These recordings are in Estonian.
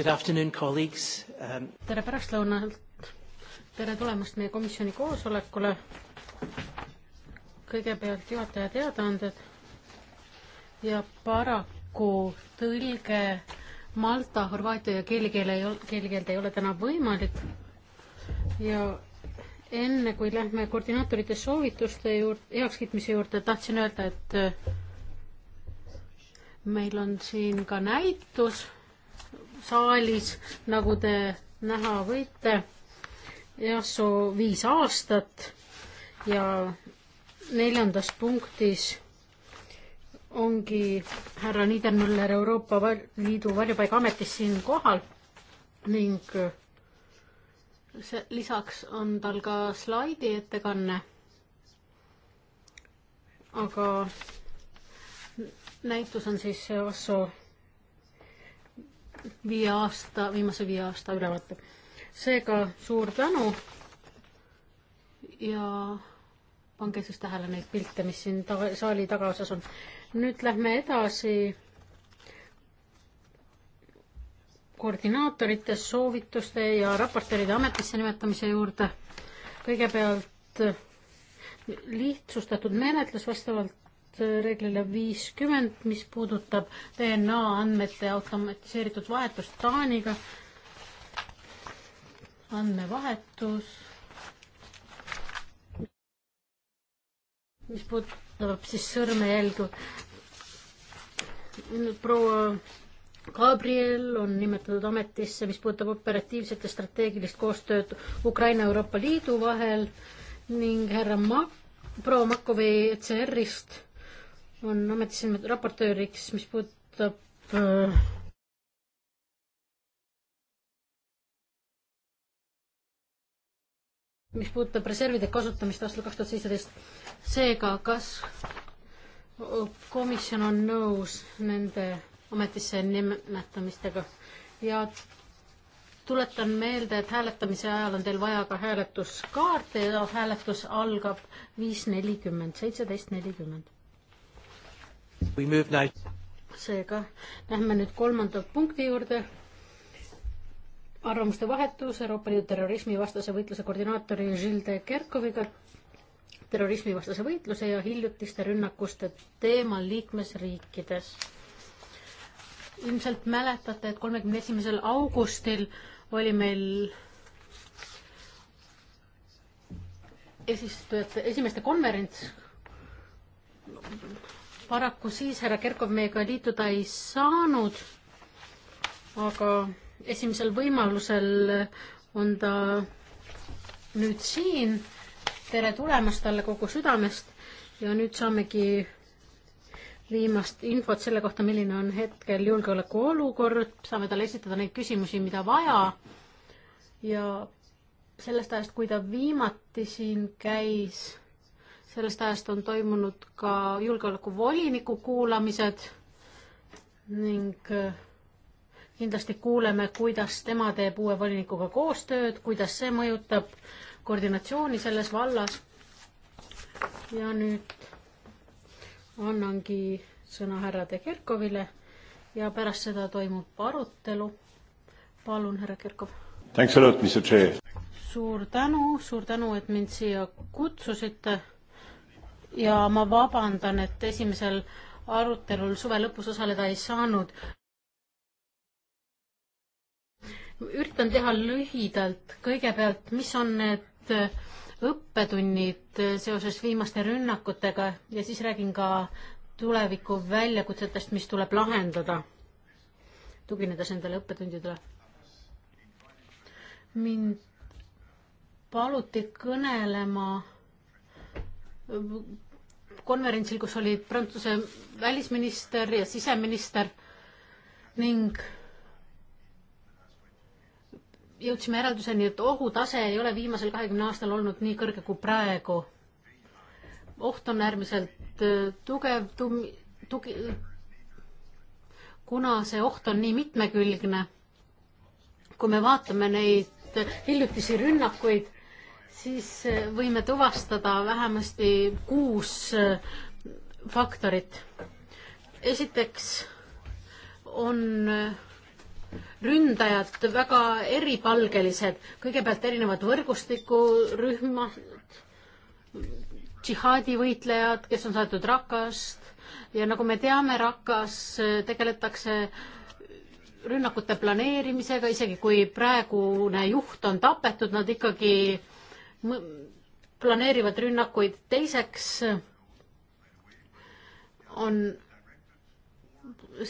Good afternoon, colleagues um.... tere pärastlõunalt. tere tulemast meie komisjoni koosolekule. kõigepealt juhataja teadaanded ja paraku tõlge Malta, Horvaatia ja keeli keel ei ole, keeli keelde ei ole täna võimalik. ja enne kui lähme koordinaatorite soovituste juurde, heakskiitmise juurde, tahtsin öelda, et meil on siin ka näitus saalis, nagu te näha võite. EASO viis aastat ja neljandas punktis ongi härra Niedermüller Euroopa Liidu varjupaigaametis siin kohal ning äh, see, lisaks on tal ka slaidi ettekanne. aga näitus on siis ASSO viie aasta, viimase viie aasta ülevaate. seega suur tänu ja pange siis tähele neid pilte, mis siin taga, saali tagaosas on. nüüd lähme edasi koordinaatorite soovituste ja raportööride ametisse nimetamise juurde. kõigepealt lihtsustatud menetlus vastavalt Äh, reeglile viiskümmend, mis puudutab DNA andmete automatiseeritud vahetust Taaniga. andmevahetus. mis puudutab siis sõrmejälgu. proua Gabriel on nimetatud ametisse, mis puudutab operatiivset ja strateegilist koostööd Ukraina Euroopa Liidu vahel ning härra Mak-, proua Makovi ECR-ist on ametis raportööriks, mis puudutab äh, mis puudutab reservide kasutamist aastal kaks tuhat seitseteist. seega, kas komisjon on nõus nende ametisse nimetamistega ja tuletan meelde, et hääletamise ajal on teil vaja ka hääletuskaarte ja hääletus algab viis nelikümmend, seitseteist nelikümmend seega lähme nüüd kolmanda punkti juurde. arvamuste vahetus Euroopa Liidu terrorismivastase võitluse koordinaatori Žilde Kerkoviga terrorismivastase võitluse ja hiljutiste rünnakuste teemal liikmesriikides. ilmselt mäletate, et kolmekümne esimesel augustil oli meil esistujate, esimeste konverents paraku siis härra Kerkov meiega liituda ei saanud, aga esimesel võimalusel on ta nüüd siin. tere tulemast talle kogu südamest ja nüüd saamegi viimast infot selle kohta, milline on hetkel julgeoleku olukord, saame talle esitada neid küsimusi, mida vaja. ja sellest ajast, kui ta viimati siin käis sellest ajast on toimunud ka julgeolekuvoliniku kuulamised ning äh, kindlasti kuuleme, kuidas tema teeb uue volinikuga koostööd, kuidas see mõjutab koordinatsiooni selles vallas. ja nüüd annangi sõna härra De Kerkovile ja pärast seda toimub arutelu. palun, härra Kerkov. suur tänu, suur tänu, et mind siia kutsusite ja ma vabandan, et esimesel arutelul suve lõpus osaleda ei saanud. üritan teha lühidalt kõigepealt, mis on need õppetunnid seoses viimaste rünnakutega ja siis räägin ka tuleviku väljakutsetest, mis tuleb lahendada, tuginedes nendele õppetundidele. mind paluti kõnelema konverentsil, kus olid Prantsuse välisminister ja siseminister ning jõudsime järelduseni, et ohutase ei ole viimasel kahekümne aastal olnud nii kõrge kui praegu. oht on äärmiselt äh, tugev, tum-, tugi-, kuna see oht on nii mitmekülgne, kui me vaatame neid äh, hiljutisi rünnakuid siis eh, võime tuvastada vähemasti kuus eh, faktorit. esiteks on eh, ründajad väga eripalgelised, kõigepealt erinevad võrgustikurühmad, džihaadivõitlejad, kes on saadetud Rakast ja nagu me teame, Rakas tegeletakse rünnakute planeerimisega, isegi kui praegune juht on tapetud, nad ikkagi planeerivad rünnakuid, teiseks on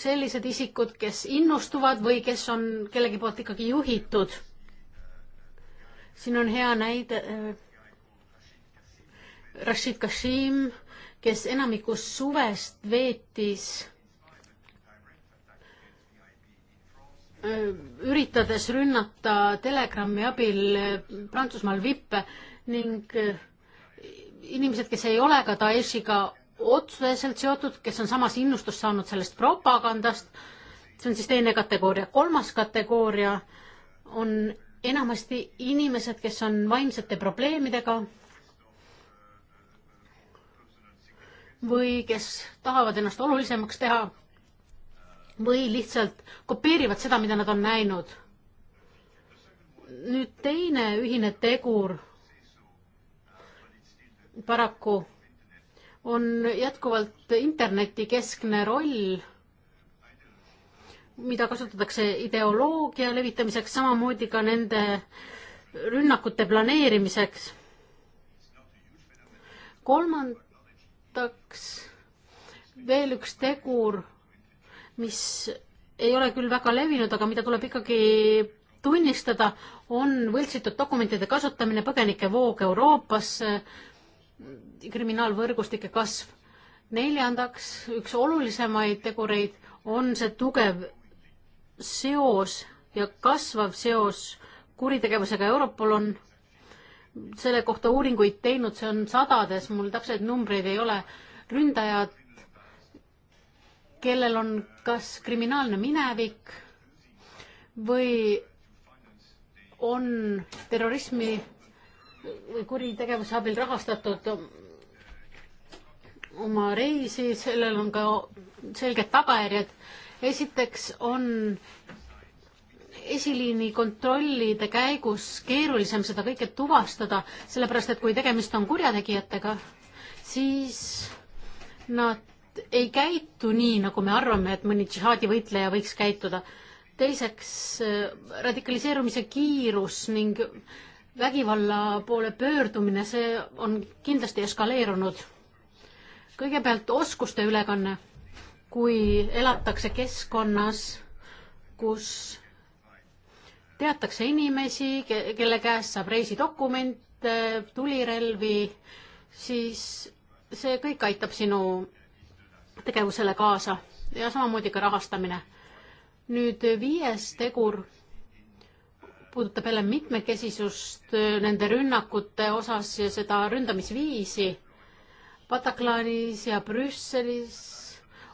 sellised isikud, kes innustuvad või kes on kellegi poolt ikkagi juhitud. siin on hea näide äh, Rashid Kashim, kes enamiku suvest veetis üritades rünnata Telegrami abil Prantsusmaal vippe ning inimesed, kes ei ole ka Daeshiga otseselt seotud, kes on samas innustust saanud sellest propagandast, see on siis teine kategooria. kolmas kategooria on enamasti inimesed, kes on vaimsete probleemidega või kes tahavad ennast olulisemaks teha või lihtsalt kopeerivad seda, mida nad on näinud. nüüd teine ühine tegur paraku on jätkuvalt internetikeskne roll, mida kasutatakse ideoloogia levitamiseks, samamoodi ka nende rünnakute planeerimiseks. kolmandaks veel üks tegur mis ei ole küll väga levinud, aga mida tuleb ikkagi tunnistada, on võltsitud dokumentide kasutamine, põgenike voog Euroopasse, kriminaalvõrgustike kasv. neljandaks, üks olulisemaid tegureid on see tugev seos ja kasvav seos kuritegevusega Europol on selle kohta uuringuid teinud, see on sadades, mul täpseid numbreid ei ole, ründajad kellel on kas kriminaalne minevik või on terrorismi või kuritegevuse abil rahastatud oma reisi, sellel on ka selged tagajärjed. esiteks on esiliini kontrollide käigus keerulisem seda kõike tuvastada, sellepärast et kui tegemist on kurjategijatega, siis nad ei käitu nii, nagu me arvame, et mõni džihaadivõitleja võiks käituda. teiseks, äh, radikaliseerumise kiirus ning vägivalla poole pöördumine, see on kindlasti eskaleerunud. kõigepealt oskuste ülekanne, kui elatakse keskkonnas, kus teatakse inimesi, kelle käest saab reisidokumente, tulirelvi, siis see kõik aitab sinu tegevusele kaasa ja samamoodi ka rahastamine. nüüd viies tegur puudutab jälle mitmekesisust äh, nende rünnakute osas ja seda ründamisviisi. Bataclanis ja Brüsselis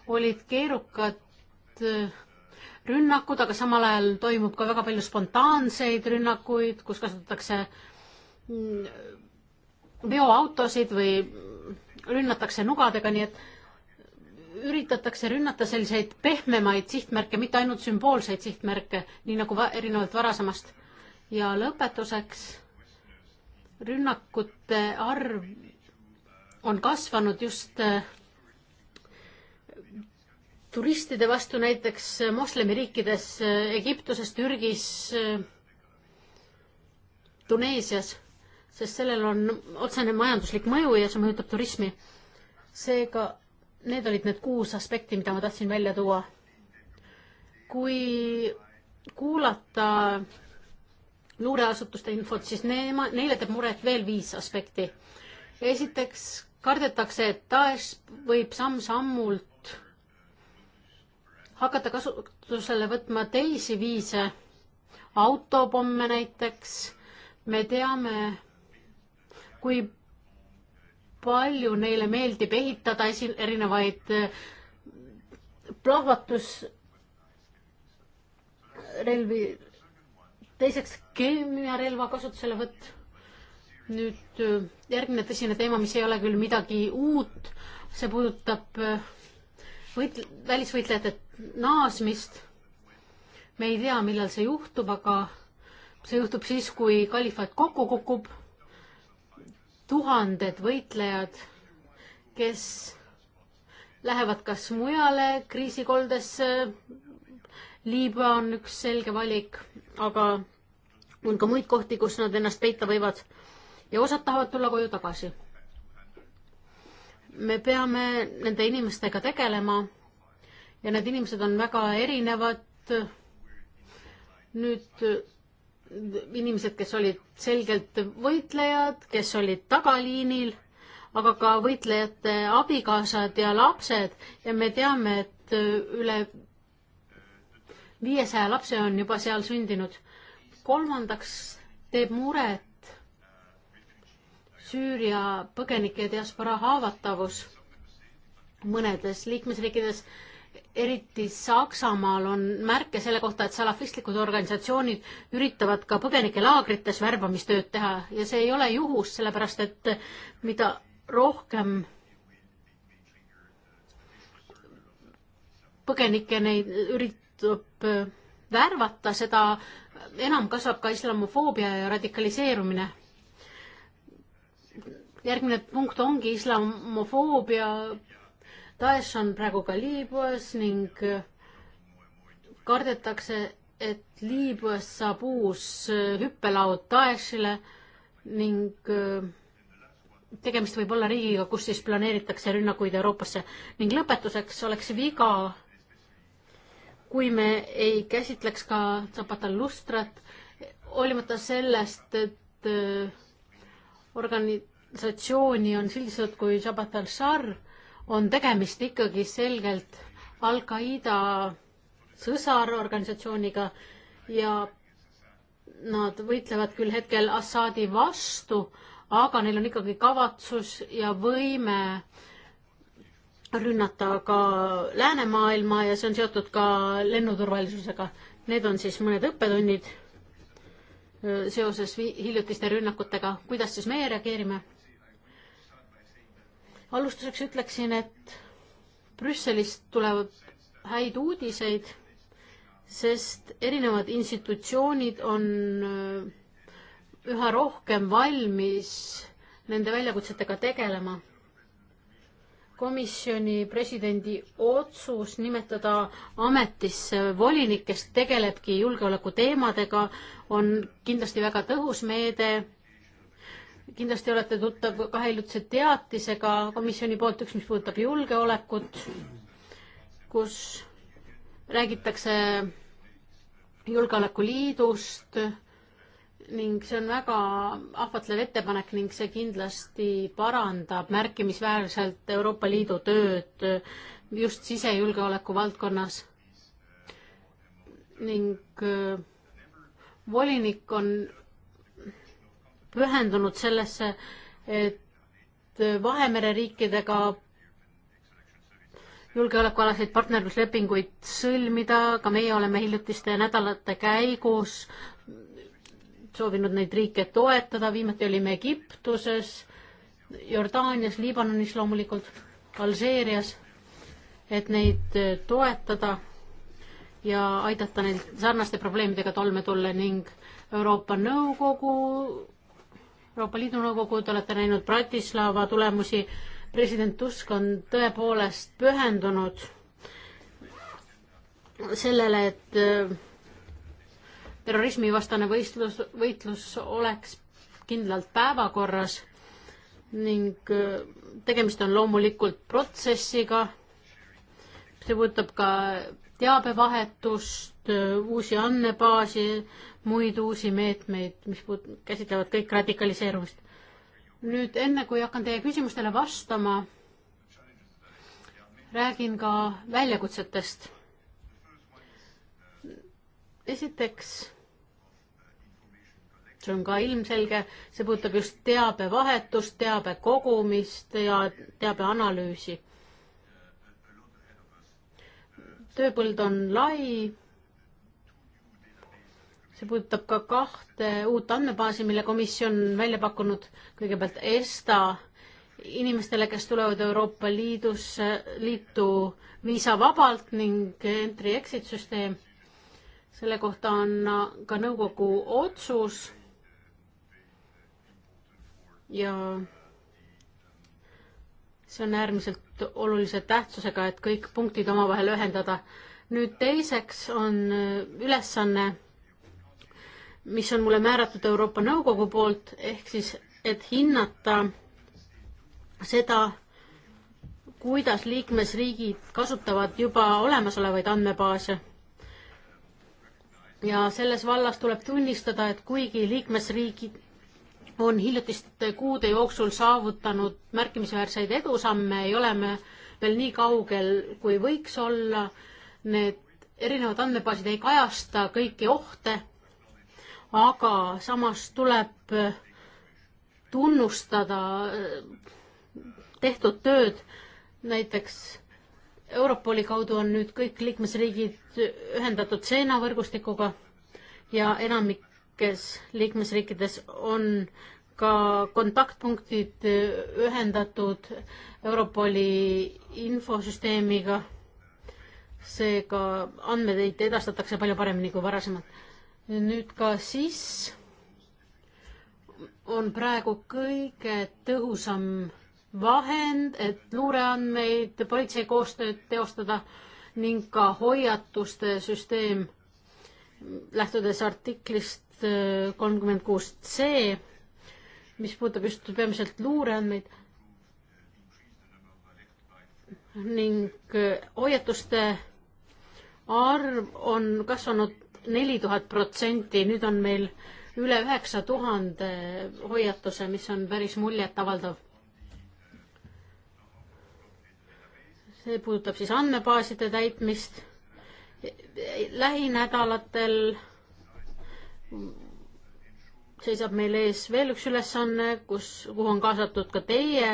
olid keerukad äh, rünnakud, aga samal ajal toimub ka väga palju spontaanseid rünnakuid, kus kasutatakse mm, äh, veoautosid või mm, rünnatakse nugadega, nii et üritatakse rünnata selliseid pehmemaid sihtmärke, mitte ainult sümboolseid sihtmärke, nii nagu va erinevalt varasemast. ja lõpetuseks, rünnakute arv on kasvanud just äh, turistide vastu näiteks äh, moslemiriikides, äh, Egiptuses, Türgis, Tuneesias, sest sellel on otsene majanduslik mõju ja see mõjutab turismi. seega need olid need kuus aspekti, mida ma tahtsin välja tuua. kui kuulata luureasutuste infot, siis neema, neile teeb muret veel viis aspekti. esiteks kardetakse, et Daesh võib samm-sammult hakata kasutusele võtma teisi viise, autopomme näiteks. me teame, kui palju neile meeldib ehitada esi-, erinevaid äh, plahvatusrelvi, teiseks keemiarelva kasutuselevõtt. nüüd äh, järgmine tõsine teema, mis ei ole küll midagi uut, see puudutab äh, võit-, välisvõitlejate naasmist. me ei tea, millal see juhtub, aga see juhtub siis, kui kalifaat kokku kukub tuhanded võitlejad, kes lähevad kas mujale kriisikoldesse, Liibüa on üks selge valik, aga on ka muid kohti, kus nad ennast peita võivad ja osad tahavad tulla koju tagasi. me peame nende inimestega tegelema ja need inimesed on väga erinevad. nüüd inimesed, kes olid selgelt võitlejad, kes olid tagaliinil, aga ka võitlejate abikaasad ja lapsed ja me teame, et üle viiesaja lapse on juba seal sündinud. kolmandaks teeb muret Süüria põgenike diaspora haavatavus mõnedes liikmesriikides eriti Saksamaal on märke selle kohta, et salafistlikud organisatsioonid üritavad ka põgenikelaagrites värbamistööd teha ja see ei ole juhus, sellepärast et mida rohkem põgenikke neid üritab värvata, seda enam kasvab ka islamofoobia ja radikaliseerumine. järgmine punkt ongi islamofoobia, Daesh on praegu ka Liibüas ning äh, kardetakse, et Liibüas saab uus äh, hüppelaud Daeshile ning äh, tegemist võib olla riigiga, kus siis planeeritakse rünnakuid Euroopasse. ning lõpetuseks oleks viga, kui me ei käsitleks ka Zapata lustrat, hoolimata sellest, et organisatsiooni on sildistatud kui Zapata al-Shar on tegemist ikkagi selgelt Al-Qaeda sõsarorganisatsiooniga ja nad võitlevad küll hetkel Assaadi vastu, aga neil on ikkagi kavatsus ja võime rünnata ka läänemaailma ja see on seotud ka lennuturvalisusega. Need on siis mõned õppetunnid äh, seoses hiljutiste rünnakutega. kuidas siis meie reageerime? alustuseks ütleksin, et Brüsselist tulevad häid uudiseid, sest erinevad institutsioonid on äh, üha rohkem valmis nende väljakutsetega tegelema. komisjoni presidendi otsus nimetada ametisse volinik, kes tegelebki julgeoleku teemadega, on kindlasti väga tõhus meede kindlasti olete tuttav ka hiljutise teatisega komisjoni poolt, üks, mis puudutab julgeolekut, kus räägitakse julgeolekuliidust ning see on väga ahvatlev ettepanek ning see kindlasti parandab märkimisväärselt Euroopa Liidu tööd just sisejulgeoleku valdkonnas. ning äh, volinik on pühendunud sellesse, et Vahemere riikidega julgeolekualaseid partnerluslepinguid sõlmida, ka meie oleme hiljutiste nädalate käigus soovinud neid riike toetada, viimati olime Egiptuses, Jordaanias, Liibanonis loomulikult, Alžeerias, et neid toetada ja aidata neil sarnaste probleemidega tolme tulla ning Euroopa Nõukogu Euroopa Liidu Nõukogu, te olete näinud Bratislava tulemusi, president Tusk on tõepoolest pühendunud sellele, et äh, terrorismivastane võistlus, võitlus oleks kindlalt päevakorras ning äh, tegemist on loomulikult protsessiga, see puudutab ka teabevahetust, uusi andmebaasi, muid uusi meetmeid, mis puud-, käsitlevad kõik radikaliseerumist. nüüd enne, kui hakkan teie küsimustele vastama, räägin ka väljakutsetest. esiteks, see on ka ilmselge, see puudutab just teabevahetust, teabe kogumist ja teabe analüüsi tööpõld on lai. see puudutab ka kahte uut andmebaasi, mille komisjon välja pakkunud. kõigepealt ESTA inimestele, kes tulevad Euroopa Liidusse, liitu viisavabalt ning entry-exit süsteem. selle kohta on ka nõukogu otsus. ja see on äärmiselt olulise tähtsusega, et kõik punktid omavahel ühendada. nüüd teiseks on äh, ülesanne, mis on mulle määratud Euroopa Nõukogu poolt, ehk siis, et hinnata seda, kuidas liikmesriigid kasutavad juba olemasolevaid andmebaase. ja selles vallas tuleb tunnistada, et kuigi liikmesriigid on hiljutiste kuude jooksul saavutanud märkimisväärseid edusamme, ei ole me veel nii kaugel, kui võiks olla. Need erinevad andmebaasid ei kajasta kõiki ohte, aga samas tuleb tunnustada eh, tehtud tööd, näiteks Europoli kaudu on nüüd kõik liikmesriigid ühendatud seenavõrgustikuga ja enamik kõigis liikmesriikides on ka kontaktpunktid ühendatud Europoli infosüsteemiga. seega andmeid edastatakse palju paremini kui varasemalt. nüüd ka siis on praegu kõige tõhusam vahend, et luureandmeid, politsei koostööd teostada ning ka hoiatuste süsteem, lähtudes artiklist Äh, kolmkümmend kuus C, mis puudutab just peamiselt luureandmeid ning äh, hoiatuste arv on kasvanud neli tuhat protsenti, nüüd on meil üle üheksa tuhande hoiatuse, mis on päris muljetavaldav. see puudutab siis andmebaaside täitmist. lähinädalatel seisab meil ees veel üks ülesanne, kus, kuhu on kaasatud ka teie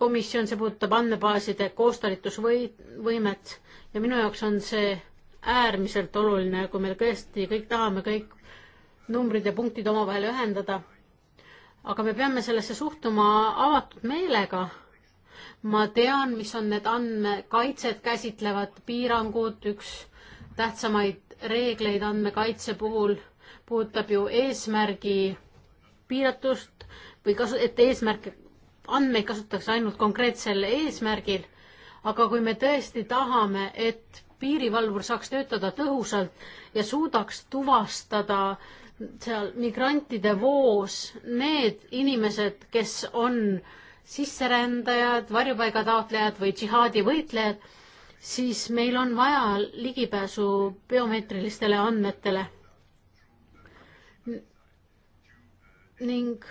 komisjon, see puudutab andmebaaside koostalitusvõimet ja minu jaoks on see äärmiselt oluline, kui me tõesti kõik tahame kõik numbrid ja punktid omavahel ühendada. aga me peame sellesse suhtuma avatud meelega. ma tean, mis on need andmekaitset käsitlevad piirangud, üks tähtsamaid reegleid andmekaitse puhul, puudutab ju eesmärgi piiratust või kas, et eesmärke, andmeid kasutatakse ainult konkreetsel eesmärgil, aga kui me tõesti tahame, et piirivalvur saaks töötada tõhusalt ja suudaks tuvastada seal migrantide voos need inimesed, kes on sisserändajad, varjupaigataotlejad või džihaadi võitlejad siis meil on vaja ligipääsu biomeetrilistele andmetele. ning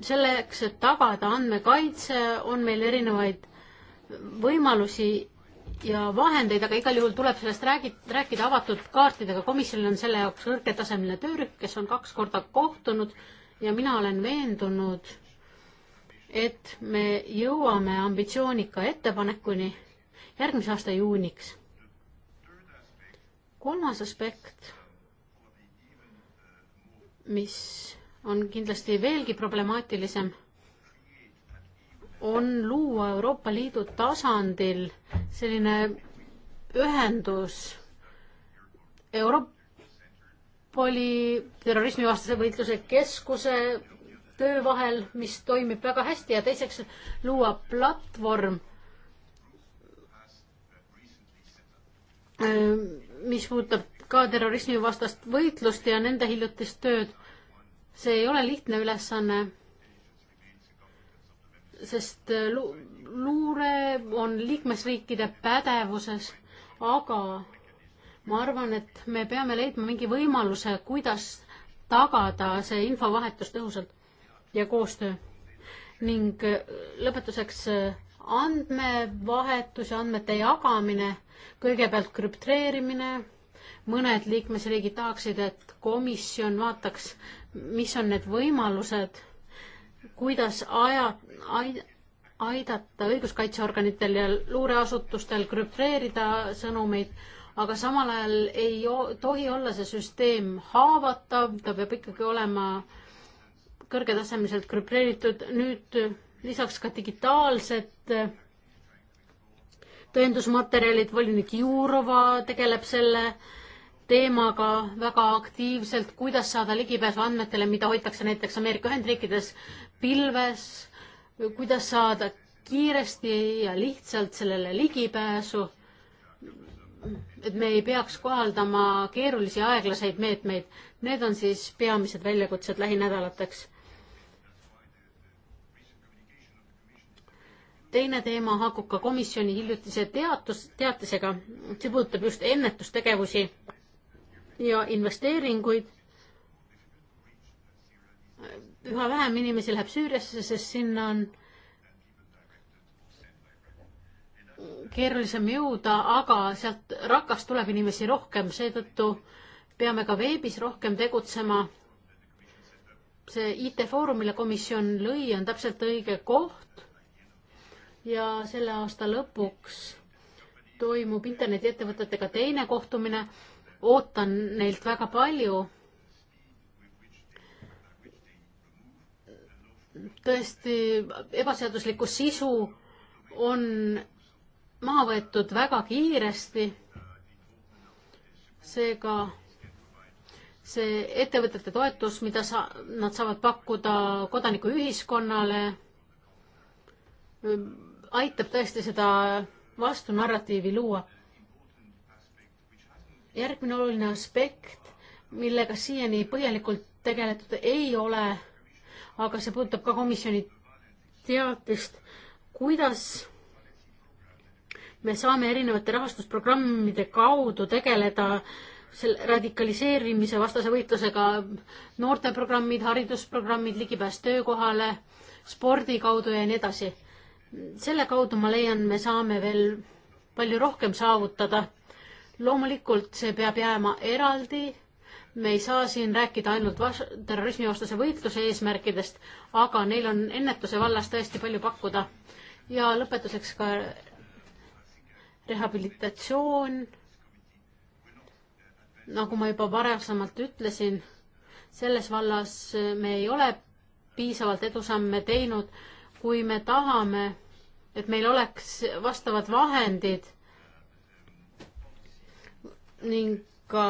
selleks, et tagada andmekaitse, on meil erinevaid võimalusi ja vahendeid, aga igal juhul tuleb sellest räägi-, rääkida avatud kaartidega. komisjonil on selle jaoks kõrgetasemeline töörühm, kes on kaks korda kohtunud ja mina olen veendunud, et me jõuame ambitsioonika ettepanekuni järgmise aasta juuniks. kolmas aspekt, mis on kindlasti veelgi problemaatilisem, on luua Euroopa Liidu tasandil selline ühendus Europoli terrorismivastase võitluse keskuse töö vahel, mis toimib väga hästi ja teiseks luua platvorm Ehm, mis puudutab ka terrorismivastast võitlust ja nende hiljutist tööd. see ei ole lihtne ülesanne, sest eh, luure on liikmesriikide pädevuses, aga ma arvan, et me peame leidma mingi võimaluse, kuidas tagada see infovahetus tõhusalt ja koostöö. ning eh, lõpetuseks eh, andmevahetus ja andmete jagamine, kõigepealt krüptreerimine, mõned liikmesriigid tahaksid, et komisjon vaataks, mis on need võimalused, kuidas aja, aidata õiguskaitseorganitel ja luureasutustel krüptreerida sõnumeid, aga samal ajal ei tohi olla see süsteem haavatav, ta peab ikkagi olema kõrgetasemeliselt krüpteeritud. nüüd lisaks ka digitaalsed äh, tõendusmaterjalid, volinik Jurova tegeleb selle teemaga väga aktiivselt, kuidas saada ligipääsu andmetele, mida hoitakse näiteks Ameerika Ühendriikides pilves, kuidas saada kiiresti ja lihtsalt sellele ligipääsu, et me ei peaks kohaldama keerulisi aeglaseid meetmeid. Need on siis peamised väljakutsed lähinädalateks teine teema haakub ka komisjoni hiljutise teatus, teatisega, see puudutab just ennetustegevusi ja investeeringuid. üha vähem inimesi läheb Süüriasse, sest sinna on keerulisem jõuda, aga sealt Rakast tuleb inimesi rohkem, seetõttu peame ka veebis rohkem tegutsema. see IT-foorum, mille komisjon lõi, on täpselt õige koht ja selle aasta lõpuks toimub internetiettevõtetega teine kohtumine. ootan neilt väga palju. tõesti, ebaseaduslikku sisu on maha võetud väga kiiresti. seega see ettevõtete toetus, mida sa, nad saavad pakkuda kodanikuühiskonnale, aitab tõesti seda vastunarratiivi luua. järgmine oluline aspekt, millega siiani põhjalikult tegeletud ei ole, aga see puudutab ka komisjoni teatist, kuidas me saame erinevate rahastusprogrammide kaudu tegeleda selle radikaliseerimise vastase võitlusega, noorteprogrammid, haridusprogrammid, ligipääs töökohale, spordi kaudu ja nii edasi selle kaudu ma leian, me saame veel palju rohkem saavutada. loomulikult see peab jääma eraldi. me ei saa siin rääkida ainult terrorismivastase võitluse eesmärkidest, aga neil on ennetuse vallas tõesti palju pakkuda. ja lõpetuseks ka rehabilitatsioon. nagu ma juba varasemalt ütlesin, selles vallas me ei ole piisavalt edusamme teinud, kui me tahame et meil oleks vastavad vahendid ning ka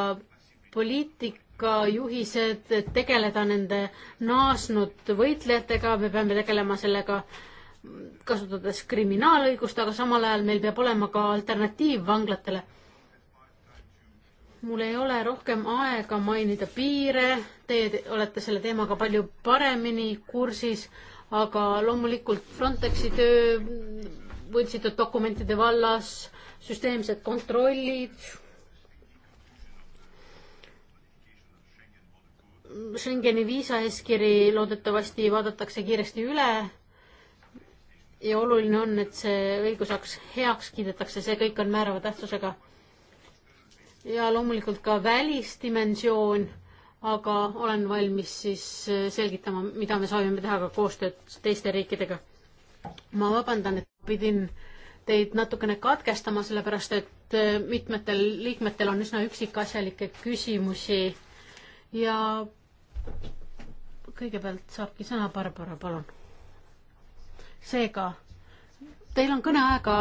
poliitikajuhised, et tegeleda nende naasnud võitlejatega, me peame tegelema sellega kasutades kriminaalõigust, aga samal ajal meil peab olema ka alternatiiv vanglatele. mul ei ole rohkem aega mainida piire, teie olete selle teemaga palju paremini kursis aga loomulikult Frontexi töö võltsitud dokumentide vallas, süsteemsed kontrollid, Schengeni viisaeeskiri loodetavasti vaadatakse kiiresti üle ja oluline on, et see õigusaks heaks kiidetakse, see kõik on määrava tähtsusega. ja loomulikult ka välisdimensioon aga olen valmis siis äh, selgitama, mida me soovime teha ka koostööd teiste riikidega. ma vabandan, et pidin teid natukene katkestama, sellepärast et äh, mitmetel liikmetel on üsna üksikasjalikke küsimusi ja kõigepealt saabki sõna Barbara, palun. seega, teil on kõneaega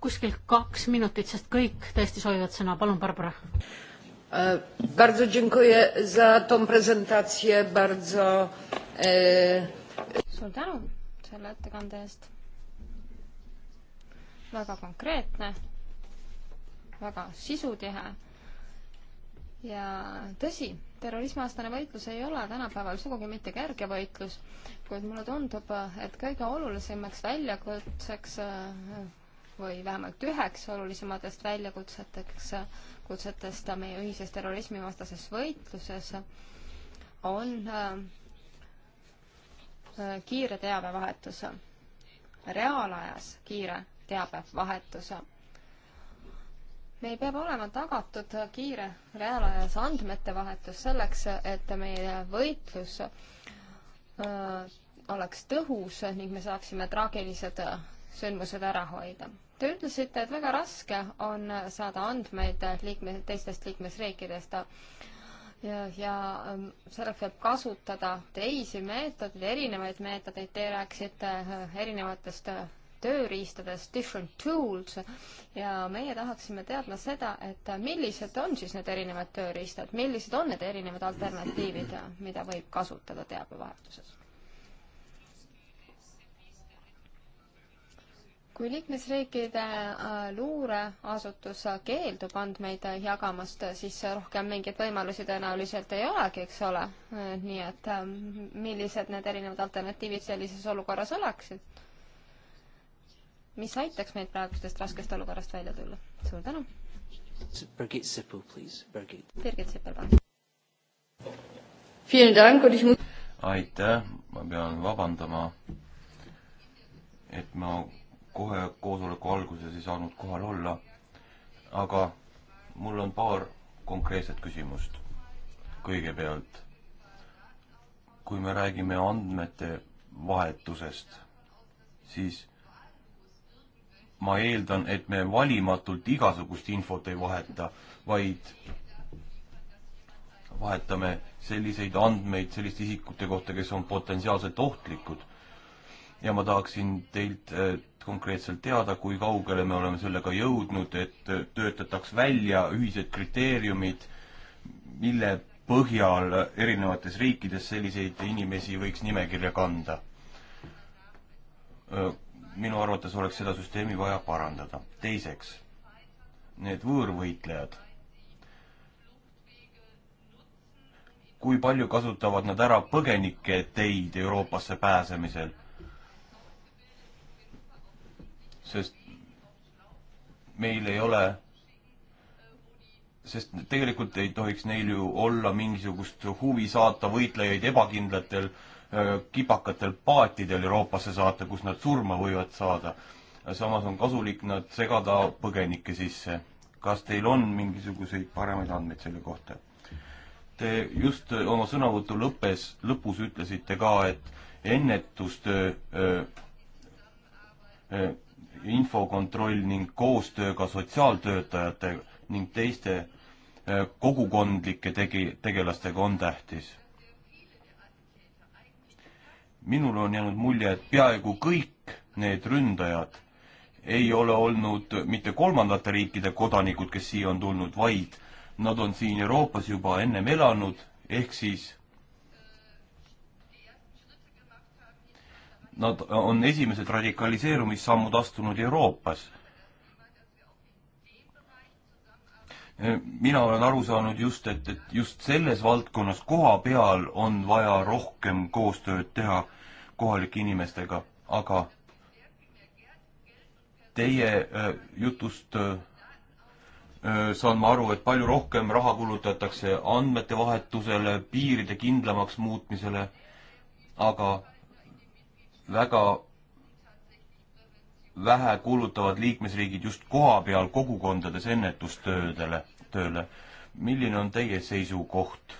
kuskil kaks minutit, sest kõik tõesti soovivad sõna, palun, Barbara E, bardzo dziękuję za tą prezentację, bardzo... E, Suur tänu selle ettekande eest. väga konkreetne, väga sisutihe ja tõsi, terrorismiaastane võitlus ei ole tänapäeval sugugi mitte kerge võitlus, kuid mulle tundub, et kõige olulisemaks väljakutseks või vähemalt üheks olulisematest väljakutseteks, kutsetest meie ühises terrorismivastases võitluses, on äh, äh, kiire teabevahetus, reaalajas kiire teabevahetus. meil peab olema tagatud kiire reaalajas andmete vahetus selleks, et meie võitlus äh, oleks tõhus ning me saaksime traagilised sündmused ära hoida. Te ütlesite, et väga raske on saada andmeid liikme, teistest liikmesriikidest ja, ja ähm, selleks võib kasutada teisi meetodeid, erinevaid meetodeid, te rääkisite äh, erinevatest äh, tööriistadest, different tools, ja meie tahaksime teadma seda, et äh, millised on siis need erinevad tööriistad, millised on need erinevad alternatiivid, mida võib kasutada teabevahetuses? kui liikmesriikide äh, luureasutus keeldub andmeid äh, jagamast, äh, siis rohkem mingeid võimalusi tõenäoliselt ei olegi, eks ole. nii et millised need erinevad alternatiivid sellises olukorras oleksid? mis aitaks meid praegustest raskest olukorrast välja tulla? suur tänu! Birgit Sippel, please, Birgit. Birgit Sippel, palun. aitäh, ma pean vabandama, et ma kohe koosoleku alguses ei saanud kohal olla, aga mul on paar konkreetset küsimust. kõigepealt, kui me räägime andmete vahetusest, siis ma eeldan, et me valimatult igasugust infot ei vaheta, vaid vahetame selliseid andmeid selliste isikute kohta, kes on potentsiaalselt ohtlikud. ja ma tahaksin teilt eh, konkreetselt teada, kui kaugele me oleme sellega jõudnud, et töötataks välja ühised kriteeriumid, mille põhjal erinevates riikides selliseid inimesi võiks nimekirja kanda. minu arvates oleks seda süsteemi vaja parandada. teiseks, need võõrvõitlejad. kui palju kasutavad nad ära põgenike teid Euroopasse pääsemisel? sest meil ei ole, sest tegelikult ei tohiks neil ju olla mingisugust huvi saata võitlejaid ebakindlatel kipakatel paatidel Euroopasse saata, kus nad surma võivad saada. samas on kasulik nad segada põgenike sisse. kas teil on mingisuguseid paremaid andmeid selle kohta? Te just oma sõnavõtu lõppes, lõpus ütlesite ka, et ennetustöö öö, öö, infokontroll ning koostöö ka sotsiaaltöötajate ning teiste eh, kogukondlike tegi-, tegelastega on tähtis. minul on jäänud mulje, et peaaegu kõik need ründajad ei ole olnud mitte kolmandate riikide kodanikud, kes siia on tulnud, vaid nad on siin Euroopas juba ennem elanud, ehk siis Nad on esimesed radikaliseerumissammud astunud Euroopas. mina olen aru saanud just, et, et just selles valdkonnas koha peal on vaja rohkem koostööd teha kohalike inimestega, aga teie äh, jutust äh, äh, saan ma aru, et palju rohkem raha kulutatakse andmete vahetusele, piiride kindlamaks muutmisele, aga väga vähe kulutavad liikmesriigid just kohapeal kogukondades ennetustöödele, tööle. milline on teie seisukoht?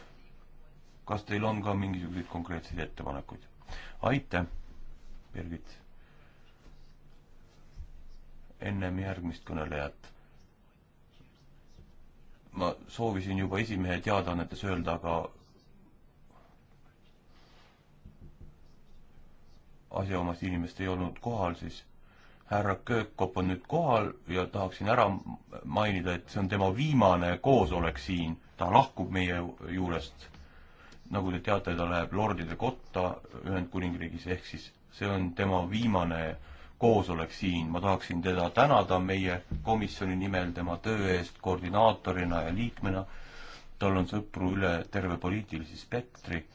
kas teil on ka mingisuguseid konkreetseid ettepanekuid? aitäh, Birgit. ennem järgmist kõnelejat. ma soovisin juba esimehe teadaannetes öelda, aga asjaomast inimest ei olnud kohal, siis härra Köökop on nüüd kohal ja tahaksin ära mainida, et see on tema viimane koosolek siin. ta lahkub meie juurest. nagu te teate, ta läheb Lordide kotta Ühendkuningriigis, ehk siis see on tema viimane koosolek siin. ma tahaksin teda tänada meie komisjoni nimel tema töö eest koordinaatorina ja liikmena. tal on sõpru üle terve poliitilise spektri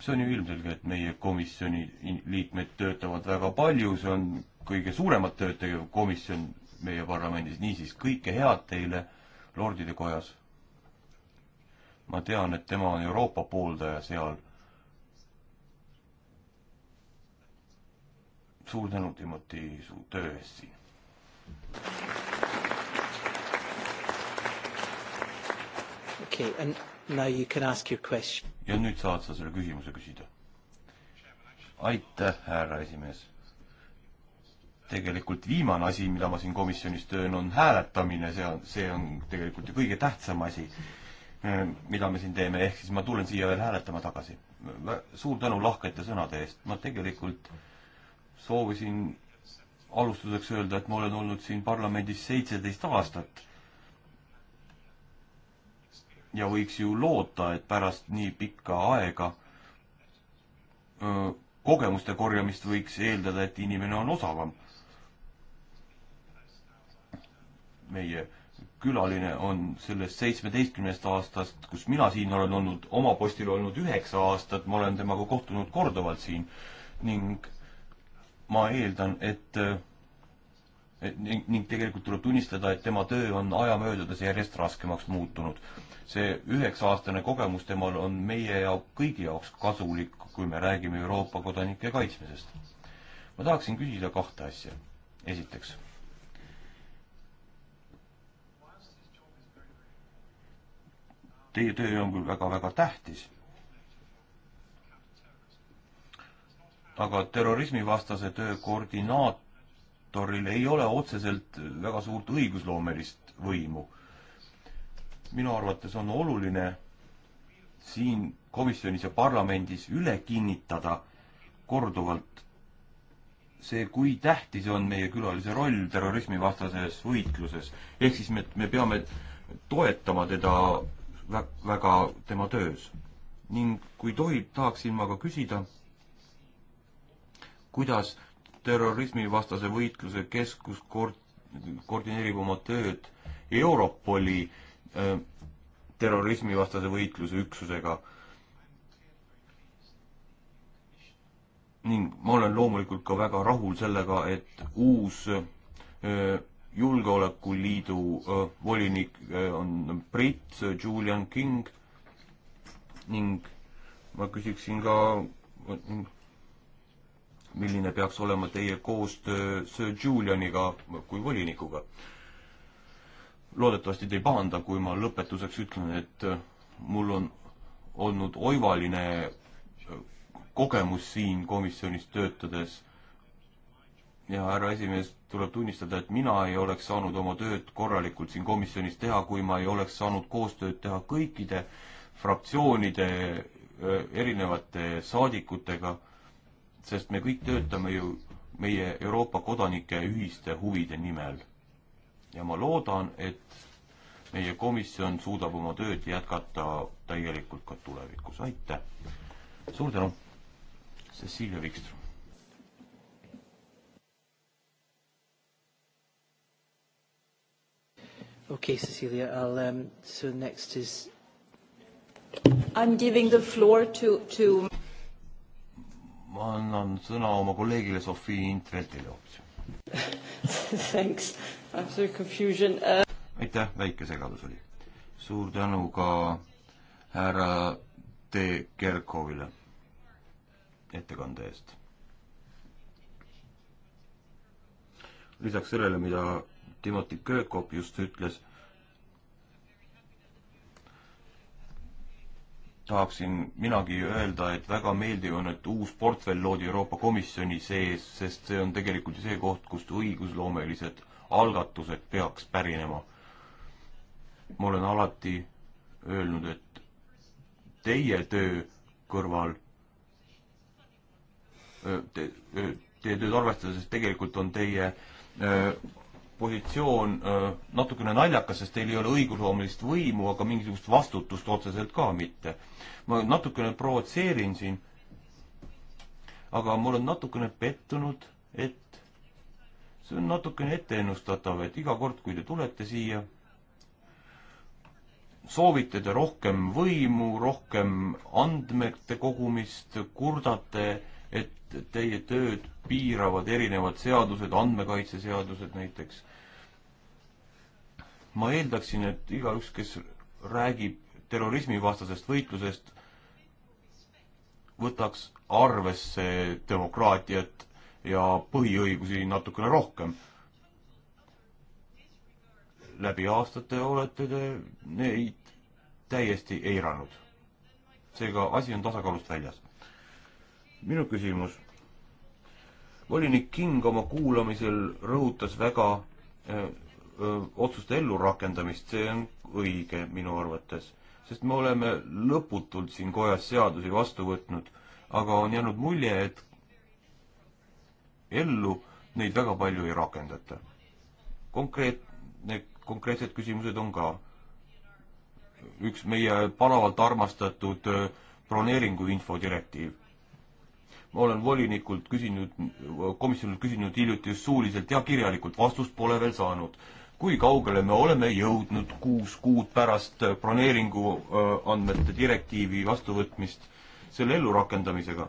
see on ju ilmselge, et meie komisjoni liikmed töötavad väga palju, see on kõige suuremat tööd tegev komisjon meie parlamendis, niisiis kõike head teile lordide kojas. ma tean, et tema on Euroopa pooldaja seal. suur tänu, Timoti, su töö eest siin. Okay, and now you can ask your question ja nüüd saad sa selle küsimuse küsida. aitäh, härra esimees. tegelikult viimane asi, mida ma siin komisjonis teen, on hääletamine, see on, see on tegelikult ju kõige tähtsam asi, ehm, mida me siin teeme, ehk siis ma tulen siia veel hääletama tagasi. suur tänu lahkete sõnade eest, ma tegelikult soovisin alustuseks öelda, et ma olen olnud siin parlamendis seitseteist aastat ja võiks ju loota, et pärast nii pikka aega öö, kogemuste korjamist võiks eeldada, et inimene on osavam. meie külaline on sellest seitsmeteistkümnest aastast, kus mina siin olen olnud, oma postil olnud üheksa aastat, ma olen temaga kohtunud korduvalt siin ning ma eeldan, et öö, ning, ning tegelikult tuleb tunnistada, et tema töö on aja möödudes järjest raskemaks muutunud. see üheksa-aastane kogemus temal on meie ja kõigi jaoks kasulik, kui me räägime Euroopa kodanike kaitsmisest. ma tahaksin küsida kahte asja. esiteks, teie töö on küll väga-väga tähtis, aga terrorismivastase töö koordinaat sektoril ei ole otseselt väga suurt õigusloomelist võimu. minu arvates on oluline siin komisjonis ja parlamendis üle kinnitada korduvalt see, kui tähtis on meie külalise roll terrorismivastases võitluses. ehk siis me, me peame toetama teda vä-, väga tema töös. ning kui tohib, tahaksin ma ka küsida, kuidas terrorismivastase võitluse keskus koord-, koordineerib oma tööd Europoli äh, terrorismivastase võitluse üksusega. ning ma olen loomulikult ka väga rahul sellega, et uus äh, julgeolekuliidu äh, volinik äh, on britt äh, Julian King ning ma küsiksin ka milline peaks olema teie koostöö Sir Julianiga kui volinikuga? loodetavasti te ei pahanda, kui ma lõpetuseks ütlen, et äh, mul on olnud oivaline äh, kogemus siin komisjonis töötades ja härra esimees, tuleb tunnistada, et mina ei oleks saanud oma tööd korralikult siin komisjonis teha, kui ma ei oleks saanud koostööd teha kõikide fraktsioonide äh, erinevate saadikutega sest me kõik töötame ju meie Euroopa kodanike ühiste huvide nimel. ja ma loodan, et meie komisjon suudab oma tööd jätkata täielikult ka tulevikus, aitäh! suur tänu, Cecilia Wikström! Okay, Cecilia, I'll, um, so next is... I'm giving the floor to, to ma annan sõna oma kolleegile Sofii Intveltile hoopis. Thanks, absolute confusion uh.... aitäh, väike segadus oli. suur tänu ka härra T Kerkhovile ettekande eest. lisaks sellele, mida Timothy Köökop just ütles tahaksin minagi öelda, et väga meeldiv on, et uus portfell loodi Euroopa Komisjoni sees, sest see on tegelikult ju see koht, kust õigusloomelised algatused peaks pärinema. ma olen alati öelnud, et teie töö kõrval, te, teie tööd arvestades tegelikult on teie öö, positsioon natukene naljakas, sest teil ei ole õigusloomilist võimu, aga mingisugust vastutust otseselt ka mitte. ma natukene provotseerin siin, aga ma olen natukene pettunud, et see on natukene etteennustatav, et iga kord, kui te tulete siia, soovite te rohkem võimu, rohkem andmete kogumist, kurdate et teie tööd piiravad erinevad seadused, andmekaitseseadused näiteks. ma eeldaksin, et igaüks, kes räägib terrorismivastasest võitlusest, võtaks arvesse demokraatiat ja põhiõigusi natukene rohkem. läbi aastate olete te neid täiesti eiranud. seega asi on tasakaalust väljas minu küsimus. volinik King oma kuulamisel rõhutas väga öö, eh, öö, otsuste ellurakendamist, see on õige minu arvates, sest me oleme lõputult siin kojas seadusi vastu võtnud, aga on jäänud mulje, et ellu neid väga palju ei rakendata. konkreetne, konkreetsed küsimused on ka üks meie palavalt armastatud broneeringu infodirektiiv ma olen volinikult küsinud, komisjonilt küsinud hiljuti just suuliselt ja kirjalikult, vastust pole veel saanud. kui kaugele me oleme jõudnud kuus kuud pärast äh, broneeringu äh, andmete direktiivi vastuvõtmist selle ellurakendamisega?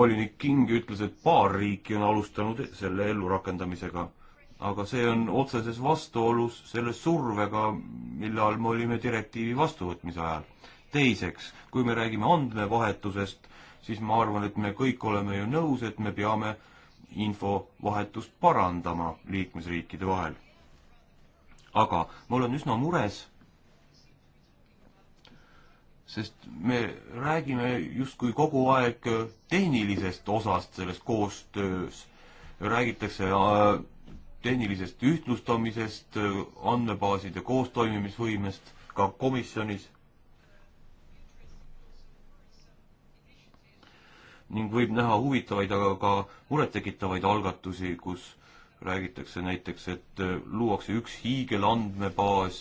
volinik King ütles, et paar riiki on alustanud selle ellurakendamisega, aga see on otseses vastuolus selle survega, mille all me olime direktiivi vastuvõtmise ajal. teiseks, kui me räägime andmevahetusest, siis ma arvan, et me kõik oleme ju nõus, et me peame infovahetust parandama liikmesriikide vahel. aga ma olen üsna mures, sest me räägime justkui kogu aeg tehnilisest osast selles koostöös, räägitakse äh, tehnilisest ühtlustamisest, äh, andmebaaside koostoimimisvõimest ka komisjonis ning võib näha huvitavaid, aga ka murettekitavaid algatusi, kus räägitakse näiteks, et äh, luuakse üks hiigelandmebaas,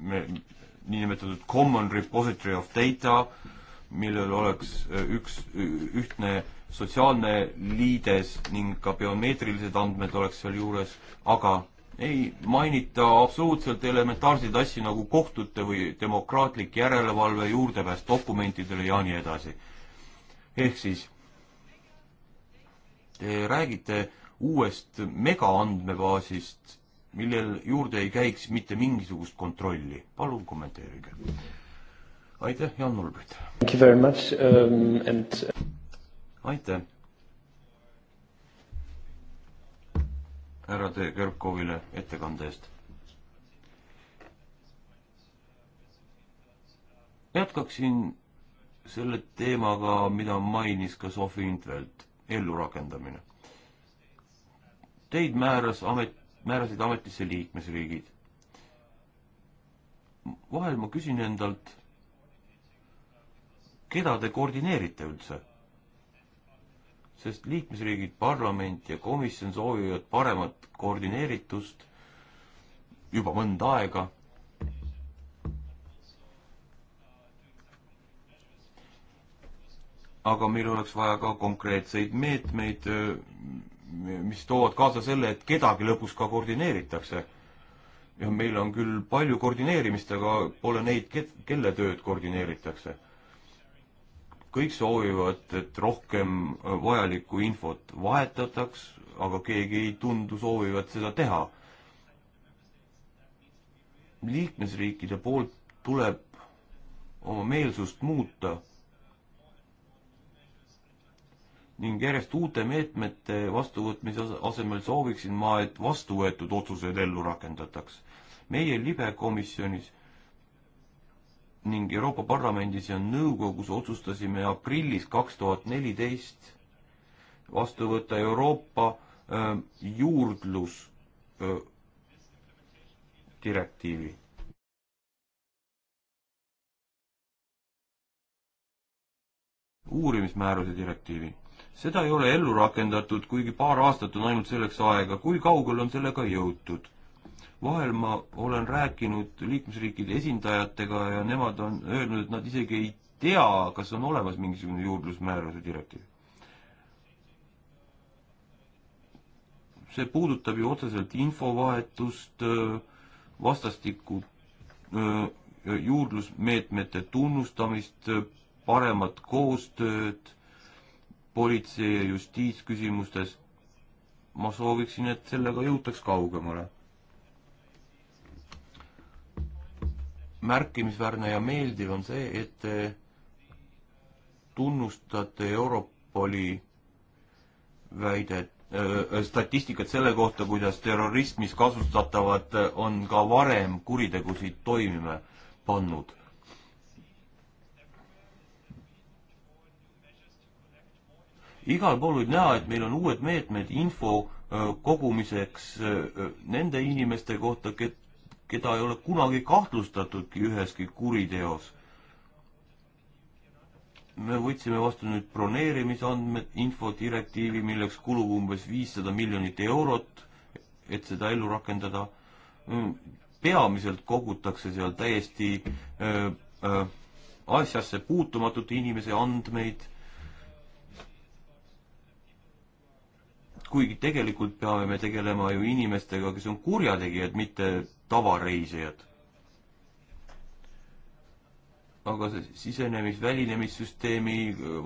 niinimetatud common repository of data, millel oleks äh, üks, ühtne sotsiaalne liides ning ka biomeetrilised andmed oleks sealjuures, aga ei mainita absoluutselt elementaarseid asju nagu kohtute või demokraatlik järelevalve, juurdepääs dokumentidele ja nii edasi. ehk siis Te räägite uuest megaandmebaasist, millel juurde ei käiks mitte mingisugust kontrolli. palun kommenteerige. aitäh, Jan Ulbrit. Um, and... Uh, aitäh. härra T. Kerkovile ettekande eest. jätkaksin selle teemaga, mida mainis ka Sofi Intvelt ellurakendamine. Teid määras amet, määrasid ametisse liikmesriigid. vahel ma küsin endalt, keda te koordineerite üldse? sest liikmesriigid, parlament ja komisjon soovivad paremat koordineeritust juba mõnda aega aga meil oleks vaja ka konkreetseid meetmeid, äh, mis toovad kaasa selle, et kedagi lõpus ka koordineeritakse. ja meil on küll palju koordineerimist, aga pole neid, kelle tööd koordineeritakse. kõik soovivad, et rohkem vajalikku infot vahetataks, aga keegi ei tundu soovivat seda teha. liikmesriikide poolt tuleb oma meelsust muuta ning järjest uute meetmete vastuvõtmise asemel sooviksin ma, et vastu võetud otsused ellu rakendataks. meie libekomisjonis ning Euroopa Parlamendis ja nõukogus otsustasime aprillis kaks tuhat neliteist vastu võtta Euroopa äh, juurdlus äh, direktiivi uurimismääruse direktiivi seda ei ole ellu rakendatud, kuigi paar aastat on ainult selleks aega, kui kaugel on sellega jõutud? vahel ma olen rääkinud liikmesriikide esindajatega ja nemad on öelnud, et nad isegi ei tea, kas on olemas mingisugune juurdlusmääruse direktiiv. see puudutab ju otseselt infovahetust, vastastikku juurdlusmeetmete tunnustamist, paremat koostööd politsei ja justiitsküsimustes. ma sooviksin, et sellega jõutaks kaugemale. märkimisväärne ja meeldiv on see, et te tunnustate Europoli väidet, äh, statistikat selle kohta, kuidas terrorismis kasutatavad on ka varem kuritegusid toimima pannud igal pool võib näha, et meil on uued meetmed info kogumiseks nende inimeste kohta, keda ei ole kunagi kahtlustatudki üheski kuriteos. me võtsime vastu nüüd broneerimisandmed, infodirektiivi, milleks kulub umbes viissada miljonit eurot, et seda ellu rakendada. Mm, peamiselt kogutakse seal täiesti öö, öö, asjasse puutumatute inimese andmeid kuigi tegelikult peame me tegelema ju inimestega, kes on kurjategijad, mitte tavareisijad. aga see sisenemis-välinemissüsteemi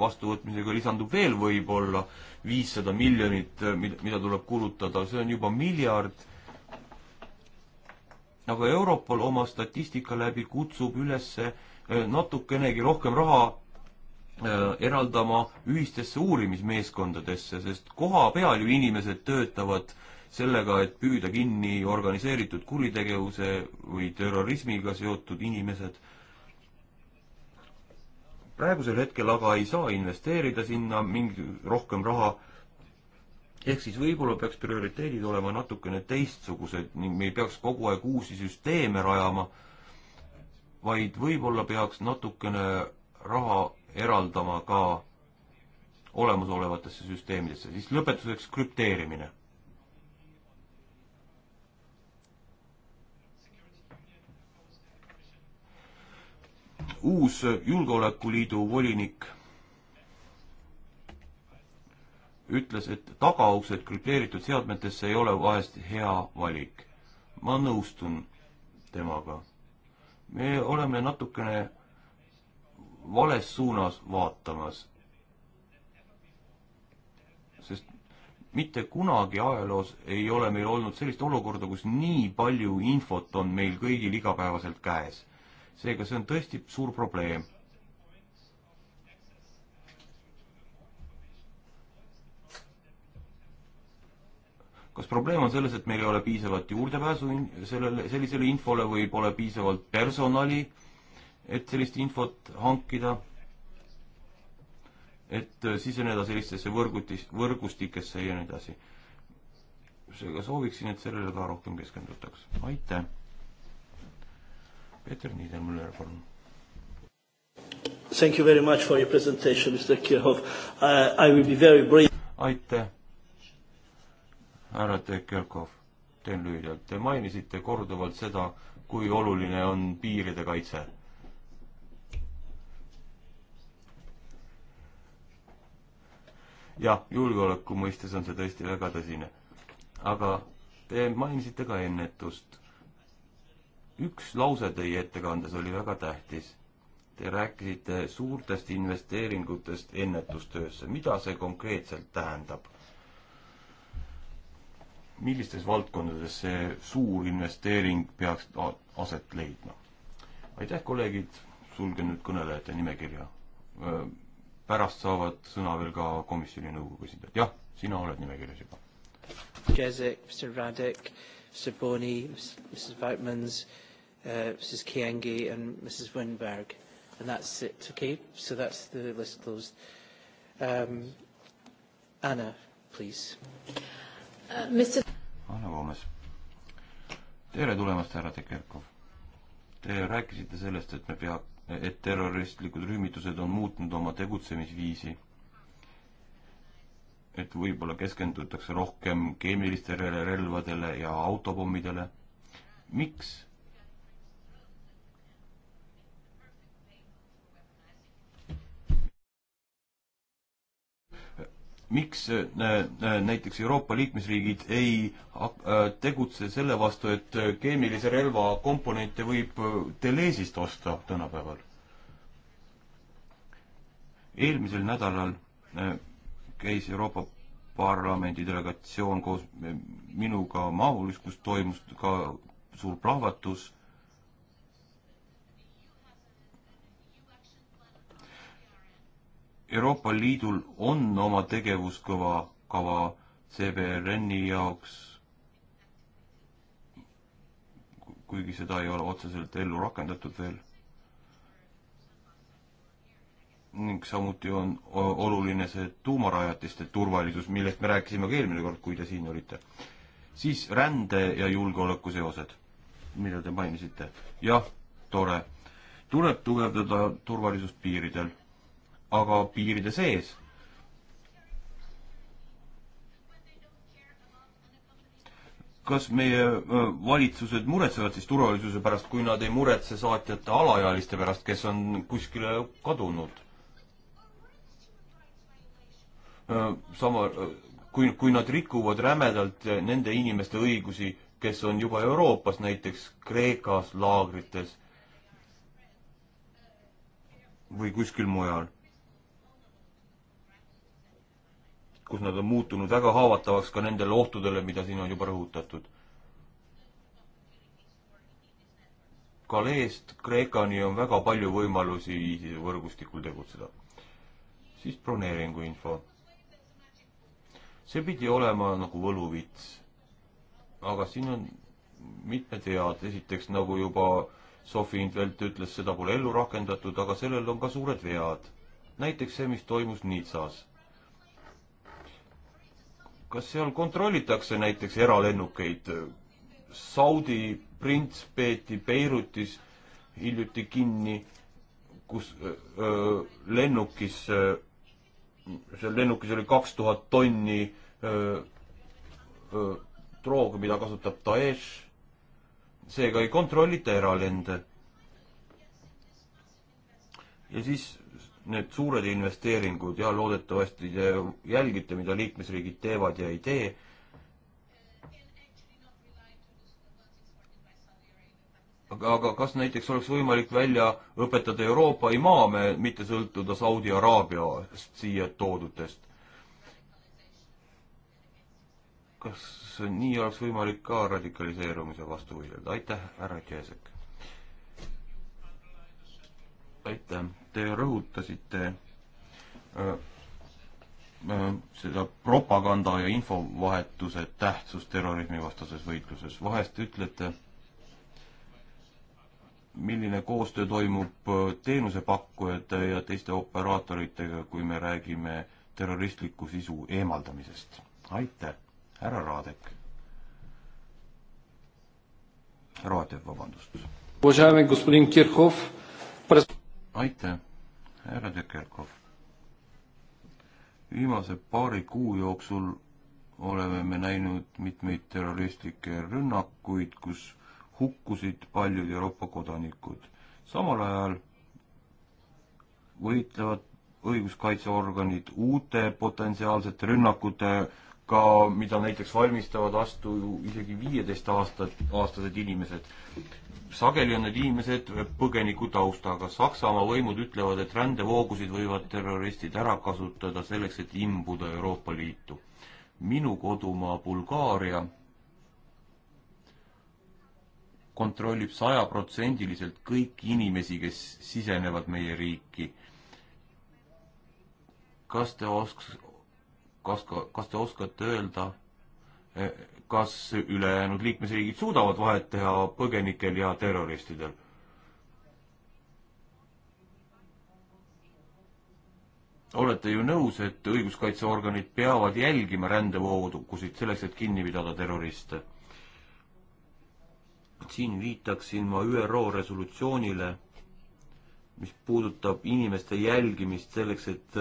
vastuvõtmisega lisandub veel võib-olla viissada miljonit, mida tuleb kulutada, see on juba miljard. aga Europol oma statistika läbi kutsub üles natukenegi rohkem raha Äh, eraldama ühistesse uurimismeeskondadesse, sest koha peal ju inimesed töötavad sellega, et püüda kinni organiseeritud kuritegevuse või terrorismiga seotud inimesed. praegusel hetkel aga ei saa investeerida sinna mingi rohkem raha. ehk siis võib-olla peaks prioriteedid olema natukene teistsugused ning me ei peaks kogu aeg uusi süsteeme rajama, vaid võib-olla peaks natukene raha eraldama ka olemasolevatesse süsteemidesse, siis lõpetuseks krüpteerimine. uus Julgeolekuliidu volinik ütles, et tagauksed krüpteeritud seadmetesse ei ole vahest hea valik. ma nõustun temaga. me oleme natukene vales suunas vaatamas. sest mitte kunagi ajaloos ei ole meil olnud sellist olukorda, kus nii palju infot on meil kõigil igapäevaselt käes. seega see on tõesti suur probleem. kas probleem on selles, et meil ei ole piisavalt juurdepääsu sellele, sellisele infole või pole piisavalt personali äh, et sellist infot hankida, et äh, siseneda sellistesse võrgutis, võrgustikesse ja nii edasi. seega sooviksin, et sellele ka rohkem keskendutaks. aitäh! Peeter Niedermüller, palun! Thank you very much for your presentation, Mr Kirhov uh,. I will be very brief. aitäh, härra Kirhov, teen lühidalt. Te mainisite korduvalt seda, kui oluline on piiride kaitse jah, julgeoleku mõistes on see tõesti väga tõsine. aga te mainisite ka ennetust. üks lause teie ettekandes oli väga tähtis. Te rääkisite suurtest investeeringutest ennetustöösse. mida see konkreetselt tähendab? millistes valdkondades see suur investeering peaks aset leidma? aitäh, kolleegid, sulgen nüüd kõnelejate nimekirja pärast saavad sõna veel ka komisjoni nõukogu esindajad. jah, sina oled nimekirjas juba. Jezek, Mr Radek, Mr Boni, Mrs Vautmans uh,, Mrs Kiengi and Mrs Winberg. And that's it, okay? So that's the list closed um,. Anna, please uh,. Mr... Anna Koomes. tere tulemast, härra Tekerkov. Te rääkisite sellest, et me peab et terroristlikud rühmitused on muutnud oma tegutsemisviisi. et võib-olla keskendutakse rohkem keemilistele relvadele ja autopommidele. miks miks äh, äh, näiteks Euroopa liikmesriigid ei äh, tegutse selle vastu, et keemilise relva komponente võib Delezist osta tänapäeval? eelmisel nädalal käis Euroopa Parlamendi delegatsioon koos minuga Maolis, kus toimus ka suur plahvatus Euroopa Liidul on oma tegevuskõva, kava CBRN-i jaoks, kuigi seda ei ole otseselt ellu rakendatud veel. ning samuti on oluline see tuumarajatiste turvalisus, millest me rääkisime ka eelmine kord, kui te siin olite. siis rände ja julgeoleku seosed, mida te mainisite. jah, tore. tuleb tugevdada turvalisust piiridel aga piiride sees. kas meie valitsused muretsevad siis turvalisuse pärast, kui nad ei muretse saatjate alaealiste pärast, kes on kuskile kadunud? sama, kui, kui nad rikuvad rämedalt nende inimeste õigusi, kes on juba Euroopas, näiteks Kreekas laagrites või kuskil mujal kus nad on muutunud väga haavatavaks ka nendele ohtudele, mida siin on juba rõhutatud. Kaleest Kreekani on väga palju võimalusi ISISe võrgustikul tegutseda. siis broneeringu info. see pidi olema nagu võluvits. aga siin on mitmed vead, esiteks nagu juba Sofi Intvelt ütles, seda pole ellu rakendatud, aga sellel on ka suured vead. näiteks see, mis toimus Nitsas kas seal kontrollitakse näiteks eralennukeid? Saudi prints peeti Beirutis hiljuti kinni, kus öö, lennukis, seal lennukis oli kaks tuhat tonni öö, öö, drooge, mida kasutab Daesh. seega ei kontrollita eralende. ja siis need suured investeeringud ja loodetavasti te jälgite, mida liikmesriigid teevad ja ei tee. aga, aga kas näiteks oleks võimalik välja õpetada Euroopa imaame, mitte sõltuda Saudi Araabiast siia toodutest? kas nii oleks võimalik ka radikaliseerumise vastu võidelda? aitäh, härra Kiesek! aitäh! te rõhutasite äh, äh, seda propaganda ja infovahetuse tähtsust terrorismivastases võitluses. vahest ütlete, milline koostöö toimub äh, teenusepakkujate ja teiste operaatoritega, kui me räägime terroristliku sisu eemaldamisest? aitäh, härra Raadek. Raadev, vabandust. aitäh härra Tükerkov. viimase paari kuu jooksul oleme me näinud mitmeid terroristlikke rünnakuid, kus hukkusid paljud Euroopa kodanikud. samal ajal võitlevad õiguskaitseorganid uute potentsiaalsete rünnakutega, mida näiteks valmistavad vastu isegi viieteist aastat, aastased inimesed sageli on need inimesed põgeniku taustaga. Saksamaa võimud ütlevad, et rändevoogusid võivad terroristid ära kasutada selleks, et imbuda Euroopa Liitu. minu kodumaa Bulgaaria kontrollib sajaprotsendiliselt kõiki inimesi, kes sisenevad meie riiki. kas te osk-, kas ka, kas te oskate öelda, kas ülejäänud liikmesriigid suudavad vahet teha põgenikel ja terroristidel? olete ju nõus, et õiguskaitseorganid peavad jälgima rändevoogusid selleks, et kinni pidada terroriste? siin viitaksin ma ÜRO resolutsioonile, mis puudutab inimeste jälgimist selleks, et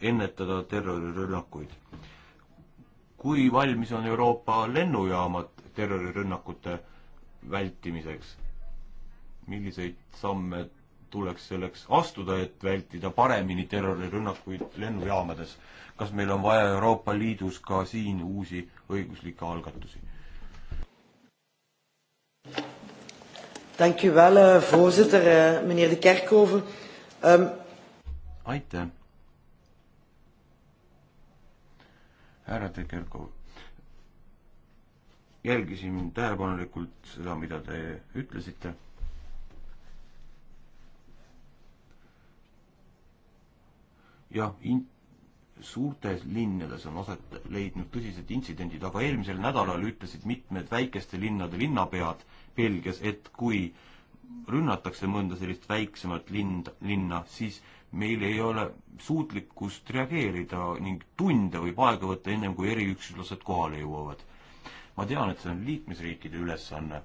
ennetada terrorirünnakuid kui valmis on Euroopa lennujaamad terrorirünnakute vältimiseks? milliseid samme tuleks selleks astuda, et vältida paremini terrorirünnakuid lennujaamades? kas meil on vaja Euroopa Liidus ka siin uusi õiguslikke algatusi? Dank u wel, eh, voorzitter, eh, meneer De Kerkhoven. Um... Aitäh. härra Tekerkov, jälgisin tähelepanelikult seda, mida te ütlesite. jah, in-, suurtes linnades on aset leidnud tõsised intsidendid, aga eelmisel nädalal ütlesid mitmed väikeste linnade linnapead Belgias, et kui rünnatakse mõnda sellist väiksemat lind, linna, siis äh, meil ei ole suutlikkust reageerida ning tunde võib aega võtta ennem, kui eriüksuslased kohale jõuavad. ma tean, et see on liikmesriikide ülesanne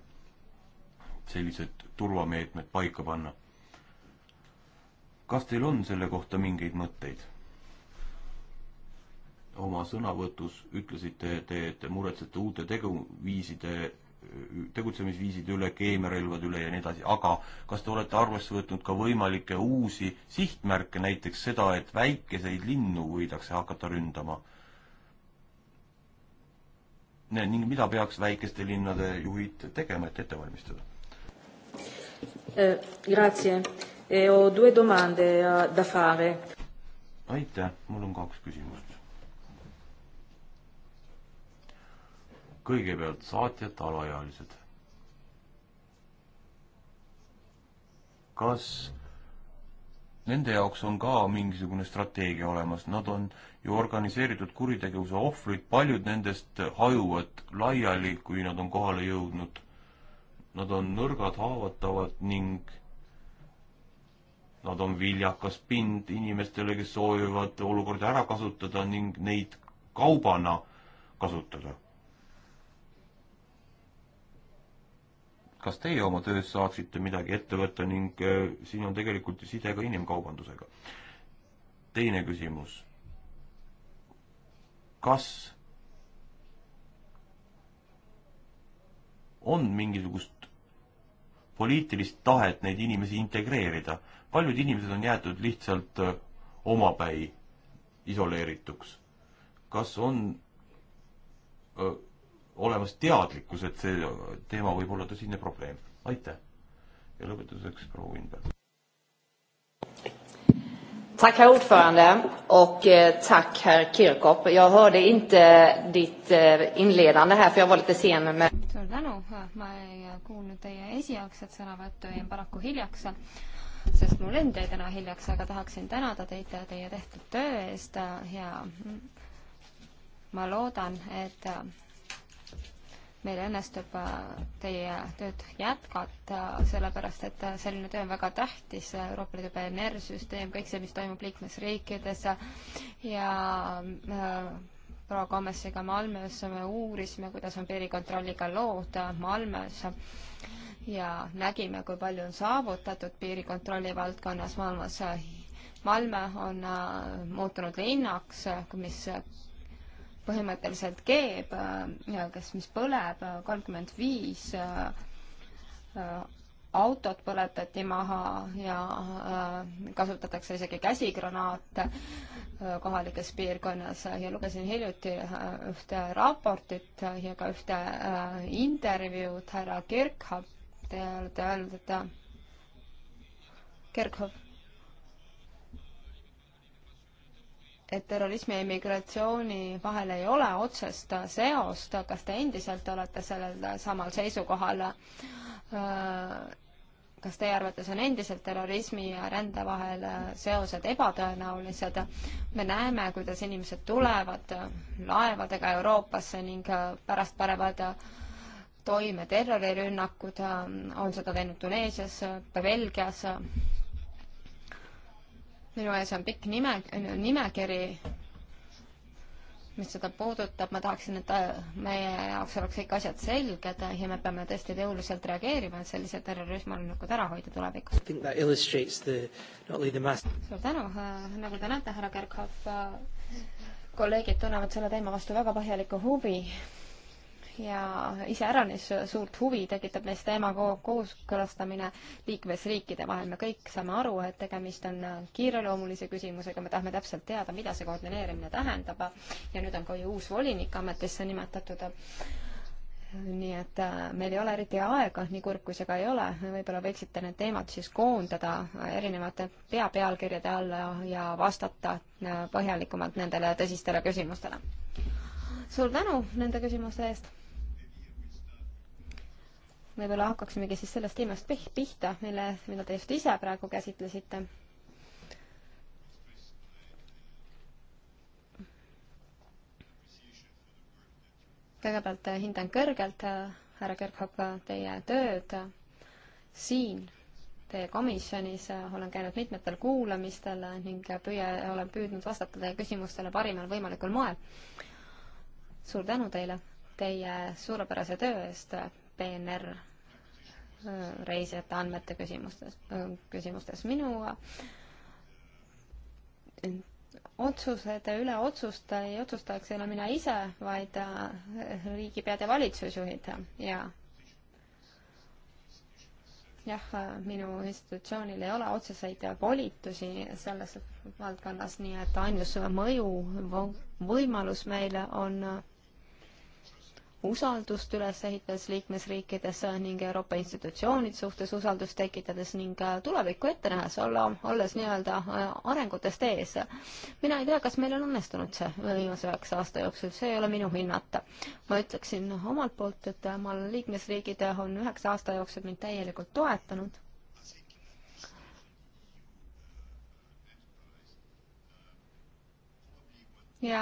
sellised turvameetmed paika panna. kas teil on selle kohta mingeid mõtteid? oma sõnavõtus ütlesite te, et muretsete uute teguviiside tegutsemisviisid üle, keemiarelvad üle ja nii edasi, aga kas te olete arvesse võtnud ka võimalikke uusi sihtmärke, näiteks seda, et väikeseid linnu võidakse hakata ründama? ning mida peaks väikeste linnade juhid tegema, et ette valmistada eh,? Grazie eh,, ho due domande eh, da fare. aitäh, mul on kaks küsimust kõigepealt saatjad, alaealised. kas nende jaoks on ka mingisugune strateegia olemas, nad on ju organiseeritud kuritegevuse ohvrid, paljud nendest hajuvad laiali, kui nad on kohale jõudnud. Nad on nõrgad, haavatavad ning nad on viljakas pind inimestele, kes soovivad olukorda ära kasutada ning neid kaubana kasutada kas teie oma töös saaksite midagi ette võtta ning äh, siin on tegelikult side ka inimkaubandusega. teine küsimus. kas on mingisugust poliitilist tahet neid inimesi integreerida? paljud inimesed on jäetud lihtsalt äh, omapäi isoleerituks. kas on öö, äh, olemas teadlikkus, et see teema võib olla tõsine probleem. aitäh! ja lõpetuseks proua Vindberg. Tack herr ordförande och eh, tack herr Kirkop. Jag hörde inte ditt eh, inledande här för jag var lite sen med... Suur tänu, ma ei kuulnud teie esialgset sõnavõttu, jäin paraku hiljaks, sest mul end jäi täna hiljaks, aga tahaksin tänada teid teie tehtud töö eest ja ma loodan, et meil õnnestub äh, teie tööd jätkata, sellepärast et äh, selline töö on väga tähtis, Euroopa Liidu PNR-süsteem, kõik see, mis toimub liikmesriikides ja äh, proua Gomesiga Malmös me uurisime, kuidas on piirikontrolliga lood Malmös ja nägime, kui palju on saavutatud piirikontrolli valdkonnas Malmös. Malmö on muutunud linnaks, mis põhimõtteliselt keeb äh, ja kes, mis põleb, äh, kolmkümmend viis äh, autot põletati maha ja kasutatakse isegi käsigranaate kohalikes piirkonnas ja lugesin hiljuti ühte raportit ja ka ühte intervjuud härra Kirkhab, te olete öelnud, et Kirkhab et terrorismi ja immigratsiooni vahel ei ole otsest seost, kas te endiselt olete sellel samal seisukohal? Äh, kas teie arvates on endiselt terrorismi ja rände vahel seosed ebatõenäolised? me näeme, kuidas inimesed tulevad laevadega Euroopasse ning pärast panevad toime terrorirünnakud, on seda teinud Tuneesias, Belgias minu ees on pikk nime, nimekiri, mis seda puudutab, ma tahaksin, et äh, meie jaoks oleks kõik asjad selged ja me peame tõesti jõuliselt reageerima, et sellised terrorismirünnakud ära hoida tulevikus. suur tänu, äh, nagu te näete, härra Kerkhoff, äh, kolleegid tunnevad selle teema vastu väga põhjalikku huvi ja iseäranis suurt huvi tekitab neis teema kooskõlastamine liikmesriikide vahel. me kõik saame aru, et tegemist on kiireloomulise küsimusega, me tahame täpselt teada, mida see koordineerimine tähendab ja nüüd on ka ju uus volinik ametisse nimetatud nii et äh, meil ei ole eriti aega, nii kurb kui see ka ei ole, võib-olla võiksite need teemad siis koondada erinevate peapealkirjade alla ja vastata äh, põhjalikumalt nendele tõsistele küsimustele. suur tänu nende küsimuste eest võib-olla hakkasimegi siis sellest teemast pihta, mille, mida te just ise praegu käsitlesite. kõigepealt äh, hindan kõrgelt, äh, härra Kirchhoff, äh, teie tööd siin teie komisjonis, olen käinud mitmetel kuulamistel ning püüa, olen püüdnud vastata teie küsimustele parimal võimalikul moel. suur tänu teile teie suurepärase töö eest, PNR äh, reisijate andmete küsimustes, äh, küsimustes. minu äh, otsused üle otsusta ei otsustaks üle mina ise, vaid riigipead ja valitsusjuhid ja jah, minu institutsioonil ei ole otseseid volitusi selles valdkonnas, nii et ainus mõju, võimalus meile on usaldust üles ehitades liikmesriikides ning Euroopa institutsioonide suhtes usaldust tekitades ning tulevikku ette nähes olla, olles nii-öelda äh, arengutest ees. mina ei tea, kas meil on õnnestunud see viimase üheksa aasta jooksul, see ei ole minu hinnata. ma ütleksin omalt poolt, et ma olen liikmesriigid on üheksa aasta jooksul mind täielikult toetanud. ja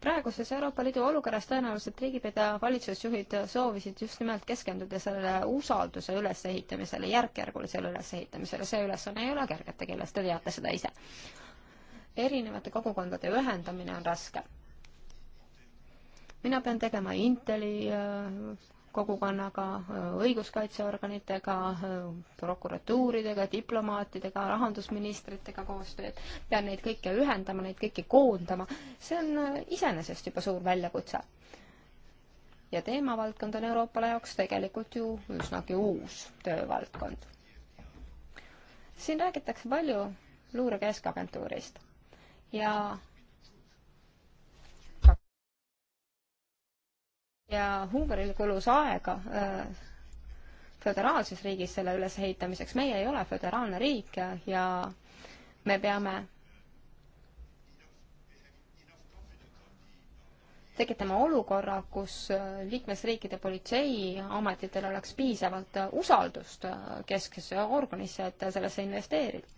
praeguses Euroopa Liidu olukorras tõenäoliselt riigipead ja valitsusjuhid soovisid just nimelt keskenduda sellele usalduse ülesehitamisele, järk-järgulisele ülesehitamisele, see ülesanne ei ole kergete keeles, te teate seda ise. erinevate kogukondade ühendamine on raske. mina pean tegema Inteli äh, kogukonnaga, õiguskaitseorganitega, prokuratuuridega, diplomaatidega, rahandusministritega koostööd, pean neid kõiki ühendama, neid kõiki koondama, see on äh, iseenesest juba suur väljakutse. ja teemavaldkond on Euroopale jaoks tegelikult ju üsnagi uus töövaldkond. siin räägitakse palju luure keskagentuurist ja ja Ungaril kulus aega äh, föderaalses riigis selle ülesehitamiseks, meie ei ole föderaalne riik ja, ja me peame tekitama olukorra, kus äh, liikmesriikide politseiametitel oleks piisavalt äh, usaldust kesksesse organisse, et sellesse investeerida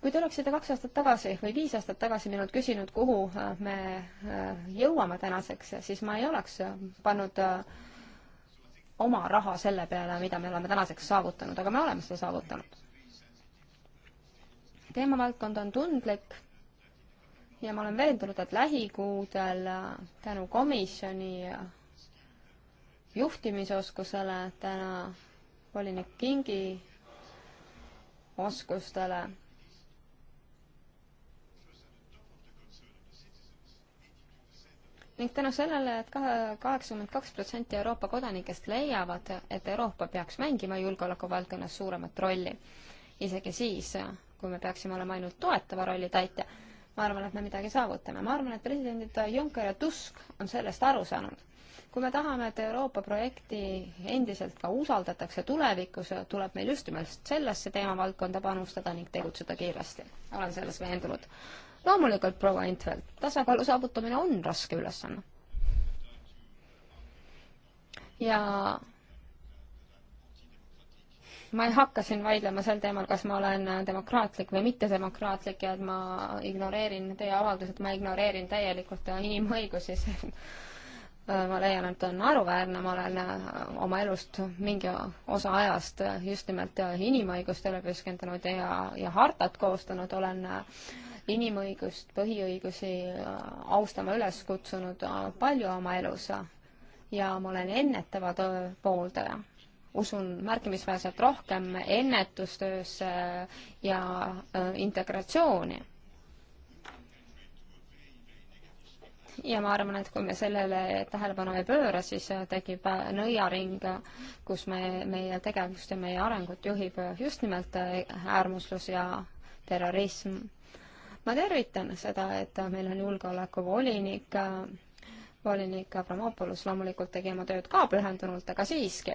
kui te oleksite kaks aastat tagasi või viis aastat tagasi minult küsinud, kuhu äh, me äh, jõuame tänaseks, siis ma ei oleks äh, pannud oma raha selle peale, mida me oleme tänaseks saavutanud, aga me oleme seda saavutanud. teemavaldkond on tundlik ja ma olen veendunud, et lähikuudel tänu komisjoni juhtimisoskusele, täna volinik Kingi oskustele ning tänu sellele et, et kaheksakümmend kaks protsenti Euroopa kodanikest leiavad, et Euroopa peaks mängima julgeolekuvaldkonnas suuremat rolli, isegi siis, kui me peaksime olema ainult toetava rolli täitja, ma arvan, et me midagi saavutame. ma arvan, et presidendid Juncker ja Tusk on sellest aru saanud. kui me tahame, et Euroopa projekti endiselt ka usaldatakse tulevikus, tuleb meil just nimelt sellesse teemavaldkonda panustada ning tegutseda kiiresti. olen selles veendunud loomulikult, proua Intvelt, tasakaalu saavutamine on raske ülesanne. ja ma ei hakka siin vaidlema sel teemal, kas ma olen demokraatlik või mittedemokraatlik ja et ma ignoreerin teie avaldused, ma ignoreerin täielikult inimõigusi, see ma leian, et on naeruväärne, ma olen oma elust mingi osa ajast just nimelt inimõigustele püskendunud ja, ja hartat koostanud, olen äh, inimõigust, põhiõigusi äh, austama üles kutsunud äh, palju oma elus ja ma olen ennetava töö pooldaja. usun märkimisväärselt rohkem ennetustöösse äh, ja integratsiooni. ja ma arvan, et kui me sellele tähelepanu ei pööra, siis tekib nõiaring, kus me, meie tegevust ja meie arengut juhib just nimelt äärmuslus ja terrorism ma tervitan seda, et meil on julgeolekuvolinik, volinik Avramopoulos loomulikult tegi oma tööd ka pühendunult, aga siiski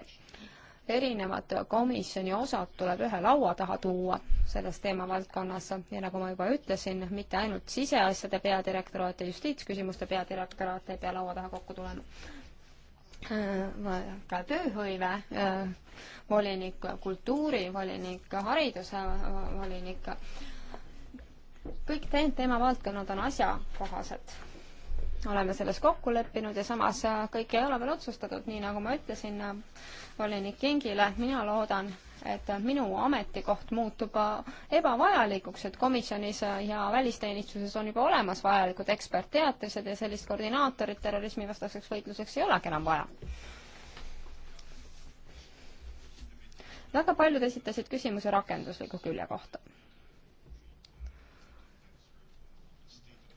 erinevad komisjoni osad tuleb ühe laua taha tuua selles teemavaldkonnas ja nagu ma juba ütlesin, mitte ainult siseasjade peadirektoraat ja justiitsküsimuste peadirektoraat ei pea laua taha kokku tulema. Äh, ka tööhõive äh, volinik, kultuurivolinik, hariduse äh, volinik kõik te, teemavaldkonnad on asjakohased. oleme selles kokku leppinud ja samas äh, kõik ei ole veel otsustatud, nii nagu ma ütlesin äh, volinik Kingile, mina loodan, et minu ametikoht muutub äh, ebavajalikuks, et komisjonis ja välisteenistuses on juba olemas vajalikud ekspertteatised ja sellist koordinaatorit terrorismivastaseks võitluseks ei olegi enam vaja. väga paljud esitasid küsimuse rakendusliku külje kohta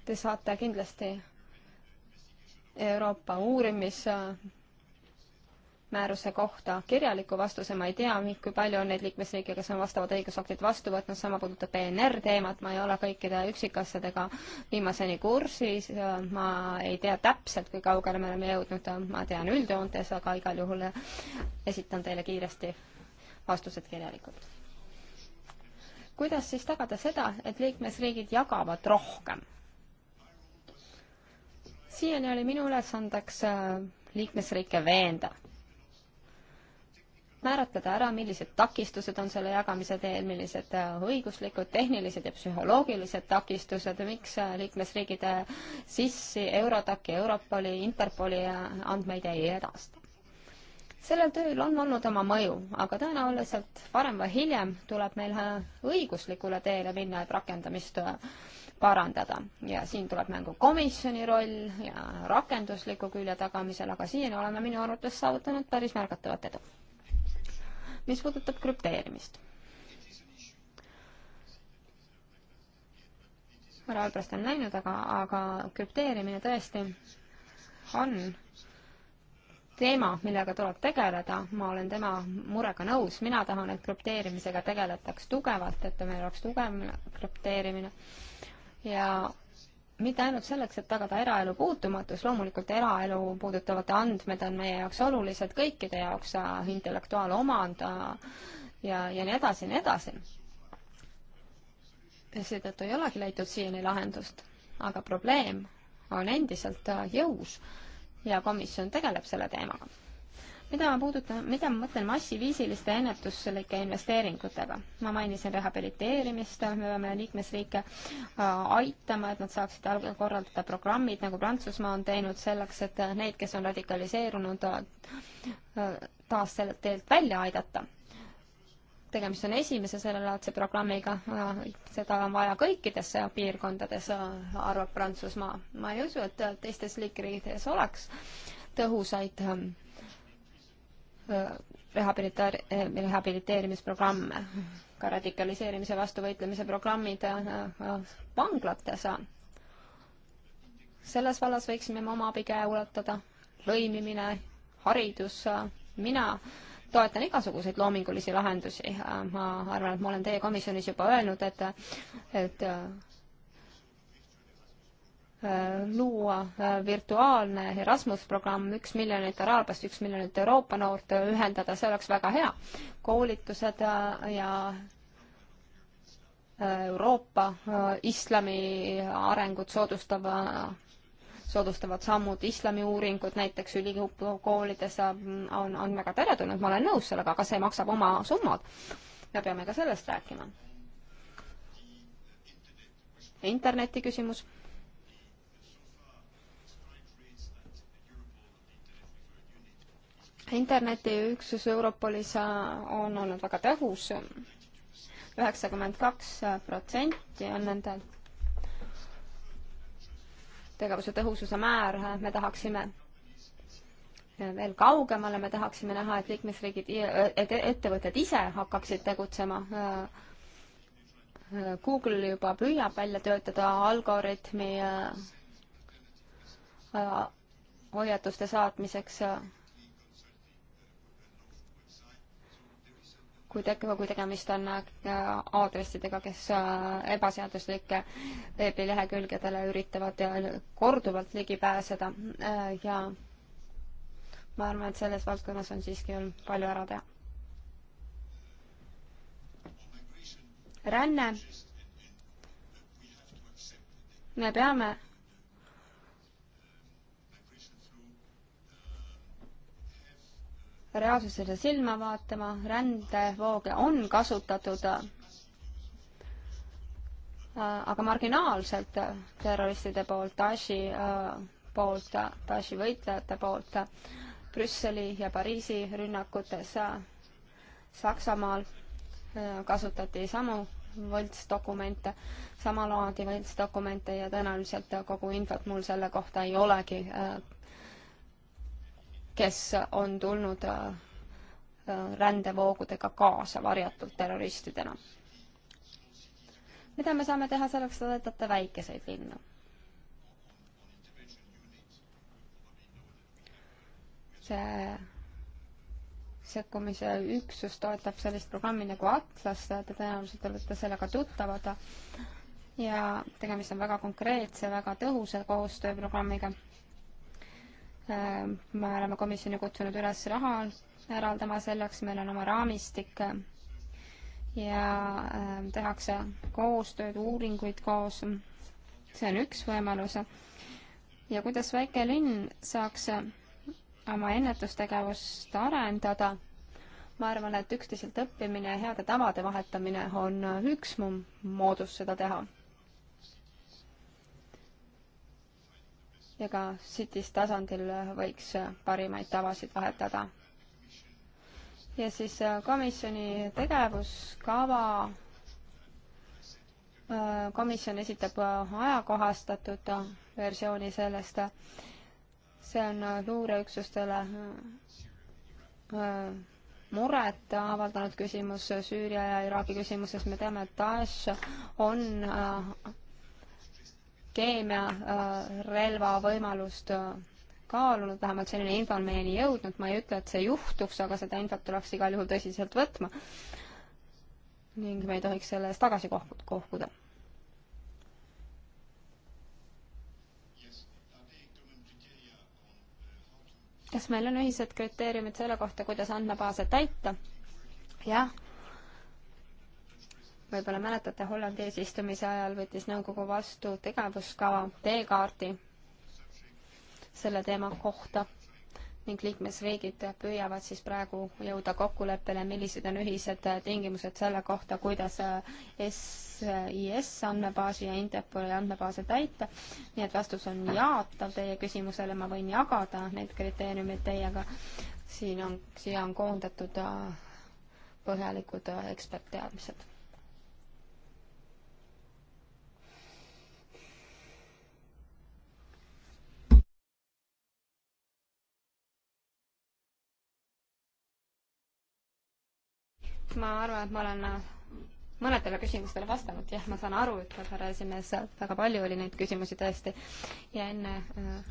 Te saate kindlasti Euroopa uurimismääruse kohta kirjaliku vastuse, ma ei tea, kui palju on neid liikmesriike, kes on vastavad õigusaktid vastu võtnud, sama puudutab PNR teemat, ma ei ole kõikide üksikasjadega viimaseni kursis, ma ei tea täpselt, kui kaugele me oleme jõudnud, ma tean üldjoontes, aga igal juhul esitan teile kiiresti vastused kirjalikult. kuidas siis tagada seda, et liikmesriigid jagavad rohkem? siiani oli minu ülesandeks äh, liikmesriike veenda, määratleda ära, millised takistused on selle jagamise teel, millised äh, õiguslikud, tehnilised ja psühholoogilised takistused, miks äh, liikmesriigid sissi Eurotaki, Europoli, Interpoli andmeid ei edasta sellel tööl on olnud oma mõju, aga tõenäoliselt varem või hiljem tuleb meil äh, õiguslikule teele minna, et rakendamist äh, parandada. ja siin tuleb mängu komisjoni roll ja rakendusliku külje tagamisel, aga siiani oleme minu arvates saavutanud päris märgatavat edu. mis puudutab krüpteerimist. härra Albrecht on läinud, aga, aga krüpteerimine tõesti on teema, millega tuleb tegeleda, ma olen tema murega nõus, mina tahan, et krüpteerimisega tegeletaks tugevalt, et meil oleks tugev krüpteerimine ja mitte ainult selleks, et tagada eraelu puutumatus, loomulikult eraelu puudutavad andmed on meie jaoks olulised kõikide jaoks, äh, intellektuaalomand äh, ja, ja nii edasi ja nii edasi. seetõttu ei olegi leitud siiani lahendust, aga probleem on endiselt äh, jõus ja komisjon tegeleb selle teemaga. mida ma puudutan, mida ma mõtlen massiviisiliste ennetuslike investeeringutega? ma mainisin rehabiliteerimist, me peame liikmesriike äh, aitama, et nad saaksid korraldada programmid, nagu Prantsusmaa on teinud, selleks, et neid, kes on radikaliseerunud, äh, taas sellelt teelt välja aidata tegemist on esimese sellelaadse programmiga, seda on vaja kõikides piirkondades, arvab Prantsusmaa. ma ei usu, et teistes liikriikides oleks tõhusaid ähm, rehabiliteer-, äh, rehabiliteerimisprogramme, ka radikaliseerimise vastu võitlemise programmid äh, äh, vanglates. selles vallas võiksime me oma abi käe ulatada, lõimimine, haridus, mina äh, toetan igasuguseid loomingulisi lahendusi, ma arvan, et ma olen teie komisjonis juba öelnud, et, et äh, luua äh, virtuaalne Erasmus programm, üks miljonit araablast, üks miljonit Euroopa noort ühendada, see oleks väga hea. koolitused äh, ja Euroopa islami arengut soodustava soodustavad sammud, islamiuuringud näiteks ülikoolides ähm, on, on väga teretulnud, ma olen nõus sellega, aga see maksab oma summad. me peame ka sellest rääkima. interneti küsimus internetiüksus Europolis äh, on olnud väga tõhus. üheksakümmend kaks äh, protsenti on nendelt tegevuse tõhususe määr, me tahaksime veel kaugemale, me tahaksime näha, et liikmesriigid, et ettevõtted ise hakkaksid tegutsema. Google juba püüab välja töötada algoritmi äh, äh, hoiatuste saatmiseks kui te-, kui tegemist on äh, aadressidega, kes äh, ebaseaduslike veebilehekülgedele üritavad äh, korduvalt ligi pääseda ja ma arvan, et selles valdkonnas on siiski veel palju ära teha. ränne. me peame reaalsusele silma vaatama, rändevooge on kasutatud äh, aga marginaalselt terroristide poolt, Daeshi äh, poolt, Daeshi võitlejate poolt, Brüsseli ja Pariisi rünnakutes äh, Saksamaal kasutati samu võltsdokumente, samalaadi võltsdokumente ja tõenäoliselt kogu infot mul selle kohta ei olegi kes on tulnud äh, äh, rändevoogudega kaasa varjatult terroristidena. mida me saame teha selleks, et aidata väikeseid linnu? see sekkumise üksus toetab sellist programmi nagu Atlas, te tõenäoliselt olete sellega tuttavad ja tegemist on väga konkreetse, väga tõhusa koostööprogrammiga Äh, me oleme komisjoni kutsunud üles raha eraldama selleks, meil on oma raamistik ja äh, tehakse koostööd, uuringuid koos. see on üks võimalus. ja kuidas väike linn saaks oma ennetustegevust arendada, ma arvan, et üksteiselt õppimine ja heade tavade vahetamine on üks moodus seda teha ja ka CITES tasandil võiks parimaid tavasid vahetada. ja siis äh, komisjoni tegevuskava, äh, komisjon esitab äh, ajakohastatud versiooni sellest, see on luureüksustele muret avaldanud küsimus Süüria ja Iraagi küsimuses, me teame, et Daesh on keemiarelva äh, võimalust äh, kaalunud, vähemalt selline info on meieni jõudnud, ma ei ütle, et see juhtuks, aga seda infot tuleks igal juhul tõsiselt võtma. ning me ei tohiks selle eest tagasi kohkuda. kas meil on ühised kriteeriumid selle kohta, kuidas andmebaase täita? jah võib-olla mäletate, Hollandi eesistumise ajal võttis nõukogu vastu tegevuskava teekaardi selle teema kohta ning liikmesriigid püüavad siis praegu jõuda kokkuleppele, millised on ühised tingimused selle kohta, kuidas SIS andmebaasi ja Interpoli andmebaase täita. nii et vastus on jaatav teie küsimusele, ma võin jagada need kriteeriumid teiega. siin on, siia on koondatud äh, põhjalikud äh, ekspertteadmised. ma arvan, et ma olen äh, mõnedele küsimustele vastanud, jah, ma saan aru, ütleb härra esimees, väga palju oli neid küsimusi tõesti ja enne äh,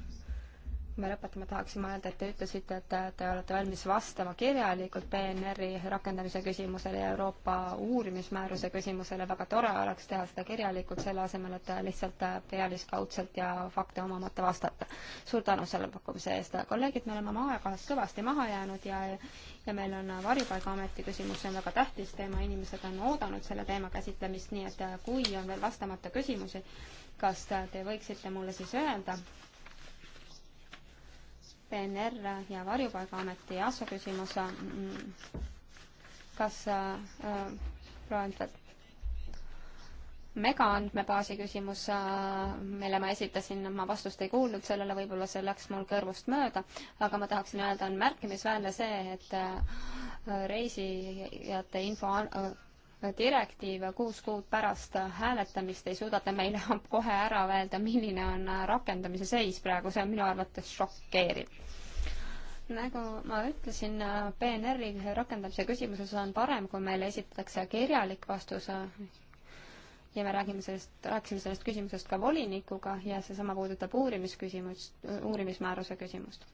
kui me lõpetame, tahaksin ma öelda, et te ütlesite, et te olete valmis vastama kirjalikult PNR-i rakendamise küsimusele ja Euroopa uurimismääruse küsimusele, väga tore oleks teha seda kirjalikult, selle asemel, et lihtsalt pealiskaudselt ja fakte omamata vastata. suur tänu selle pakkumise eest, kolleegid, me oleme oma ajakavast kõvasti maha jäänud ja ja meil on Varjupaigaameti küsimus, see on väga tähtis teema, inimesed on oodanud selle teema käsitlemist, nii et kui on veel vastamata küsimusi, kas te võiksite mulle siis öelda, PNR ja Varjupaigaameti ASO küsimus. Äh, kas äh, loendad äh, megaandmebaasi küsimus, äh, mille ma esitasin, ma vastust ei kuulnud sellele, võib-olla see läks mul kõrvust mööda, aga ma tahaksin öelda, on märkimisväärne see, et reisijate info direktiiv kuus kuud pärast hääletamist ei suudata meile kohe ära öelda, milline on rakendamise seis praegu, see on minu arvates šokeeriv. nagu ma ütlesin, PNR-i rakendamise küsimuses on parem, kui meile esitatakse kirjalik vastus ja me räägime sellest, rääkisime sellest küsimusest ka volinikuga ja seesama puudutab uurimisküsimust, uurimismääruse küsimust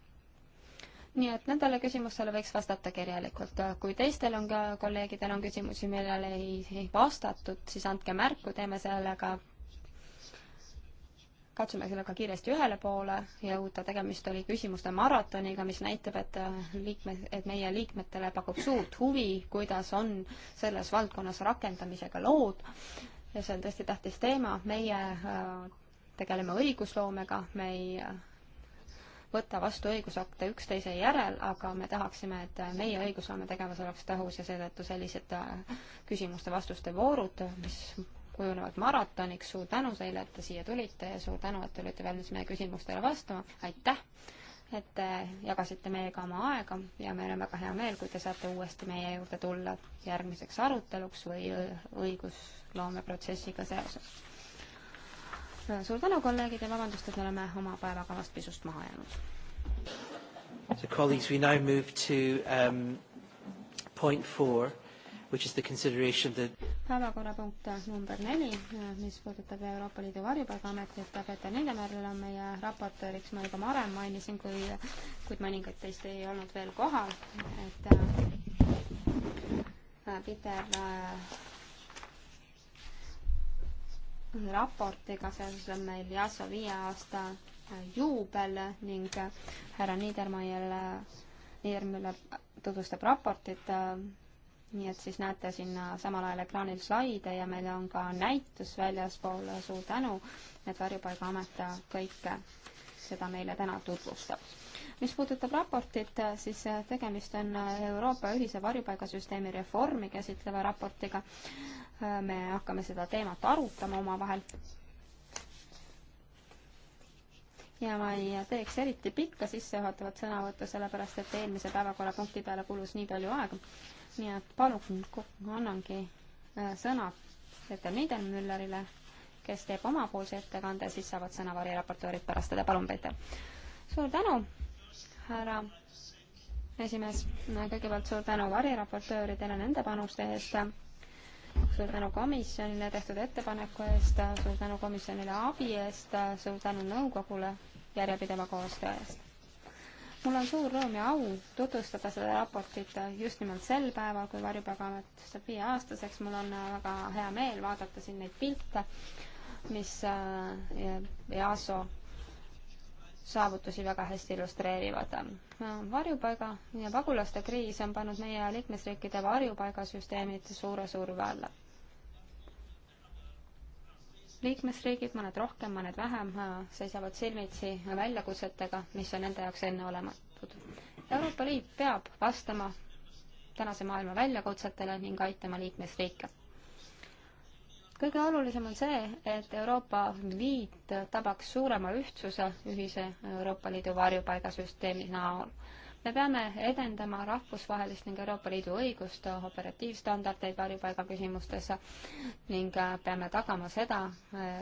nii et nendele küsimustele võiks vastata kirjalikult. kui teistel on ka, kolleegidel on küsimusi, millele ei, ei vastatud, siis andke märku, teeme sellega, katsume sellega kiiresti ühele poole jõuda. tegemist oli küsimuste maratoniga, mis näitab, et liikme, et meie liikmetele pakub suurt huvi, kuidas on selles valdkonnas rakendamisega lood. ja see on tõesti tähtis teema. meie äh, tegeleme õigusloomega, me ei äh, võtta vastu õigusakte üksteise järel, aga me tahaksime, et meie õigusloome tegevus oleks tõhus ja seetõttu sellised äh, küsimuste-vastuste voorud, mis kujunevad maratoniks, suur tänu teile, et te siia tulite ja suur tänu, et te olite valmis meie küsimustele vastama, aitäh, et te äh, jagasite meiega oma aega ja meil on väga hea meel, kui te saate uuesti meie juurde tulla järgmiseks aruteluks või äh, õigusloomeprotsessiga seoses suur tänu, kolleegid, ja vabandust, et me oleme oma päevakavast pisut maha jäänud. So colleagues, we now move to um, point four, which is the consideration of the päevakorrapunkt äh, number neli, äh, mis puudutab Euroopa Liidu varjupaigaametit, Peeter Nillemärl on meie raportööriks, ma juba varem mainisin, kui, kuid mõningaid teist ei olnud veel kohal, et äh, Peter äh, raportiga, seoses on meil Jaso viie aasta äh, juubel ning äh, härra Niedermayer, äh, Niedermüller tutvustab raportit. nii et siis näete sinna samal ajal ekraanil slaide ja meil on ka näitus väljaspool. suur tänu, et Varjupaigaamet kõike seda meile täna tutvustab mis puudutab raportit, siis äh, tegemist on äh, Euroopa ühise varjupaigasüsteemi reformi käsitleva raportiga. Äh, me hakkame seda teemat arutama omavahel. ja ma ei teeks eriti pikka sissejuhatavat sõnavõttu, sellepärast et eelmise päevakorrapunkti peale kulus nii palju aega. nii et palun, annangi sõna Peeter Niedermüllerile, kes teeb omapoolse ettekande, siis saavad sõna variraportöörid pärast teda. palun, Peeter! suur tänu! härra esimees. kõigepealt suur tänu variraportööridele nende panuste eest. suur tänu komisjonile tehtud ettepaneku eest, suur tänu komisjonile abi eest, suur tänu nõukogule järjepideva koostöö eest. mul on suur rõõm ja au tutvustada seda raportit just nimelt sel päeval, kui Varjupagamet saab viieaastaseks. mul on väga hea meel vaadata siin neid pilte, mis EASO äh, saavutusi väga hästi illustreerivad. varjupaiga ja pagulaste kriis on pannud meie liikmesriikide varjupaigasüsteemid suure surve alla. liikmesriigid, mõned rohkem, mõned vähem, seisavad silmitsi väljakutsetega, mis on nende jaoks enneolematud. Euroopa Liit peab vastama tänase maailma väljakutsetele ning aitama liikmesriike kõige olulisem on see, et Euroopa Liit tabaks suurema ühtsuse ühise Euroopa Liidu varjupaigasüsteemi näol. me peame edendama rahvusvahelist ning Euroopa Liidu õigust, operatiivstandardeid varjupaiga küsimustes ning peame tagama seda,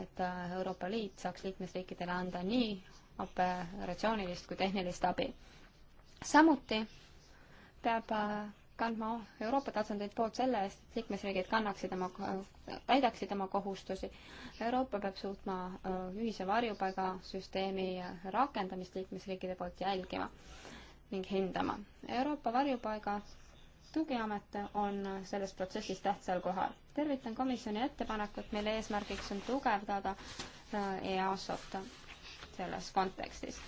et Euroopa Liit saaks liikmesriikidele anda nii operatsioonilist kui tehnilist abi. samuti peab kandma Euroopa tasandilt poolt selle eest, et liikmesriigid kannaksid oma, täidaksid oma kohustusi. Euroopa peab suutma äh, ühise varjupaigasüsteemi rakendamist liikmesriikide poolt jälgima ning hindama. Euroopa varjupaiga tugiamet on selles protsessis tähtsal kohal. tervitan komisjoni ettepanekut, mille eesmärgiks on tugevdada äh, EASO-t selles kontekstis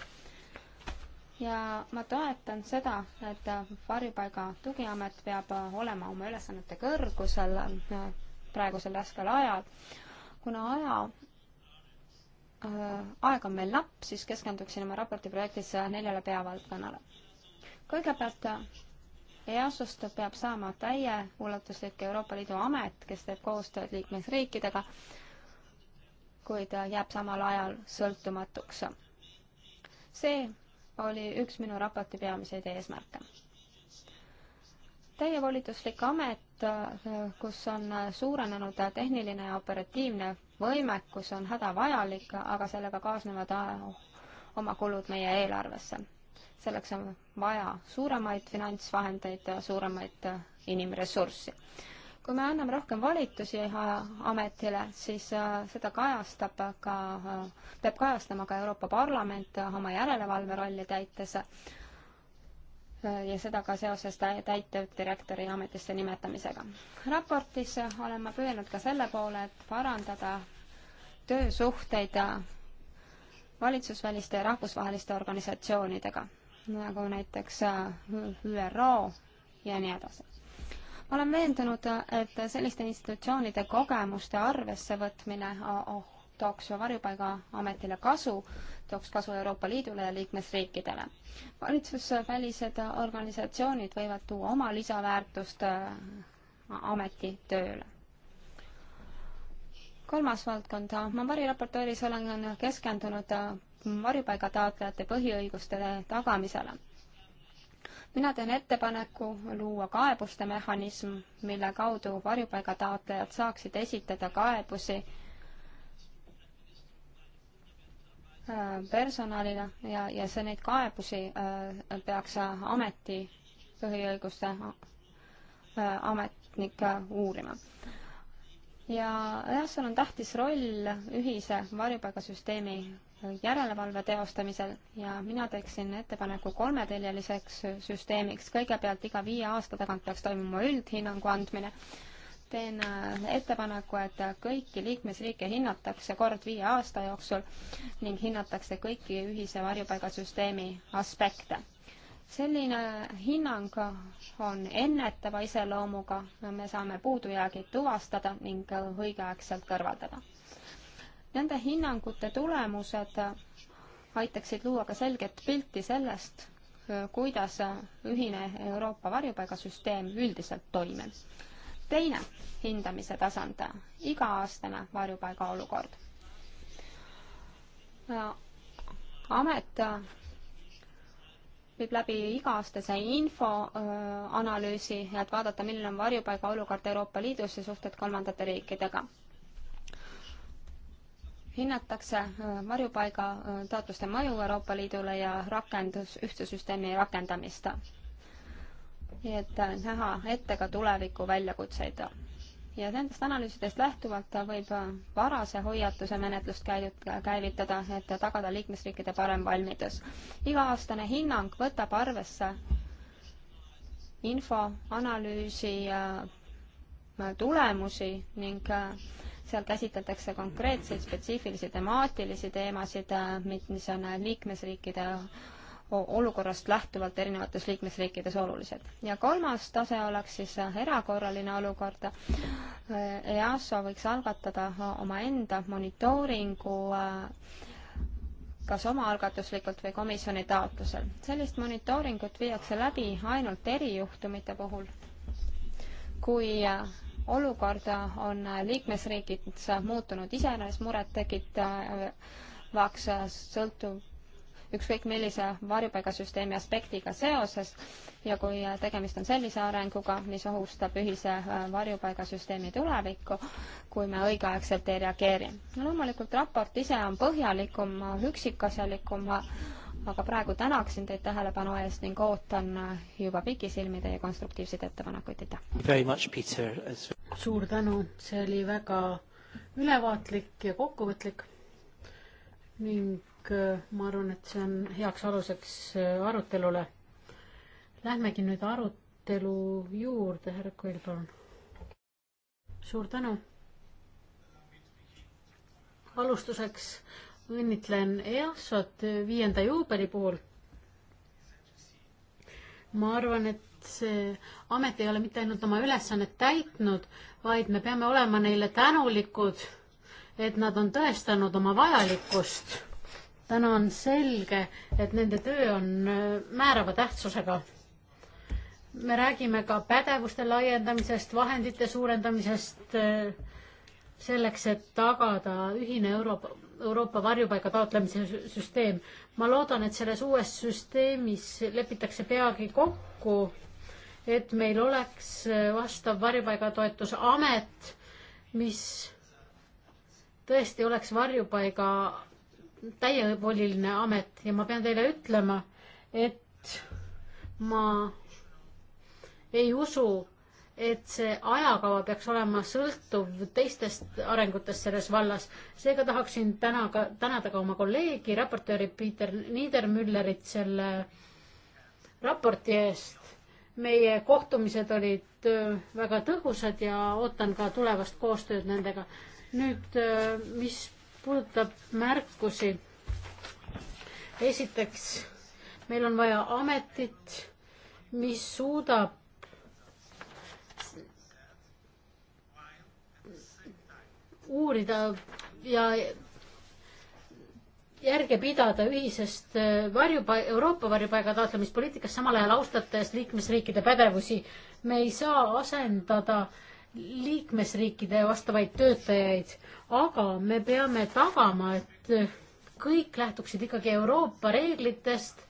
ja ma toetan seda, et varjupaiga tugiamet peab olema oma ülesannete kõrgusel äh, praegusel raskel ajal. kuna aja äh,, aeg on meil napp, siis keskenduksin oma raporti projektis äh, neljale peavaldkonnale. kõigepealt äh, EAS-ust peab saama täieulatuslik Euroopa Liidu amet, kes teeb koostööd liikmesriikidega, kuid jääb samal ajal sõltumatuks. see oli üks minu raporti peamiseid eesmärke. Teie volituslik amet, kus on suurenenud tehniline ja operatiivne võimekus, on hädavajalik, aga sellega kaasnevad äh, oma kulud meie eelarvesse. selleks on vaja suuremaid finantsvahendeid, suuremaid äh, inimressurssi kui me anname rohkem volitusi äh, ametile, siis äh, seda kajastab ka, äh, peab kajastama ka Euroopa Parlament oma järelevalve rolli täites ja seda ka seoses täitevdirektori ametisse nimetamisega. raportis olen ma püüelnud ka selle poole, et parandada töösuhteid valitsusväliste ja rahvusvaheliste organisatsioonidega, nagu näiteks ÜRO ja nii edasi olen veendunud, et selliste institutsioonide kogemuste arvessevõtmine oh, tooks Varjupaigaametile kasu, tooks kasu Euroopa Liidule ja liikmesriikidele. valitsusvälised organisatsioonid võivad tuua oma lisaväärtust äh, ameti tööle. kolmas valdkond, ma variraportööris olen keskendunud äh, varjupaigataotlejate põhiõiguste tagamisele mina teen ettepaneku luua kaebuste mehhanism, mille kaudu varjupaigataotlejad saaksid esitada kaebusi äh, personalile ja, ja see, neid kaebusi äh, peaks ameti, põhiõiguste äh, ametnik uurima. ja EASO-l on tähtis roll ühise varjupaigasüsteemi järelevalve teostamisel ja mina teeksin ettepaneku kolmeteljeliseks süsteemiks. kõigepealt iga viie aasta tagant peaks toimuma üldhinnangu andmine. teen äh, ettepaneku, et kõiki liikmesriike hinnatakse kord viie aasta jooksul ning hinnatakse kõiki ühise varjupaigasüsteemi aspekte selline hinnang on ennetava iseloomuga, me saame puudujäägid tuvastada ning õigeaegselt kõrvaldada Nende hinnangute tulemused aitaksid luua ka selget pilti sellest, kuidas ühine Euroopa varjupaigasüsteem üldiselt toimib. teine hindamise tasand, iga-aastane varjupaiga olukord. amet viib läbi iga-aastase infoanalüüsi, äh, et vaadata, milline on varjupaiga olukord Euroopa Liidus ja suhted kolmandate riikidega hinnatakse äh, varjupaiga äh, taotluste mõju Euroopa Liidule ja rakendus, ühtse süsteemi rakendamist. nii et äh, näha ette ka tuleviku väljakutseid. ja nendest analüüsidest lähtuvalt võib varase hoiatuse menetlust käidut-, käivitada, et tagada liikmesriikide parem valmidus. iga-aastane hinnang võtab arvesse info, analüüsi tulemusi ning seal käsitletakse konkreetseid spetsiifilisi temaatilisi teemasid, äh, mis on äh, liikmesriikide olukorrast lähtuvalt erinevates liikmesriikides olulised. ja kolmas tase oleks siis äh, erakorraline olukord. EASO võiks algatada omaenda monitooringu kas omaalgatuslikult või komisjoni taotlusel. sellist monitooringut viiakse läbi ainult erijuhtumite puhul, kui olukord on liikmesriikides muutunud iseenesest murettekitavaks, sõltub ükskõik millise varjupaigasüsteemi aspektiga seoses ja kui tegemist on sellise arenguga, mis ohustab ühise äh, varjupaigasüsteemi tulevikku, kui me õigeaegselt ei reageeri no,. loomulikult raport ise on põhjalikum, üksikasjalikum, aga praegu tänaksin teid tähelepanu eest ning ootan juba pikisilmi teie konstruktiivseid ettepanekuid, aitäh! suur tänu, see oli väga ülevaatlik ja kokkuvõtlik ning äh, ma arvan, et see on heaks aluseks äh, arutelule. Lähmegi nüüd arutelu juurde, härra Kõil, palun. suur tänu. alustuseks õnnitlen EASO-t viienda juubeli puhul. ma arvan, et see amet ei ole mitte ainult oma ülesannet täitnud, vaid me peame olema neile tänulikud, et nad on tõestanud oma vajalikkust. täna on selge, et nende töö on äh, määrava tähtsusega. me räägime ka pädevuste laiendamisest, vahendite suurendamisest äh, selleks, et tagada ühine Euroopa Euroopa varjupaiga taotlemise süsteem. ma loodan, et selles uues süsteemis lepitakse peagi kokku, et meil oleks vastav varjupaigatoetusamet, mis tõesti oleks varjupaiga täievoliline amet ja ma pean teile ütlema, et ma ei usu, et see ajakava peaks olema sõltuv teistest arengutest selles vallas. seega tahaksin täna ka, tänada ka oma kolleegi, raportööri Peter Niedermüllerit selle raporti eest. meie kohtumised olid äh, väga tõhusad ja ootan ka tulevast koostööd nendega. nüüd, äh, mis puudutab märkusi. esiteks, meil on vaja ametit, mis suudab uurida ja järge pidada ühisest äh, varjupa-, Euroopa varjupaiga taotlemispoliitikast, samal ajal austades liikmesriikide pädevusi. me ei saa asendada liikmesriikide vastavaid töötajaid, aga me peame tagama, et kõik lähtuksid ikkagi Euroopa reeglitest,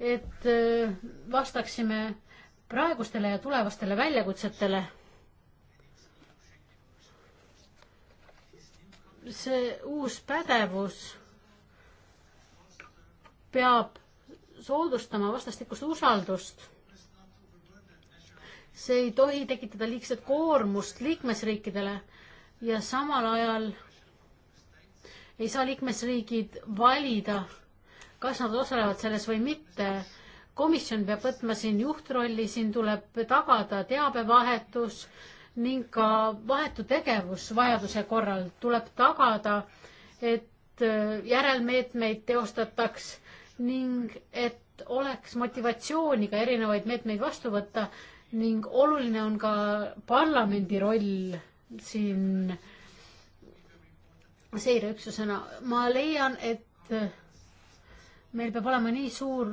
et äh, vastaksime praegustele ja tulevastele väljakutsetele see uus pädevus peab soodustama vastastikust usaldust. see ei tohi tekitada liigset koormust liikmesriikidele ja samal ajal ei saa liikmesriigid valida, kas nad osalevad selles või mitte. komisjon peab võtma siin juhtrolli, siin tuleb tagada teabevahetus ning ka vahetu tegevus vajaduse korral tuleb tagada, et äh, järelmeetmeid teostataks ning et oleks motivatsiooni ka erinevaid meetmeid vastu võtta ning oluline on ka parlamendi roll siin seireüksusena. ma leian, et äh, meil peab olema nii suur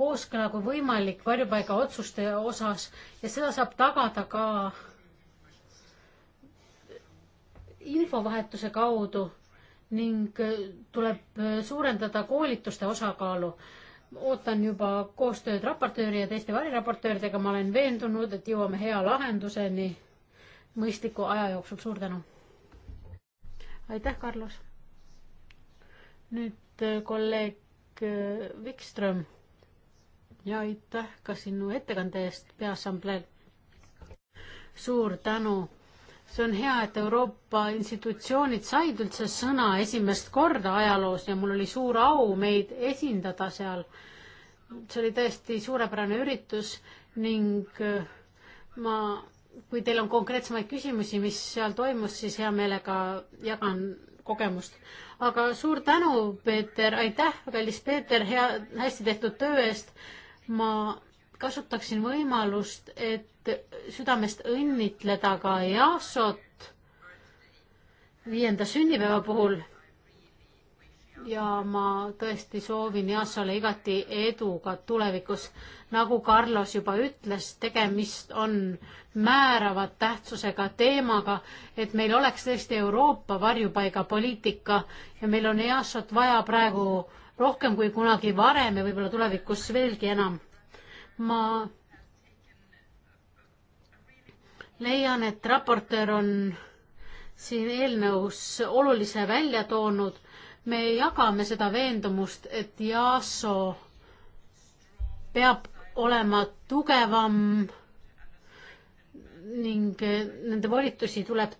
kooskõla kui võimalik varjupaiga otsuste osas ja seda saab tagada ka infovahetuse kaudu ning tuleb suurendada koolituste osakaalu. ootan juba koostööd raportööri ja teiste variraportööridega, ma olen veendunud, et jõuame hea lahenduseni mõistliku aja jooksul, suur tänu! aitäh, Carlos! nüüd äh, kolleeg äh, Wikström ja aitäh ka sinu ettekande eest Peaassambleel. suur tänu see on hea, et Euroopa institutsioonid said üldse sõna esimest korda ajaloos ja mul oli suur au meid esindada seal. see oli tõesti suurepärane üritus ning äh, ma, kui teil on konkreetsemaid küsimusi, mis seal toimus, siis hea meelega jagan kogemust. aga suur tänu, Peeter, aitäh, kallis Peeter, hea, hästi tehtud töö eest. ma kasutaksin võimalust, et südamest õnnitleda ka Easot viienda sünnipäeva puhul. ja ma tõesti soovin Easole igati edu ka tulevikus. nagu Carlos juba ütles, tegemist on määrava tähtsusega teemaga, et meil oleks tõesti Euroopa varjupaigapoliitika ja meil on Easot vaja praegu rohkem kui kunagi varem ja võib-olla tulevikus veelgi enam ma leian, et raportöör on siin eelnõus olulise välja toonud. me jagame seda veendumust, et Yaso peab olema tugevam ning nende volitusi tuleb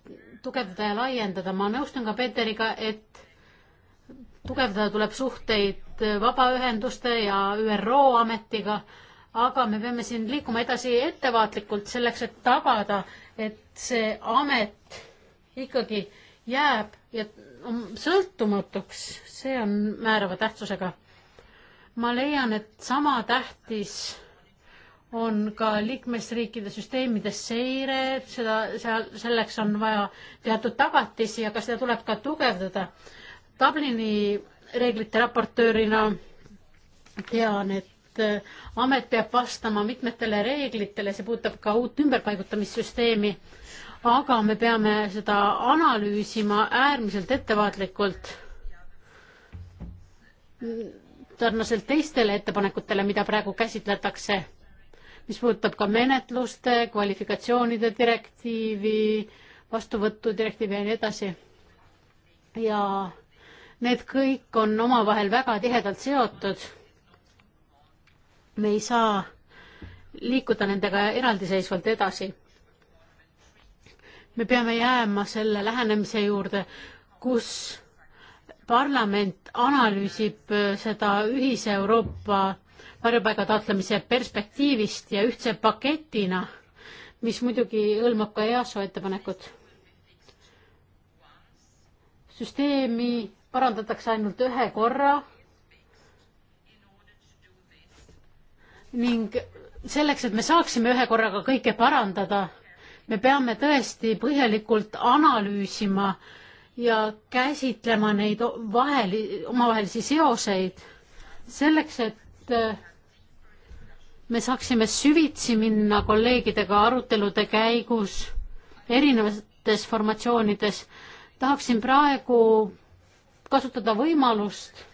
tugevdada ja laiendada. ma nõustun ka Peeteriga, et tugevdada tuleb suhteid vabaühenduste ja ÜRO ametiga aga me peame siin liikuma edasi ettevaatlikult selleks, et tagada, et see amet ikkagi jääb ja sõltumatuks, see on määrava tähtsusega. ma leian, et sama tähtis on ka liikmesriikide süsteemide seire, seda, seal, selleks on vaja teatud tagatisi, aga seda tuleb ka tugevdada. Dublini reeglite raportöörina tean, et Äh, amet peab vastama mitmetele reeglitele, see puudutab ka uut ümberpaigutamissüsteemi, aga me peame seda analüüsima äärmiselt ettevaatlikult sarnaselt teistele ettepanekutele, mida praegu käsitletakse, mis puudutab ka menetluste, kvalifikatsioonide direktiivi, vastuvõtudirektiivi ja nii edasi. ja need kõik on omavahel väga tihedalt seotud me ei saa liikuda nendega eraldiseisvalt edasi. me peame jääma selle lähenemise juurde, kus parlament analüüsib äh, seda ühise Euroopa varjupaiga taotlemise perspektiivist ja ühtse paketina, mis muidugi hõlmab ka EASO ettepanekut. süsteemi parandatakse ainult ühe korra ning selleks, et me saaksime ühe korraga kõike parandada, me peame tõesti põhjalikult analüüsima ja käsitlema neid vaheli, omavahelisi seoseid selleks, et äh, me saaksime süvitsi minna kolleegidega arutelude käigus erinevates formatsioonides, tahaksin praegu kasutada võimalust,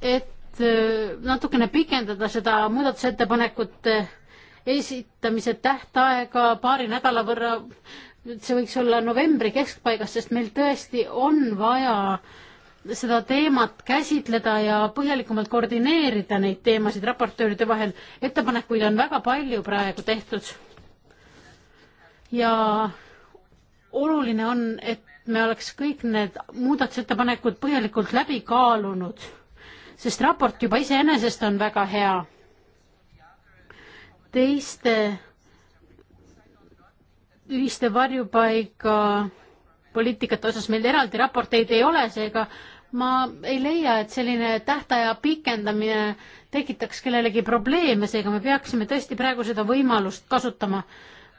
et Äh, natukene pikendada seda muudatusettepanekute esitamise tähtaega paari nädala võrra. see võiks olla novembri keskpaigas, sest meil tõesti on vaja seda teemat käsitleda ja põhjalikumalt koordineerida neid teemasid raportööride vahel. ettepanekuid on väga palju praegu tehtud. ja oluline on, et me oleks kõik need muudatusettepanekud põhjalikult läbi kaalunud sest raport juba iseenesest on väga hea. teiste ühiste varjupaiga poliitikate osas meil eraldi raporteid ei ole, seega ma ei leia, et selline tähtaja pikendamine tekitaks kellelegi probleeme, seega me peaksime tõesti praegu seda võimalust kasutama.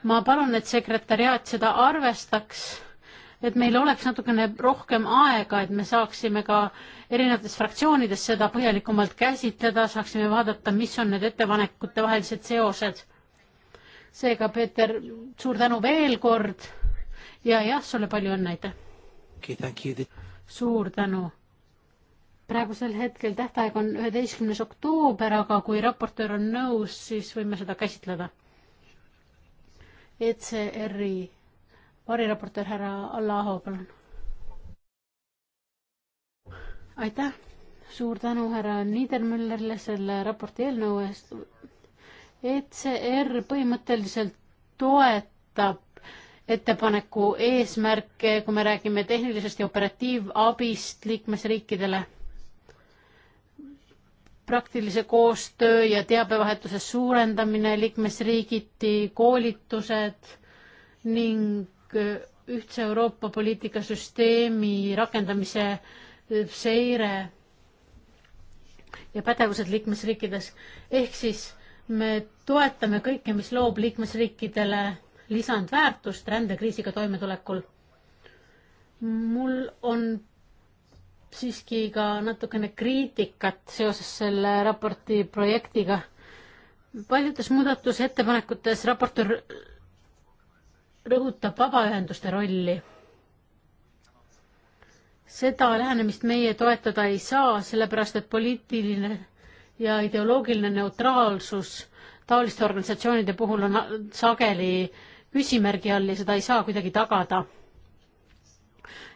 ma palun, et sekretäriaat seda arvestaks et meil oleks natukene rohkem aega, et me saaksime ka erinevates fraktsioonides seda põhjalikumalt käsitleda, saaksime vaadata, mis on need ettepanekute vahelised seosed. seega, Peeter, suur tänu veel kord ja jah, sulle palju õnne, aitäh okay,! suur tänu! praegusel hetkel tähtaeg on üheteistkümnes oktoober, aga kui raportöör on nõus, siis võime seda käsitleda. ECR-i variraportöör härra Alla Aho, palun. aitäh, suur tänu härra Niedermüllerile selle raporti eelnõu eest. ECR põhimõtteliselt toetab ettepaneku eesmärke, kui me räägime tehnilisest ja operatiivabist liikmesriikidele, praktilise koostöö ja teabevahetuse suurendamine liikmesriigiti, koolitused ning Äh, ühtse Euroopa poliitikasüsteemi rakendamise äh, seire ja pädevused liikmesriikides. ehk siis me toetame kõike, mis loob liikmesriikidele lisandväärtust rändekriisiga toimetulekul. mul on siiski ka natukene kriitikat seoses selle raporti projektiga. paljudes muudatusettepanekutes raportöör rõhutab vabaühenduste rolli. seda lähenemist meie toetada ei saa, sellepärast et poliitiline ja ideoloogiline neutraalsus taoliste organisatsioonide puhul on sageli küsimärgi all ja seda ei saa kuidagi tagada.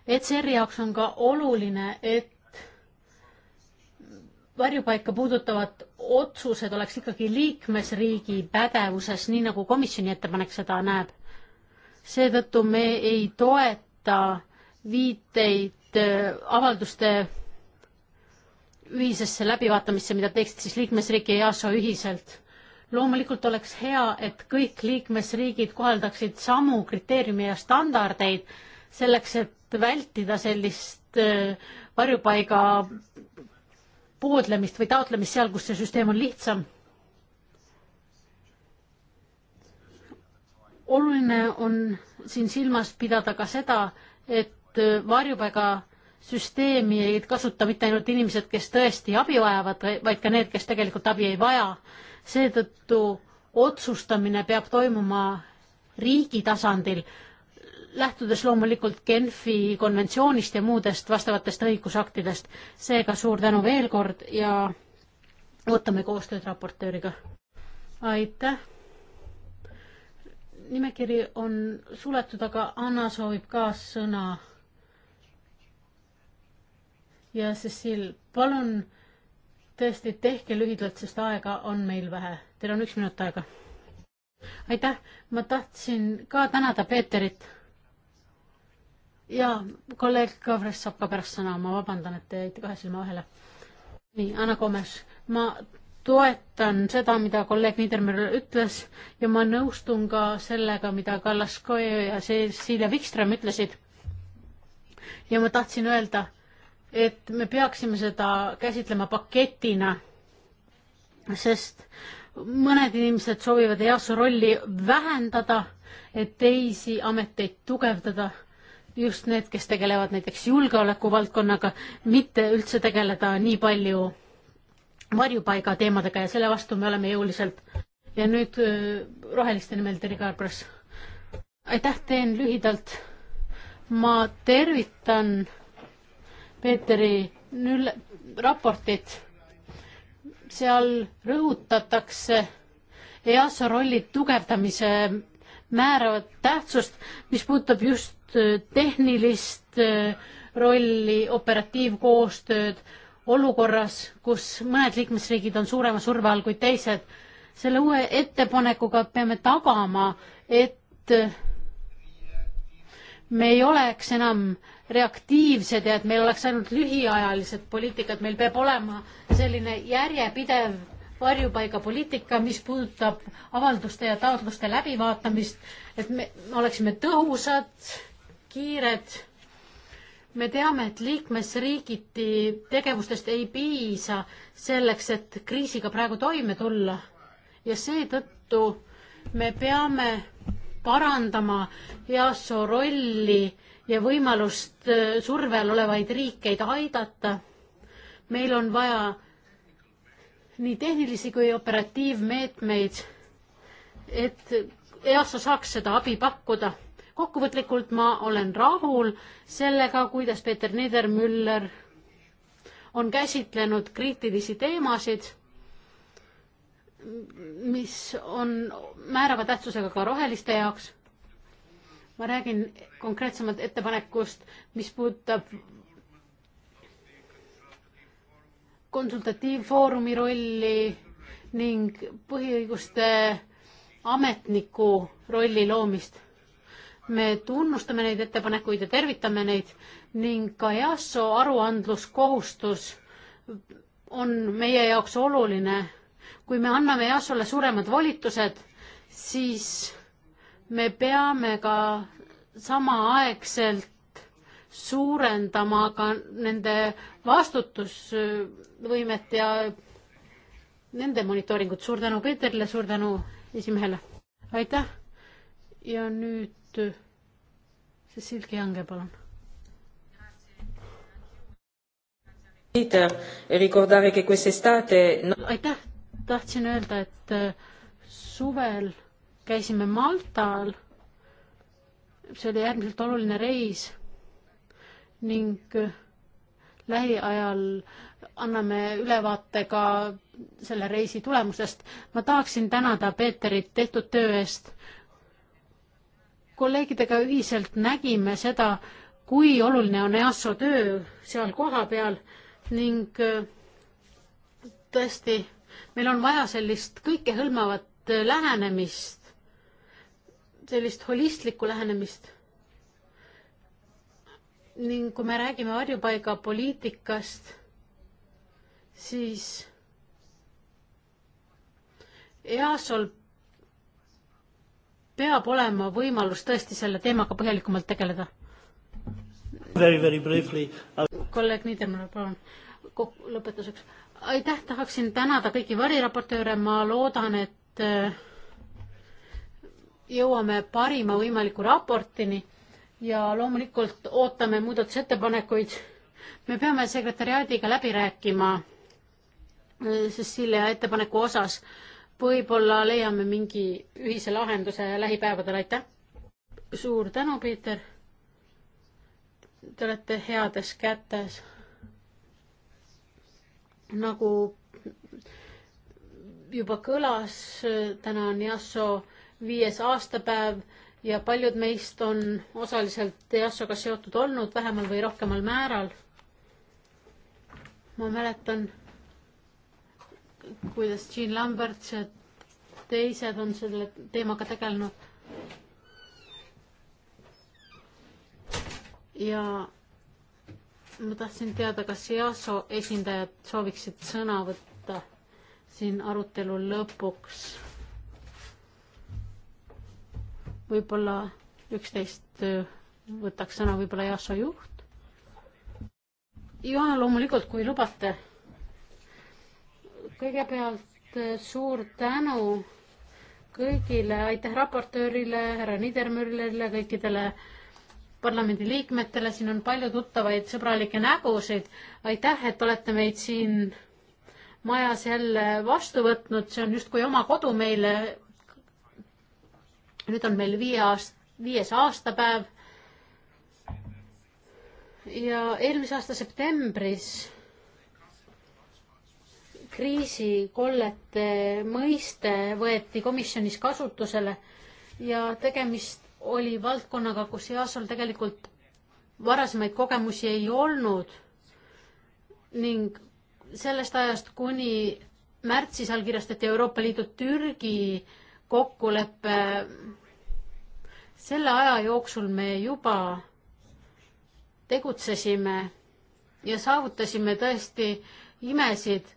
ECR-i jaoks on ka oluline, et varjupaika puudutavad otsused oleks ikkagi liikmesriigi pädevuses, nii nagu komisjoni ettepanek seda näeb seetõttu me ei toeta viiteid äh, avalduste ühisesse läbivaatamisse, mida teeksid siis liikmesriik ja EASO ühiselt. loomulikult oleks hea, et kõik liikmesriigid kohaldaksid samu kriteeriume ja standardeid selleks, et vältida sellist äh, varjupaiga poodlemist või taotlemist seal, kus see süsteem on lihtsam oluline on siin silmas pidada ka seda, et varjupaigasüsteemi ei kasuta mitte ainult inimesed, kes tõesti abi vajavad, vaid ka need, kes tegelikult abi ei vaja. seetõttu otsustamine peab toimuma riigi tasandil, lähtudes loomulikult Genfi konventsioonist ja muudest vastavatest õigusaktidest. seega suur tänu veel kord ja ootame koostööd raportööriga. aitäh nimekiri on suletud, aga Anna soovib ka sõna. ja Cecil, palun tõesti tehke lühidalt, sest aega on meil vähe. Teil on üks minut aega. aitäh, ma tahtsin ka tänada Peeterit. ja kolleeg Kavres saab ka pärast sõna, ma vabandan, et te jäite kahe silma vahele. nii, Anna Komes, ma toetan seda, mida kolleeg Niedermüller ütles ja ma nõustun ka sellega, mida Kallas Koju ja Cecilia Wikström ütlesid. ja ma tahtsin öelda, et me peaksime seda käsitlema paketina, sest mõned inimesed soovivad EASO rolli vähendada, et teisi ameteid tugevdada just need, kes tegelevad näiteks julgeolekuvaldkonnaga, mitte üldse tegeleda nii palju varjupaiga teemadega ja selle vastu me oleme jõuliselt. ja nüüd äh, roheliste nimel Terje Kaarbras. aitäh, teen lühidalt. ma tervitan Peeteri Nüll raportit. seal rõhutatakse EASA rolli tugevdamise määravat tähtsust, mis puudutab just äh, tehnilist äh, rolli, operatiivkoostööd olukorras, kus mõned liikmesriigid on suurema surve all kui teised. selle uue ettepanekuga peame tagama, et me ei oleks enam reaktiivsed ja et meil oleks ainult lühiajalised poliitikad, meil peab olema selline järjepidev varjupaigapoliitika, mis puudutab avalduste ja taotluste läbivaatamist, et me oleksime tõhusad, kiired me teame, et liikmesriigiti tegevustest ei piisa selleks, et kriisiga praegu toime tulla ja seetõttu me peame parandama EASO rolli ja võimalust survel olevaid riikeid aidata. meil on vaja nii tehnilisi kui operatiivmeetmeid, et EASO saaks seda abi pakkuda kokkuvõtlikult ma olen rahul sellega, kuidas Peeter Niedermüller on käsitlenud kriitilisi teemasid, mis on määrava tähtsusega ka roheliste jaoks. ma räägin konkreetsemalt ettepanekust, mis puudutab konsultatiivfoorumi rolli ning põhiõiguste ametniku rolli loomist me tunnustame neid ettepanekuid ja tervitame neid ning ka EASO aruandluskohustus on meie jaoks oluline. kui me anname EASO-le suuremad volitused, siis me peame ka samaaegselt suurendama ka nende vastutusvõimet ja nende monitooringut. suur tänu Peeterile, suur tänu esimehele. aitäh ja nüüd koostöö. Cecil Kiange, palun. aitäh, tahtsin öelda, et äh, suvel käisime Maltal. see oli äärmiselt oluline reis ning äh, lähiajal anname ülevaate ka selle reisi tulemustest. ma tahaksin tänada Peeterit tehtud töö eest kolleegidega ühiselt nägime seda, kui oluline on EASO töö seal kohapeal ning äh, tõesti, meil on vaja sellist kõikehõlmavat äh, lähenemist, sellist holistlikku lähenemist. ning kui me räägime varjupaigapoliitikast, siis EASO-l peab olema võimalus tõesti selle teemaga põhjalikumalt tegeleda. kolleeg Niedermann, palun, lõpetuseks. aitäh, tahaksin tänada kõiki variraportööre, ma loodan, et äh, jõuame parima võimaliku raportini ja loomulikult ootame muudatusettepanekuid. me peame sekretäriaadiga läbi rääkima Cecilia äh, ettepaneku osas võib-olla leiame mingi ühise lahenduse lähipäevadel, aitäh! suur tänu, Peeter! Te olete heades kätes. nagu juba kõlas, täna on Jasso viies aastapäev ja paljud meist on osaliselt Jassoga seotud olnud vähemal või rohkemal määral. ma mäletan kuidas Jean Lambert ja teised on selle teemaga tegelenud. ja ma tahtsin teada, kas EASO esindajad sooviksid sõna võtta siin arutelu lõpuks. võib-olla üksteist võtaks sõna võib-olla EASO juht. Joana, loomulikult, kui lubate kõigepealt eh, suur tänu kõigile, aitäh raportöörile, härra Niedermüllerile, kõikidele parlamendi liikmetele, siin on palju tuttavaid sõbralikke nägusid. aitäh, et olete meid siin majas jälle vastu võtnud, see on justkui oma kodu meile. nüüd on meil viie aast-, viies aastapäev. ja eelmise aasta septembris kriisikollete mõiste võeti komisjonis kasutusele ja tegemist oli valdkonnaga, kus EASO-l tegelikult varasemaid kogemusi ei olnud ning sellest ajast kuni märtsis allkirjastati Euroopa Liidu Türgi kokkulepe. selle aja jooksul me juba tegutsesime ja saavutasime tõesti imesid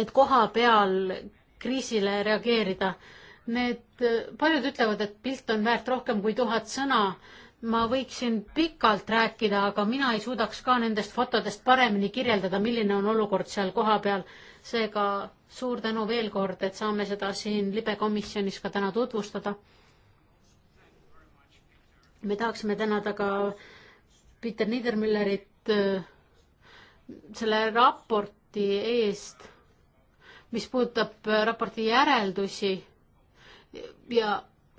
et koha peal kriisile reageerida. Need, paljud ütlevad, et pilt on väärt rohkem kui tuhat sõna. ma võiksin pikalt rääkida, aga mina ei suudaks ka nendest fotodest paremini kirjeldada, milline on olukord seal kohapeal. seega suur tänu veel kord, et saame seda siin libekomisjonis ka täna tutvustada. me tahaksime tänada ka Peter Niedermüllerit äh, selle raporti eest mis puudutab äh, raporti järeldusi ja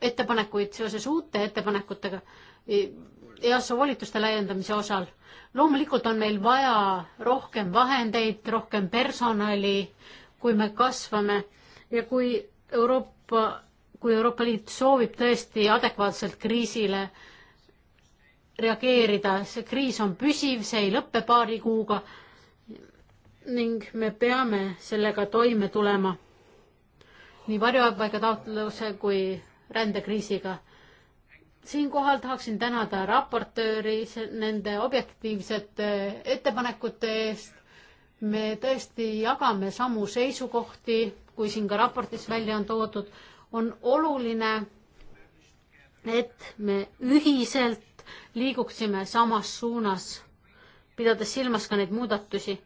ettepanekuid seoses uute ettepanekutega e, EASO volituste laiendamise osal. loomulikult on meil vaja rohkem vahendeid, rohkem personali, kui me kasvame ja kui Euroopa, kui Euroopa Liit soovib tõesti adekvaatselt kriisile reageerida, see kriis on püsiv, see ei lõppe paari kuuga ning me peame sellega toime tulema nii varjupaiga taotluse kui rändekriisiga. siinkohal tahaksin tänada raportööri nende objektiivsete ettepanekute eest. me tõesti jagame samu seisukohti, kui siin ka raportis välja on toodud. on oluline, et me ühiselt liiguksime samas suunas, pidades silmas ka neid muudatusi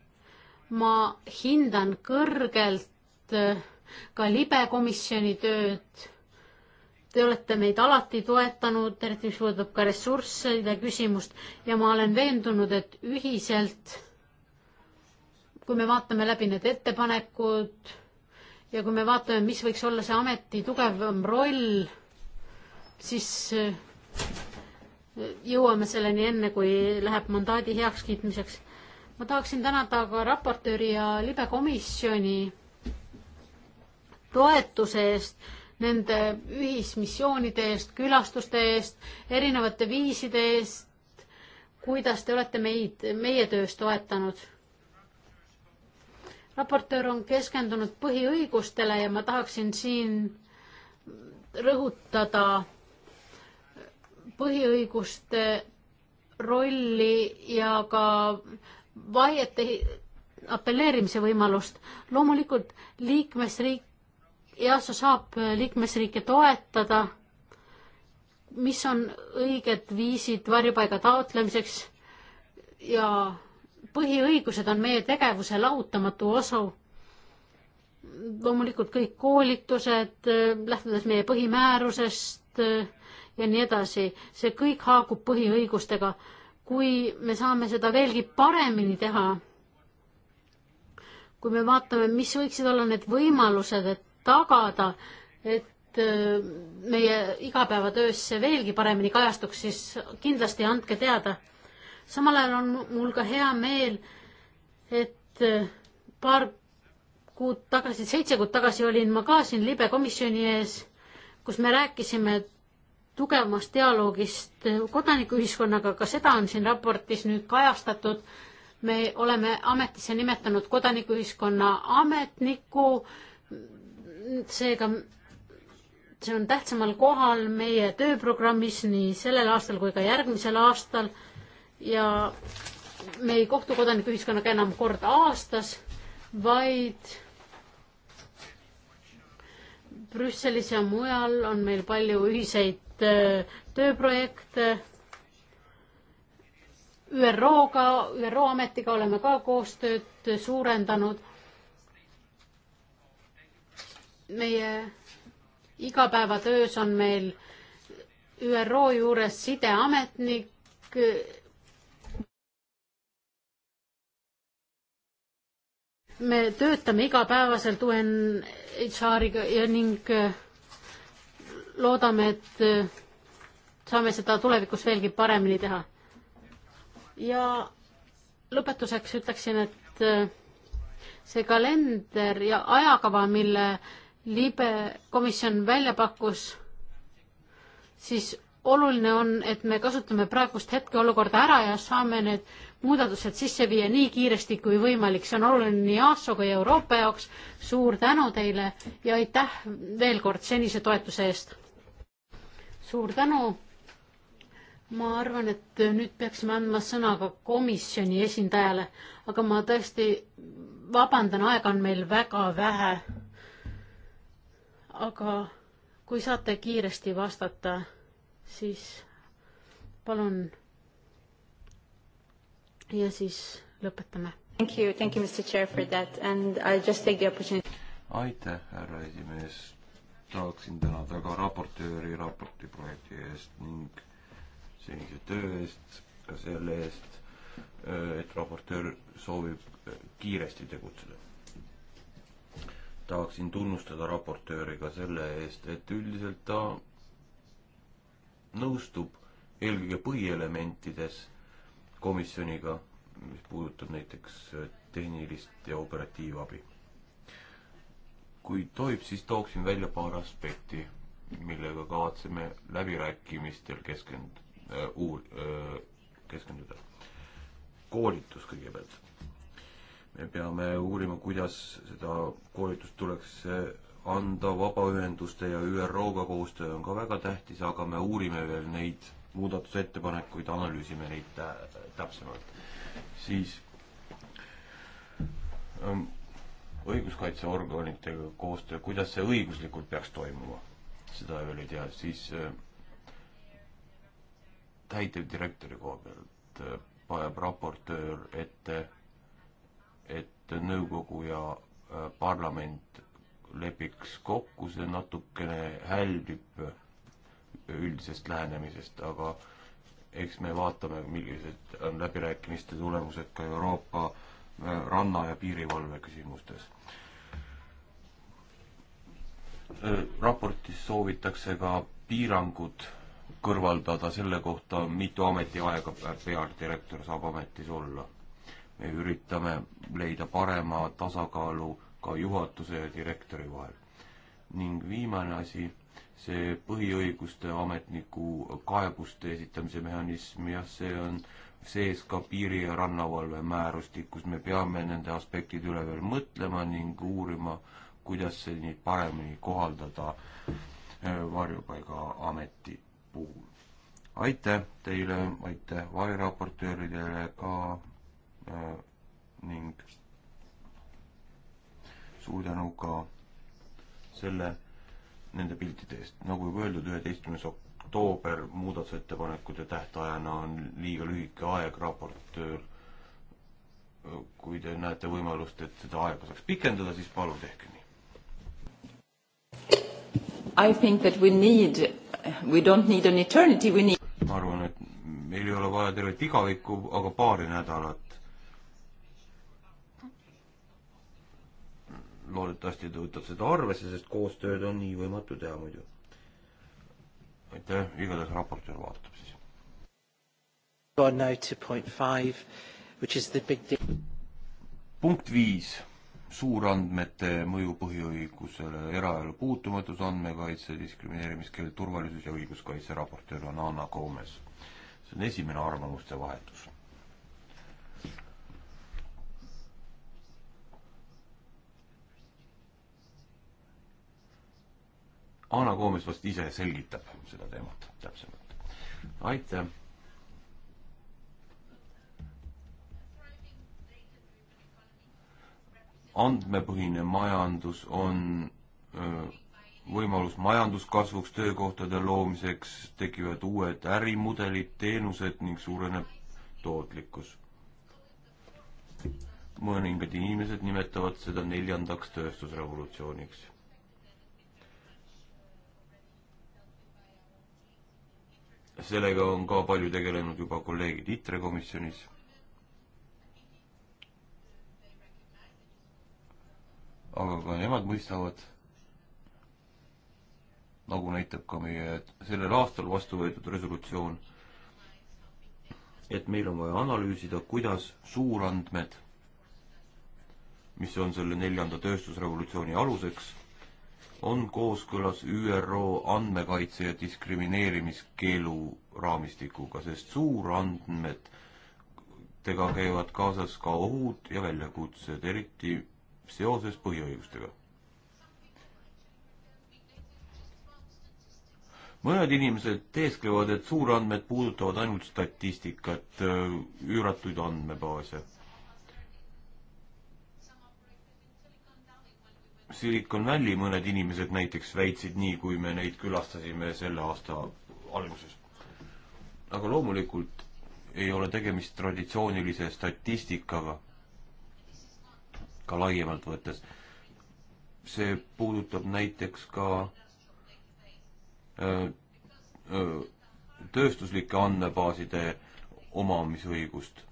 ma hindan kõrgelt äh, ka libekomisjoni tööd. Te olete meid alati toetanud, eriti mis puudutab ka ressursside küsimust ja ma olen veendunud, et ühiselt, kui me vaatame läbi need ettepanekud ja kui me vaatame, mis võiks olla see ameti tugevam roll, siis äh, jõuame selleni enne, kui läheb mandaadi heakskiitmiseks ma tahaksin tänada ka raportööri ja libekomisjoni toetuse eest, nende ühismissioonide eest, külastuste eest, erinevate viiside eest, kuidas te olete meid, meie töös toetanud. raportöör on keskendunud põhiõigustele ja ma tahaksin siin rõhutada põhiõiguste rolli ja ka vaiete apelleerimise võimalust. loomulikult liikmesriik, EASO saab äh, liikmesriike toetada, mis on õiged viisid varjupaiga taotlemiseks ja põhiõigused on meie tegevuse lahutamatu osa. loomulikult kõik koolitused, äh, lähtudes meie põhimäärusest äh, ja nii edasi, see kõik haakub põhiõigustega kui me saame seda veelgi paremini teha, kui me vaatame, mis võiksid olla need võimalused, et tagada, et äh, meie igapäevatöös see veelgi paremini kajastuks, siis kindlasti andke teada. samal ajal on mul ka hea meel, et äh, paar kuud tagasi, seitse kuud tagasi olin ma ka siin libe komisjoni ees, kus me rääkisime tugevamast dialoogist kodanikuühiskonnaga, ka seda on siin raportis nüüd kajastatud. me oleme ametisse nimetanud kodanikuühiskonna ametniku, seega see on tähtsamal kohal meie tööprogrammis nii sellel aastal kui ka järgmisel aastal ja me ei kohtu kodanikuühiskonnaga enam kord aastas, vaid Brüsselis ja mujal on meil palju ühiseid Äh, tööprojekt äh, ÜRO-ga, ÜRO ametiga oleme ka koostööd suurendanud. meie igapäevatöös on meil ÜRO juures sideametnik. me töötame igapäevaselt UNHR-iga ja ning äh, loodame, et saame seda tulevikus veelgi paremini teha. ja lõpetuseks ütleksin, et äh, see kalender ja ajakava, mille libe komisjon välja pakkus, siis oluline on, et me kasutame praegust hetkeolukorda ära ja saame need muudatused sisse viia nii kiiresti kui võimalik, see on oluline nii ASO kui Euroopa jaoks. suur tänu teile ja aitäh veel kord senise toetuse eest suur tänu. ma arvan, et nüüd peaksime andma sõna ka komisjoni esindajale, aga ma tõesti vabandan, aega on meil väga vähe. aga kui saate kiiresti vastata, siis palun. ja siis lõpetame. Thank you, thank you, Mr Chair for that and I just take the opportunity. aitäh, härra esimees tahaksin tänada ka raportööri raporti projekti eest ning senise töö eest, ka selle eest, äh, et raportöör soovib äh, kiiresti tegutseda. tahaksin tunnustada raportööri ka selle eest, et üldiselt ta nõustub eelkõige põhielementides komisjoniga, mis puudutab näiteks äh, tehnilist ja operatiivabi kui tohib, siis tooksin välja paar aspekti, millega kavatseme läbirääkimistel keskend- äh,, uur- äh,, keskenduda. koolitus kõigepealt. me peame uurima, kuidas seda koolitust tuleks äh, anda vabaühenduste ja ÜRO-ga koostöö on ka väga tähtis, aga me uurime veel neid muudatusettepanekuid, analüüsime neid tä äh, täpsemalt. siis ähm, õiguskaitseorganitega koostöö, kuidas see õiguslikult peaks toimuma? seda veel ei tea, siis äh, täitevdirektori koha pealt paneb äh, raportöör ette, et nõukogu ja äh, parlament lepiks kokku, see natukene hälbib üldisest lähenemisest, aga eks me vaatame, millised on läbirääkimiste tulemused ka Euroopa äh, ranna- ja piirivalve küsimustes. raportis soovitakse ka piirangud kõrvaldada selle kohta, mitu ametiaega peadirektor saab ametis olla. me üritame leida parema tasakaalu ka juhatuse ja direktori vahel. ning viimane asi, see põhiõiguste ametniku kaebuste esitamise mehhanism, jah, see on äh, sees ka piiri- ja rannavalve määrustikus, me peame nende aspektide üle veel mõtlema ning uurima, kuidas see nii paremini kohaldada äh, varjupaigaameti puhul. aitäh teile, aitäh variraportööridele ka äh, ning suur tänu ka selle, nende piltide eest, nagu juba öeldud, üheteistkümnes ok-, oktoober muudatusettepanekute tähtajana on liiga lühike aeg raportöör. kui te näete võimalust, et seda aega saaks pikendada, siis palun tehke nii. I think that we need, we don't need an eternity, we need ma arvan, et meil ei ole vaja tervet igavikku, aga paari nädalat. loodetavasti ta võtab seda arvesse, sest koostööd on nii võimatu teha muidu aitäh, igatahes raportöör vaatab siis. Gone now to point five, which is the big deal. punkt viis, suurandmete mõju põhiõigusele, eraelu puutumatus, andmekaitse, diskrimineerimiskeel, turvalisus ja õiguskaitse, raportöör on Anna Koomes. see on esimene arvamuste vahetus Anna Koomes vast ise selgitab seda teemat täpsemalt. aitäh! andmepõhine majandus on öö, võimalus majanduskasvuks, töökohtade loomiseks, tekivad uued ärimudelid, teenused ning suureneb tootlikkus. mõningad inimesed nimetavad seda neljandaks tööstusrevolutsiooniks sellega on ka palju tegelenud juba kolleegid ITRE komisjonis. aga ka nemad mõistavad, nagu näitab ka meie sellel aastal vastu võetud resolutsioon, et meil on vaja analüüsida, kuidas suurandmed, mis on selle neljanda tööstusrevolutsiooni aluseks on kooskõlas ÜRO andmekaitse ja diskrimineerimiskeelu raamistikuga, sest suurandmed tega käivad kaasas ka ohud ja väljakutsed, eriti seoses põhiõigustega. mõned inimesed teesklevad, et suurandmed puudutavad ainult statistikat, üüratuid andmebaase Silicon Valley mõned inimesed näiteks väitsid nii, kui me neid külastasime selle aasta alguses. aga loomulikult ei ole tegemist traditsioonilise statistikaga, ka laiemalt võttes. see puudutab näiteks ka öö, äh, öö, äh, tööstuslike andmebaaside omamisõigust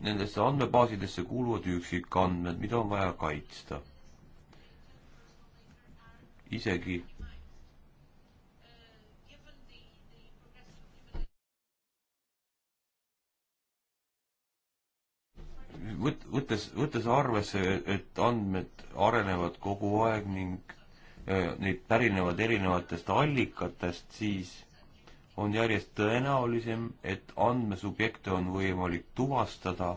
Nendesse andmebaasidesse kuuluvad üksikandmed, mida on vaja kaitsta. isegi võt-, võttes, võttes arvesse, et andmed arenevad kogu aeg ning äh, neid pärinevad erinevatest allikatest, siis on järjest tõenäolisem, et andmesubjekte on võimalik tuvastada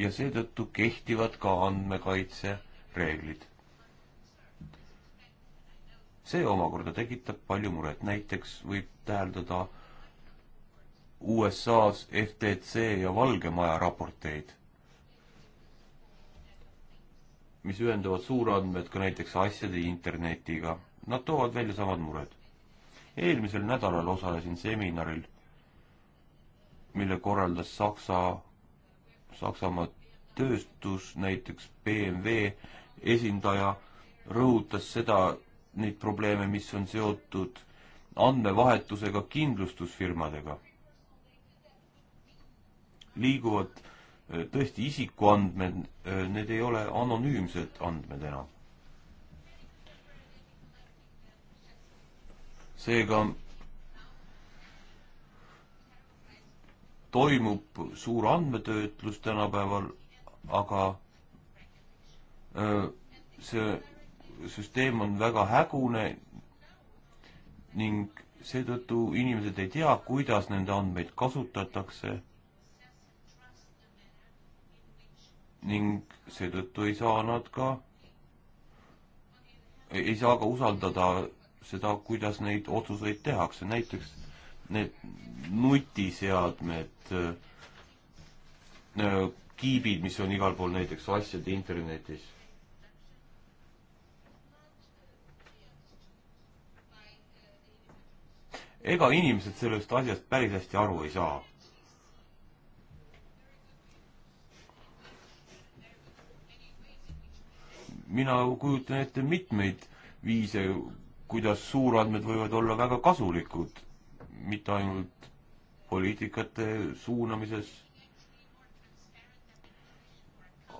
ja seetõttu kehtivad ka andmekaitsereeglid. see omakorda tekitab palju muret, näiteks võib täheldada USA-s FTC ja Valge Maja raporteid, mis ühendavad suurandmed ka näiteks asjade internetiga. Nad toovad välja samad mured eelmisel nädalal osalesin seminaril, mille korraldas Saksa, Saksamaa tööstus, näiteks BMW esindaja rõhutas seda, neid probleeme, mis on seotud andmevahetusega kindlustusfirmadega. liiguvad eh, tõesti isikuandmed, eh, need ei ole anonüümsed andmed enam seega toimub suur andmetöötlus tänapäeval, aga see süsteem on väga hägune ning seetõttu inimesed ei tea, kuidas nende andmeid kasutatakse. ning seetõttu ei saa nad ka, ei saa ka usaldada seda, kuidas neid otsuseid tehakse, näiteks need nutiseadmed, äh, kiibid, mis on igal pool näiteks asjade internetis. ega inimesed sellest asjast päris hästi aru ei saa mina kujutan ette mitmeid viise, kuidas suurandmed võivad olla väga kasulikud, mitte ainult poliitikate suunamises,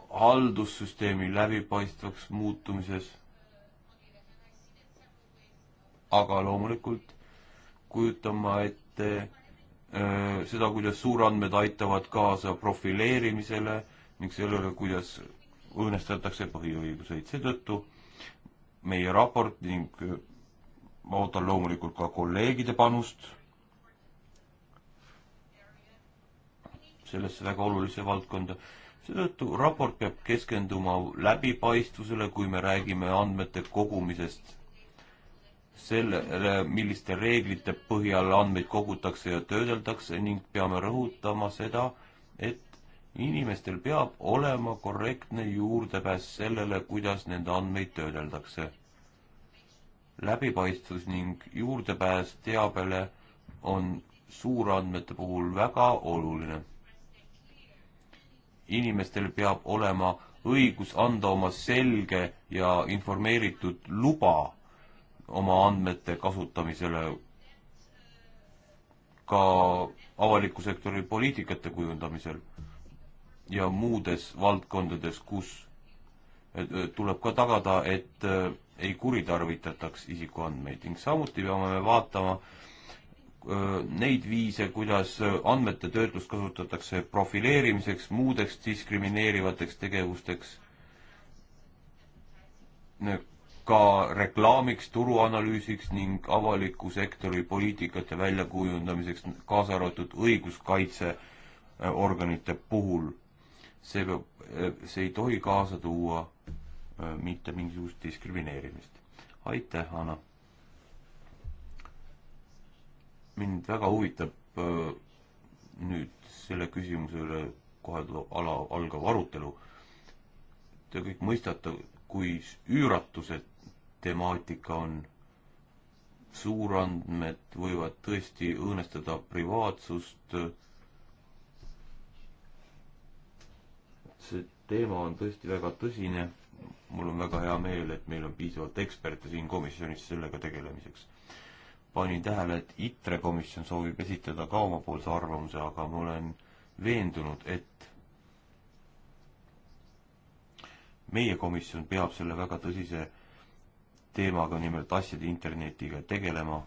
haldussüsteemi läbipaistvaks muutumises, aga loomulikult kujutan ma ette öö, äh, seda, kuidas suurandmed aitavad kaasa profileerimisele ning sellele, kuidas õõnestatakse põhiõiguseid. seetõttu meie raport ning ma ootan loomulikult ka kolleegide panust sellesse väga olulisse valdkonda. seetõttu raport peab keskenduma läbipaistvusele, kui me räägime andmete kogumisest, sellele, milliste reeglite põhjal andmeid kogutakse ja töödeldakse ning peame rõhutama seda, et inimestel peab olema korrektne juurdepääs sellele, kuidas nende andmeid töödeldakse läbipaistvus ning juurdepääs teabele on suurandmete puhul väga oluline. inimestel peab olema õigus anda oma selge ja informeeritud luba oma andmete kasutamisele ka avaliku sektori poliitikate kujundamisel ja muudes valdkondades, kus tuleb ka tagada, et ei kuritarvitataks isikuandmeid ning samuti peame me vaatama öö, neid viise, kuidas andmete töötlust kasutatakse profileerimiseks, muudeks diskrimineerivateks tegevusteks, ka reklaamiks, turuanalüüsiks ning avaliku sektori poliitikate väljakujundamiseks, kaasa arvatud õiguskaitseorganite puhul. see peab, see ei tohi kaasa tuua Äh, mitte mingisugust diskrimineerimist. aitäh, Anna! mind väga huvitab äh, nüüd selle küsimuse üle kohe ala, algav arutelu. Te kõik mõistate, kui üüratu see temaatika on. suurandmed võivad tõesti õõnestada privaatsust. see teema on tõesti väga tõsine mul on väga hea meel, et meil on piisavalt eksperte siin komisjonis sellega tegelemiseks. panin tähele, et ITRE komisjon soovib esitada ka omapoolse arvamuse, aga ma olen veendunud, et meie komisjon peab selle väga tõsise teemaga, nimelt asjade internetiga tegelema.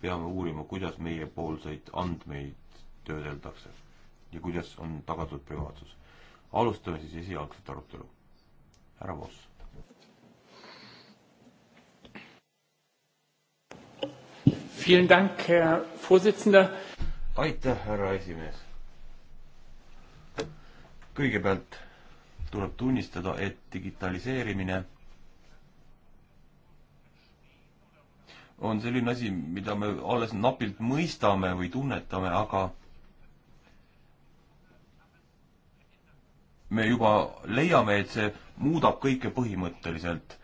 peame uurima, kuidas meiepoolseid andmeid töödeldakse ja kuidas on tagatud privaatsus. alustame siis esialgset arutelu härra Voss. aitäh, härra esimees. kõigepealt tuleb tunnistada, et digitaliseerimine on selline asi, mida me alles napilt mõistame või tunnetame, aga me juba leiame, et see muudab kõike põhimõtteliselt.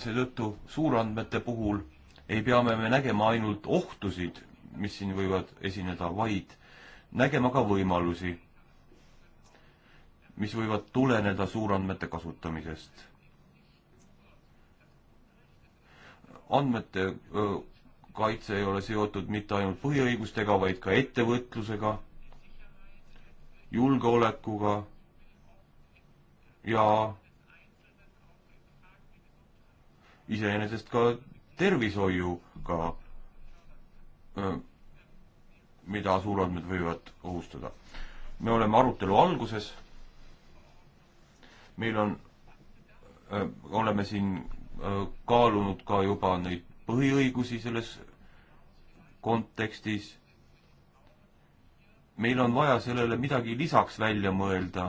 seetõttu suurandmete puhul ei pea me nägema ainult ohtusid, mis siin võivad esineda, vaid nägema ka võimalusi, mis võivad tuleneda suurandmete kasutamisest. andmete öö, kaitse ei ole seotud mitte ainult põhiõigustega, vaid ka ettevõtlusega, julgeolekuga ja iseenesest ka tervishoiuga, mida suurandmed võivad ohustada. me oleme arutelu alguses, meil on, oleme siin kaalunud ka juba neid põhiõigusi selles kontekstis. meil on vaja sellele midagi lisaks välja mõelda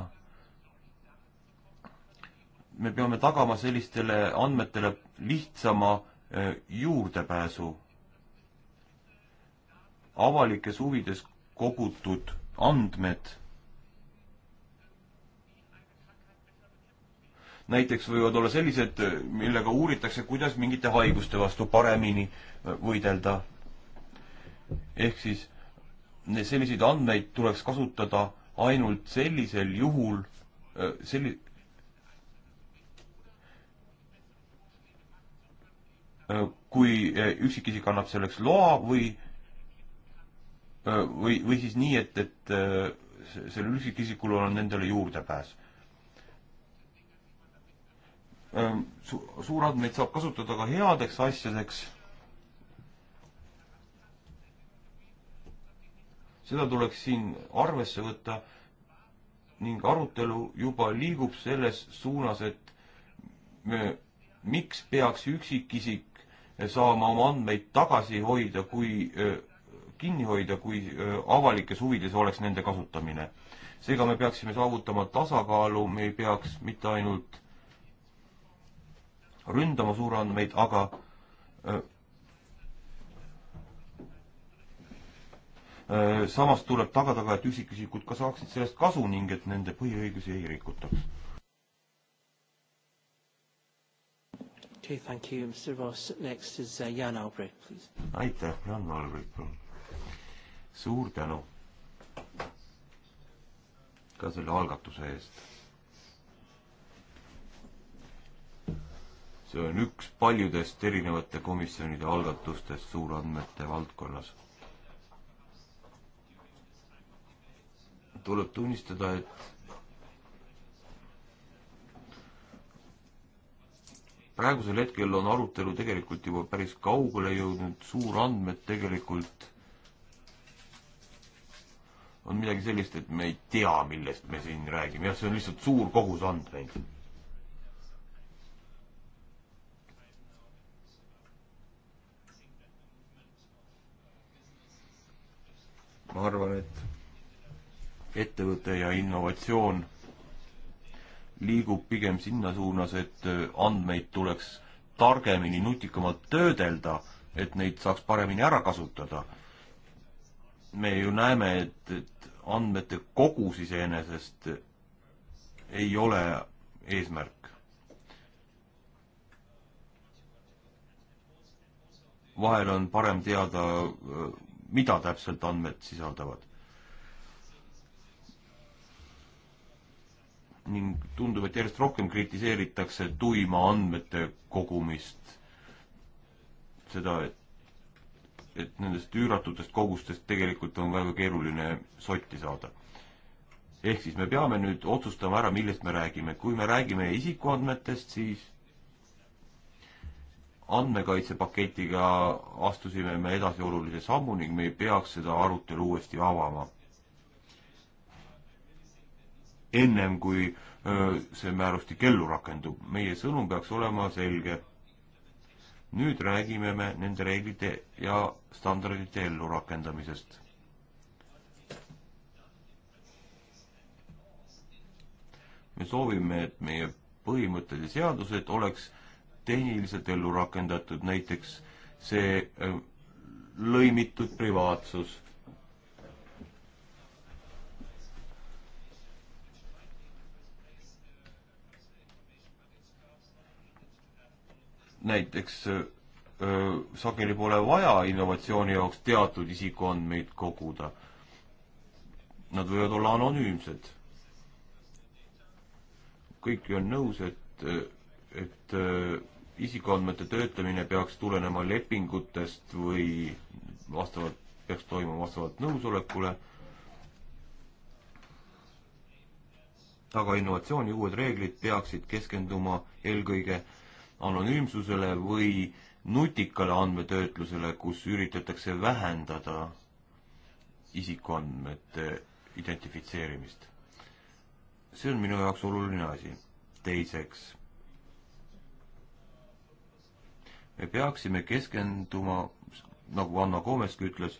me peame tagama sellistele andmetele lihtsama äh, juurdepääsu. avalikes huvides kogutud andmed näiteks võivad olla sellised, äh, millega uuritakse, kuidas mingite haiguste vastu paremini äh, võidelda. ehk siis selliseid andmeid tuleks kasutada ainult sellisel juhul, selli-, Äh, kui äh, üksikisik annab selleks loa või äh, või, või siis nii, et, et sellel üksikisikul on nendele juurdepääs. Ähm, su-, suurandmeid saab kasutada ka headeks asjadeks. seda tuleks siin arvesse võtta ning arutelu juba liigub selles suunas, et me, miks peaks üksikisik saama oma andmeid tagasi hoida, kui, kinni hoida, kui avalikes huvides oleks nende kasutamine. seega me peaksime saavutama tasakaalu, me ei peaks mitte ainult ründama suurandmeid, aga samas tuleb tagada ka, et üksikisikud ka saaksid sellest kasu ning et nende põhiõigusi ei rikutaks Okay, thank you, Mr Ross. Next is uh, Jan Albrecht, please. aitäh, Jan Albrecht, palun. suur tänu ka selle algatuse eest. see on üks paljudest erinevate komisjonide algatustest suurandmete valdkonnas. tuleb tunnistada, et praegusel hetkel on arutelu tegelikult juba päris kaugele jõudnud, suurandmed tegelikult on midagi sellist, et me ei tea, millest me siin räägime, jah, see on lihtsalt suur kogus andmeid. ma arvan, et ettevõte ja innovatsioon liigub pigem sinna suunas, et äh, andmeid tuleks targemini, nutikamalt töödelda, et neid saaks paremini ära kasutada. me ju näeme, et, et andmete kogus iseenesest ei ole eesmärk. vahel on parem teada, äh, mida täpselt andmed sisaldavad. ning tundub, et järjest rohkem kritiseeritakse tuima andmete kogumist. seda, et, et nendest üüratutest kogustest tegelikult on väga keeruline sotti saada. ehk siis me peame nüüd otsustama ära, millest me räägime. kui me räägime isikuandmetest, siis andmekaitsepaketiga astusime me edasi olulise sammu ning me ei peaks seda arutelu uuesti avama ennem kui see määrustik ellu rakendub. meie sõnum peaks olema selge. nüüd räägime me nende reeglite ja standardite ellurakendamisest. me soovime, et meie põhimõtted ja seadused oleks tehniliselt ellu rakendatud, näiteks see lõimitud privaatsus näiteks sageli pole vaja innovatsiooni jaoks teatud isikuandmeid koguda. Nad võivad olla anonüümsed. kõik ju on nõus, et, et isikuandmete töötlemine peaks tulenema lepingutest või vastavalt, peaks toimuma vastavalt nõusolekule. aga innovatsiooni uued reeglid peaksid keskenduma eelkõige äh, anonüümsusele või nutikale andmetöötlusele, kus üritatakse vähendada isikuandmete identifitseerimist. see on minu jaoks oluline asi. teiseks, me peaksime keskenduma, nagu Anna Koomeski ütles,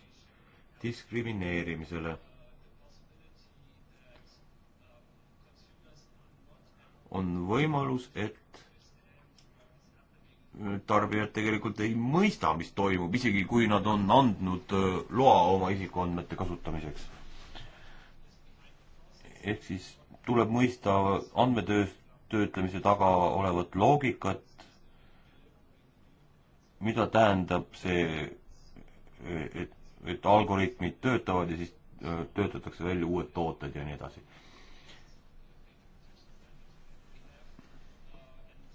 diskrimineerimisele on võimalus, et Äh, tarbijad tegelikult ei mõista, mis toimub, isegi kui nad on andnud äh, loa oma isikuandmete kasutamiseks. ehk siis tuleb mõista andmetööst töötlemise taga olevat loogikat, mida tähendab see, äh, et, et algoritmid töötavad ja siis töötatakse välja uued tooted ja nii edasi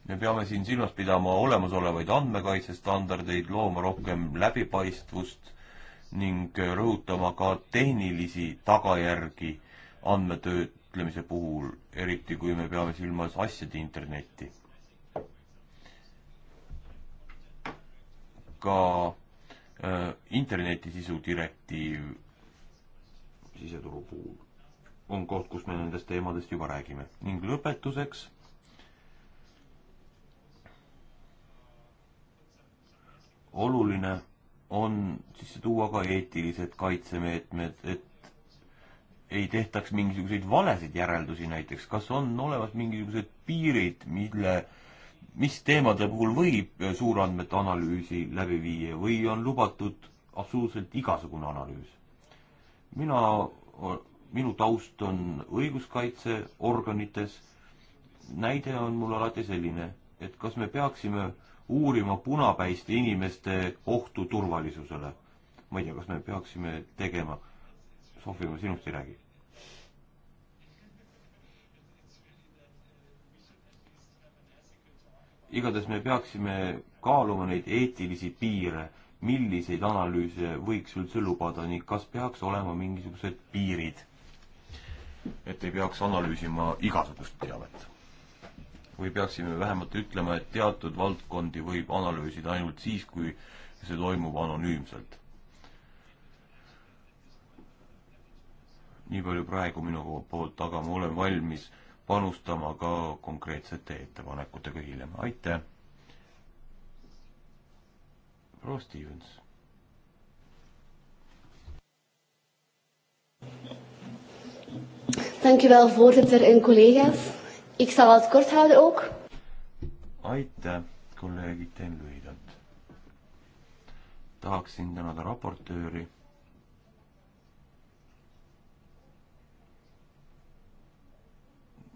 me peame siin silmas pidama olemasolevaid andmekaitsestandardeid, looma rohkem läbipaistvust ning rõhutama ka tehnilisi tagajärgi andmetöötlemise puhul, eriti kui me peame silmas asjade internetti. ka äh, internetisisu direktiiv siseturu puhul on koht, kus me nendest teemadest juba räägime. ning lõpetuseks oluline on sisse tuua ka eetilised kaitsemeetmed, et ei tehtaks mingisuguseid valesid järeldusi näiteks, kas on olemas mingisugused piirid, mille, mis teemade puhul võib suurandmete analüüsi läbi viia või on lubatud absoluutselt igasugune analüüs? mina, minu taust on õiguskaitseorganites, näide on mul alati selline, et kas me peaksime uurima punapäiste inimeste ohtu turvalisusele. ma ei tea, kas me peaksime tegema. Sofi, ma sinust ei räägi. igatahes me peaksime kaaluma neid eetilisi piire, milliseid analüüse võiks üldse lubada ning kas peaks olema mingisugused piirid, et ei peaks analüüsima igasugust teavet või peaksime vähemalt ütlema, et teatud valdkondi võib analüüsida ainult siis, kui see toimub anonüümselt. nii palju praegu minu poolt, aga ma olen valmis panustama ka konkreetsete ettepanekutega hiljem, aitäh! proua Stevens. Dank u wel, voorzitter en collega's. Ik zal het kort houden ook. aitäh, kolleegid, teen lühidalt. tahaksin tänada raportööri.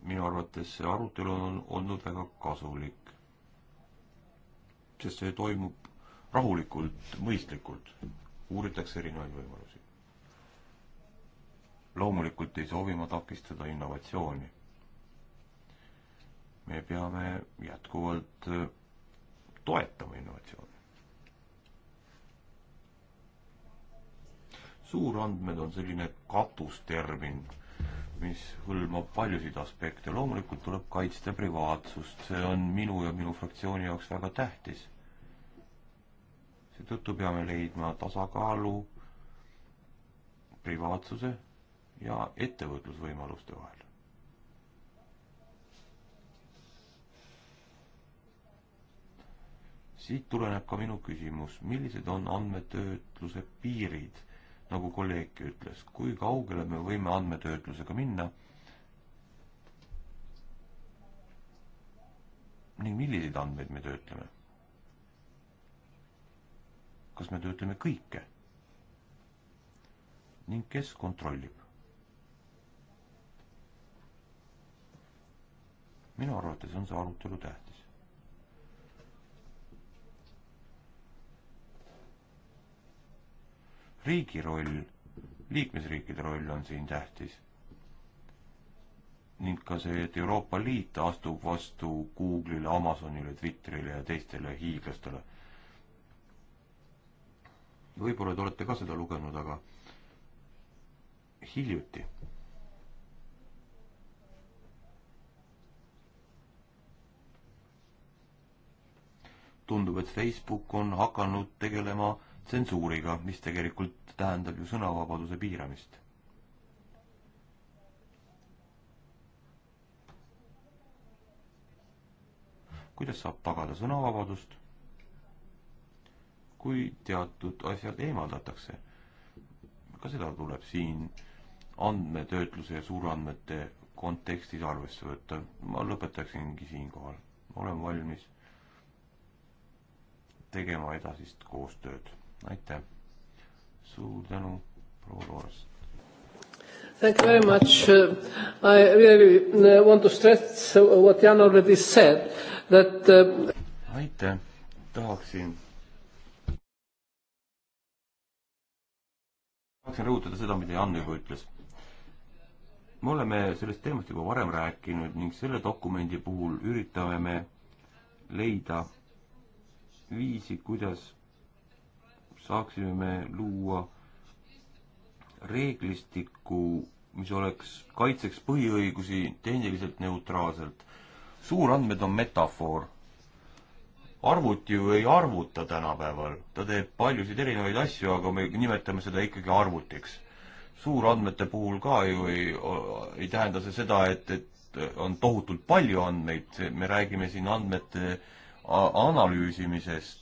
minu arvates see arutelu on olnud väga kasulik, sest see toimub rahulikult, mõistlikult, uuritakse erinevaid võimalusi. loomulikult ei soovi ma takistada innovatsiooni me peame jätkuvalt äh, toetama innovatsiooni. suurandmed on selline katustermin, mis hõlmab paljusid aspekte. loomulikult tuleb kaitsta privaatsust, see on minu ja minu fraktsiooni jaoks väga tähtis. seetõttu peame leidma tasakaalu privaatsuse ja ettevõtlusvõimaluste vahel. siit tuleneb ka minu küsimus, millised on andmetöötluse piirid, nagu kolleeg ütles, kui kaugele me võime andmetöötlusega minna ning milliseid andmeid me töötleme? kas me töötleme kõike? ning kes kontrollib? minu arvates on see arutelu tähtis. riigi roll, liikmesriikide roll on siin tähtis. ning ka see, et Euroopa Liit astub vastu Google'ile, Amazonile, Twitterile ja teistele hiiglastele. võib-olla te olete ka seda lugenud, aga hiljuti tundub, et Facebook on hakanud tegelema tsensuuriga, mis tegelikult tähendab ju sõnavabaduse piiramist. kuidas saab tagada sõnavabadust, kui teatud asjad eemaldatakse? ka seda tuleb siin andmetöötluse ja suurandmete kontekstis arvesse võtta. ma lõpetaksingi siinkohal. olen valmis tegema edasist koostööd aitäh. suur tänu, proua Roos. Thank you very much. Uh, I really uh, want to stress what Jan already said, that uh... aitäh, tahaksin tahaksin rõhutada seda, mida Jan juba ütles. me oleme sellest teemast juba varem rääkinud ning selle dokumendi puhul üritame me leida viisi, kuidas saaksime me luua reeglistiku, mis oleks, kaitseks põhiõigusi tehniliselt neutraalselt. suurandmed on metafoor. arvuti ju ei arvuta tänapäeval, ta teeb paljusid erinevaid asju, aga me nimetame seda ikkagi arvutiks. suurandmete puhul ka ju ei, ei tähenda see seda, et, et on tohutult palju andmeid, me räägime siin andmete analüüsimisest,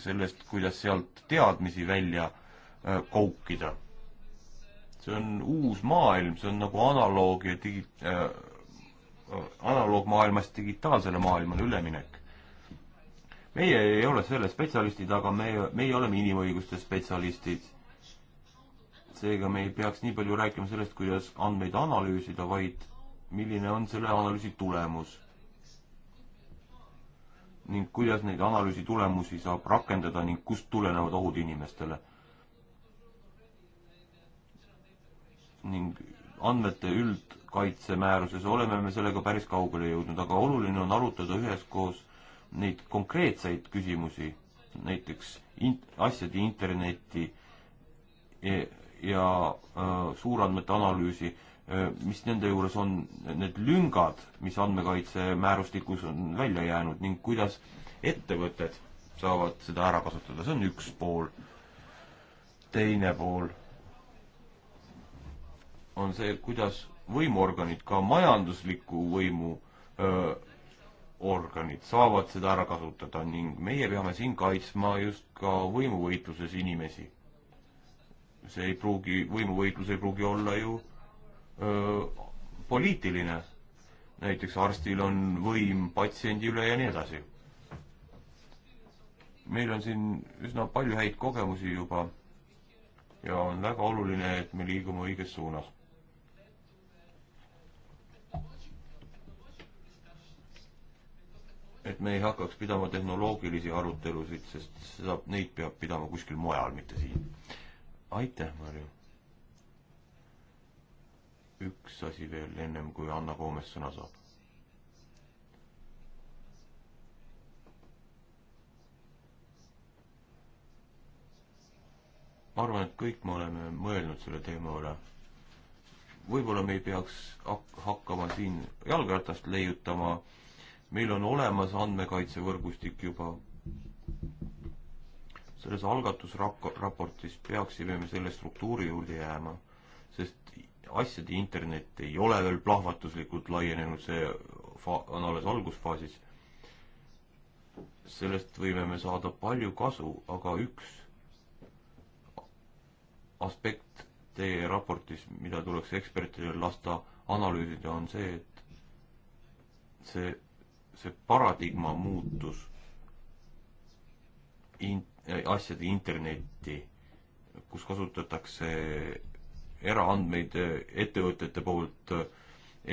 sellest, kuidas sealt teadmisi välja äh, koukida. see on uus maailm, see on nagu analoog ja digi- äh,, äh analoogmaailmast digitaalsele maailmale üleminek. meie ei ole selle spetsialistid, aga me, meie oleme inimõiguste spetsialistid. seega me ei peaks nii palju rääkima sellest, kuidas andmeid analüüsida, vaid milline on selle analüüsi tulemus ning kuidas neid analüüsi tulemusi saab rakendada ning kust tulenevad ohud inimestele. ning andmete üldkaitsemääruses oleme me sellega päris kaugele jõudnud, aga oluline on arutada üheskoos neid konkreetseid küsimusi, näiteks in-, asjade internetti ja, e-, ja äh, suurandmete analüüsi Äh, mis nende juures on need lüngad, mis andmekaitse määrustikus on välja jäänud ning kuidas ettevõtted saavad seda ära kasutada, see on üks pool. teine pool on see, kuidas võimuorganid, ka majandusliku võimu öö, organid saavad seda ära kasutada ning meie peame siin kaitsma just ka võimuvõitluses inimesi. see ei pruugi, võimuvõitlus ei pruugi olla ju öö, poliitiline. näiteks arstil on võim patsiendi üle ja nii edasi. meil on siin üsna palju häid kogemusi juba ja on väga oluline, et me liigume õiges suunas. et me ei hakkaks pidama tehnoloogilisi arutelusid, sest seda, neid peab pidama kuskil mujal, mitte siin. aitäh, Marju! üks asi veel ennem, kui Anna Koomes sõna saab. ma arvan, et kõik me oleme mõelnud selle teema üle. võib-olla me ei peaks hakkama siin jalgratast leiutama. meil on olemas andmekaitsevõrgustik juba. selles algatusraportis peaksime me selle struktuuri juurde jääma, sest asjade internet ei ole veel plahvatuslikult laienenud, see fa-, on alles algusfaasis. sellest võime me saada palju kasu, aga üks aspekt teie raportis, mida tuleks ekspertidel lasta analüüsida, on see, et see, see paradigma muutus in-, asjade internetti, kus kasutatakse eraandmeid eh, ettevõtete poolt eh,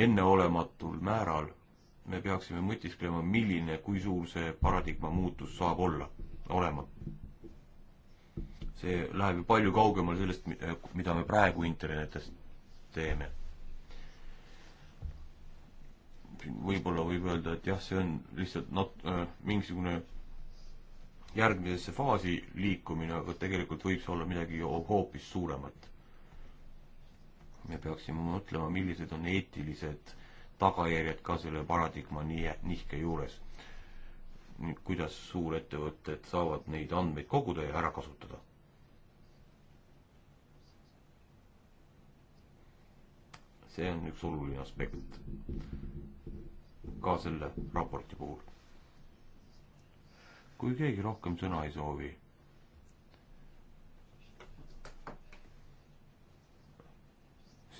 enneolematul määral, me peaksime mõtisklema, milline, kui suur see paradigma muutus saab olla, olema. see läheb ju palju kaugemale sellest, eh, mida me praegu internetis teeme. võib-olla võib öelda, et jah, see on lihtsalt nat-, mingisugune järgmisesse faasi liikumine, aga tegelikult võib see olla midagi hoopis suuremat me peaksime mõtlema, millised on eetilised tagajärjed ka selle paradigma nii-, nihke juures. nüüd kuidas suurettevõtted saavad neid andmeid koguda ja ära kasutada see on üks oluline aspekt ka selle raporti puhul. kui keegi rohkem sõna ei soovi,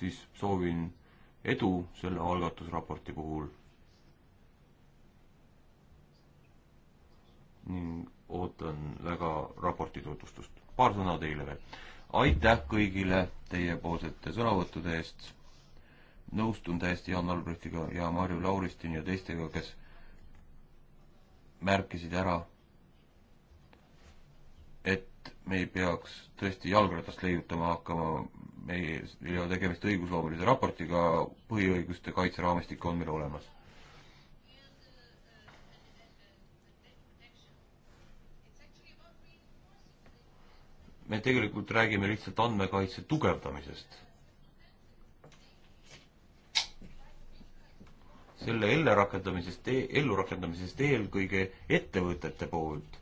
siis soovin edu selle algatusraporti puhul. ning ootan väga raporti tutvustust. paar sõna teile veel. aitäh kõigile teiepoolsete sõnavõttude eest. nõustun täiesti Jaan Albrechtiga ja Marju Lauristini ja teistega, kes märkisid ära, et et me ei peaks tõesti jalgratast leiutama hakkama, meil ei ole tegemist õigusloomelise raportiga, põhiõiguste kaitseraamistik on meil olemas. me tegelikult räägime lihtsalt andmekaitse tugevdamisest selle ellurakendamisest, ellurakendamisest eelkõige ettevõtete poolt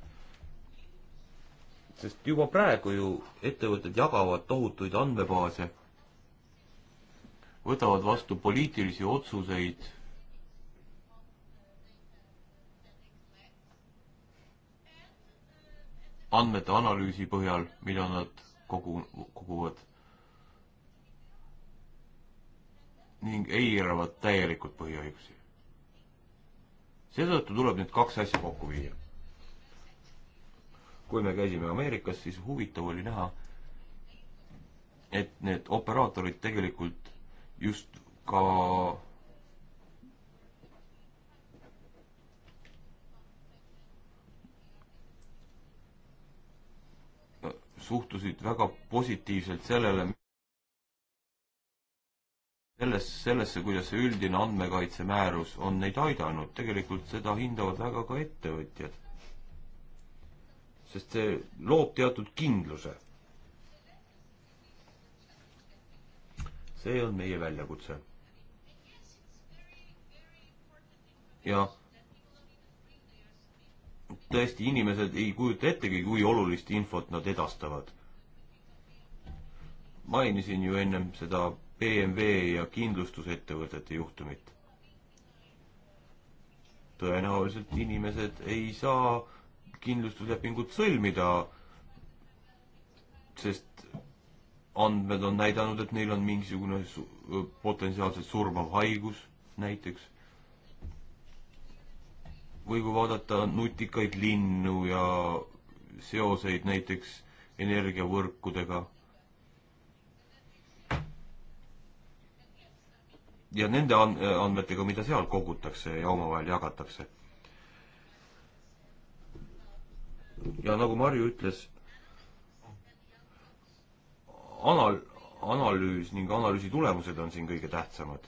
sest juba praegu ju ettevõtted jagavad tohutuid andmebaase, võtavad vastu poliitilisi otsuseid, andmete analüüsi põhjal, mida nad kogu, koguvad ning eiravad täielikult põhiõigusi. seetõttu tuleb need kaks asja kokku viia kui me käisime Ameerikas, siis huvitav oli näha, et need operaatorid tegelikult just ka suhtusid väga positiivselt sellele, selles, sellesse, kuidas see üldine andmekaitsemäärus on neid aidanud, tegelikult seda hindavad väga ka ettevõtjad sest see loob teatud kindluse. see on meie väljakutse. ja tõesti, inimesed ei kujuta ettegi, kui olulist infot nad edastavad. mainisin ju ennem seda BMW ja kindlustusettevõtete juhtumit. tõenäoliselt inimesed ei saa kindlustuslepingut sõlmida, sest andmed on näidanud, et neil on mingisugune su potentsiaalselt surmav haigus näiteks. või kui vaadata nutikaid linnu ja seoseid näiteks energiavõrkudega. ja nende andmetega, mida seal kogutakse ja omavahel jagatakse ja nagu Marju ütles, anal-, analüüs ning analüüsi tulemused on siin kõige tähtsamad.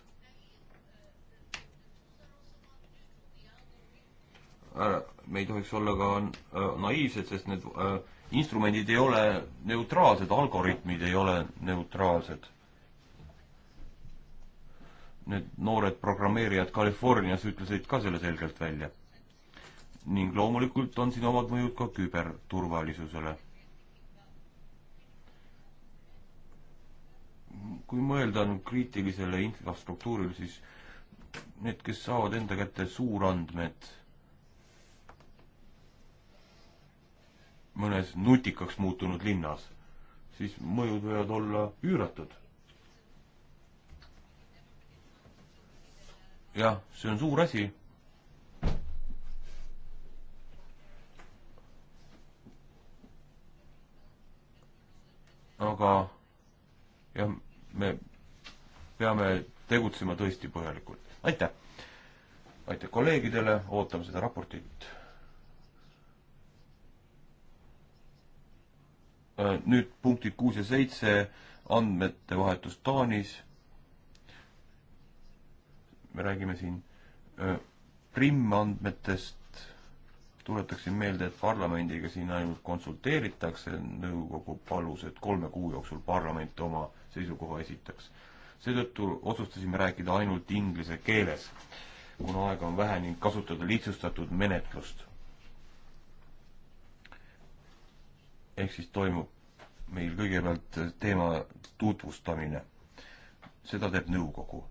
me ei tohiks olla ka äh, naiivsed, sest need äh, instrumendid ei ole neutraalsed, algoritmid ei ole neutraalsed. Need noored programmeerijad Californias ütlesid ka selle selgelt välja ning loomulikult on siin omad mõjud ka küberturvalisusele. kui mõelda nüüd kriitilisele infrastruktuurile, siis need, kes saavad enda kätte suurandmed mõnes nutikaks muutunud linnas, siis mõjud võivad olla üüratud. jah, see on suur asi aga jah, me peame tegutsema tõesti põhjalikult. aitäh! aitäh kolleegidele, ootame seda raportit. Äh, nüüd punktid kuus ja seitse, andmete vahetus Taanis. me räägime siin äh, primmandmetest, tuletaksin meelde, et parlamendiga siin ainult konsulteeritakse, nõukogu palus, et kolme kuu jooksul parlament oma seisukoha esitaks. seetõttu otsustasime rääkida ainult inglise keeles, kuna aega on vähe ning kasutada lihtsustatud menetlust. ehk siis toimub meil kõigepealt teema tutvustamine. seda teeb nõukogu.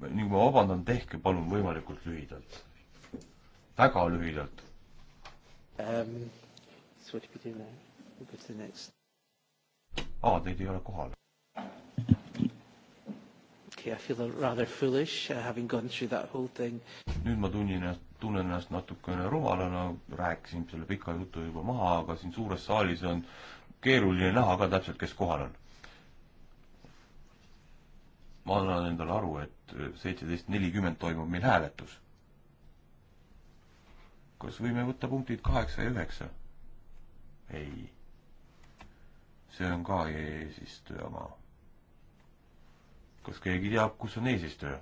ning ma vabandan, tehke palun võimalikult lühidalt väga lühidalt. Um, so what do we do now? We'll go to the next. Aa, teid ei ole kohal. Okay, I feel rather foolish uh, having gone through that whole thing. nüüd ma tunnin ennast, tunnen ennast natukene rumalana, rääkisin selle pika jutu juba maha, aga siin suures saalis on keeruline näha ka täpselt, kes kohal on. ma annan endale aru, et seitseteist nelikümmend toimub meil hääletus kas võime võtta punktid kaheksa ja üheksa? ei. see on ka eesistuja oma. kas keegi teab, kus on eesistuja?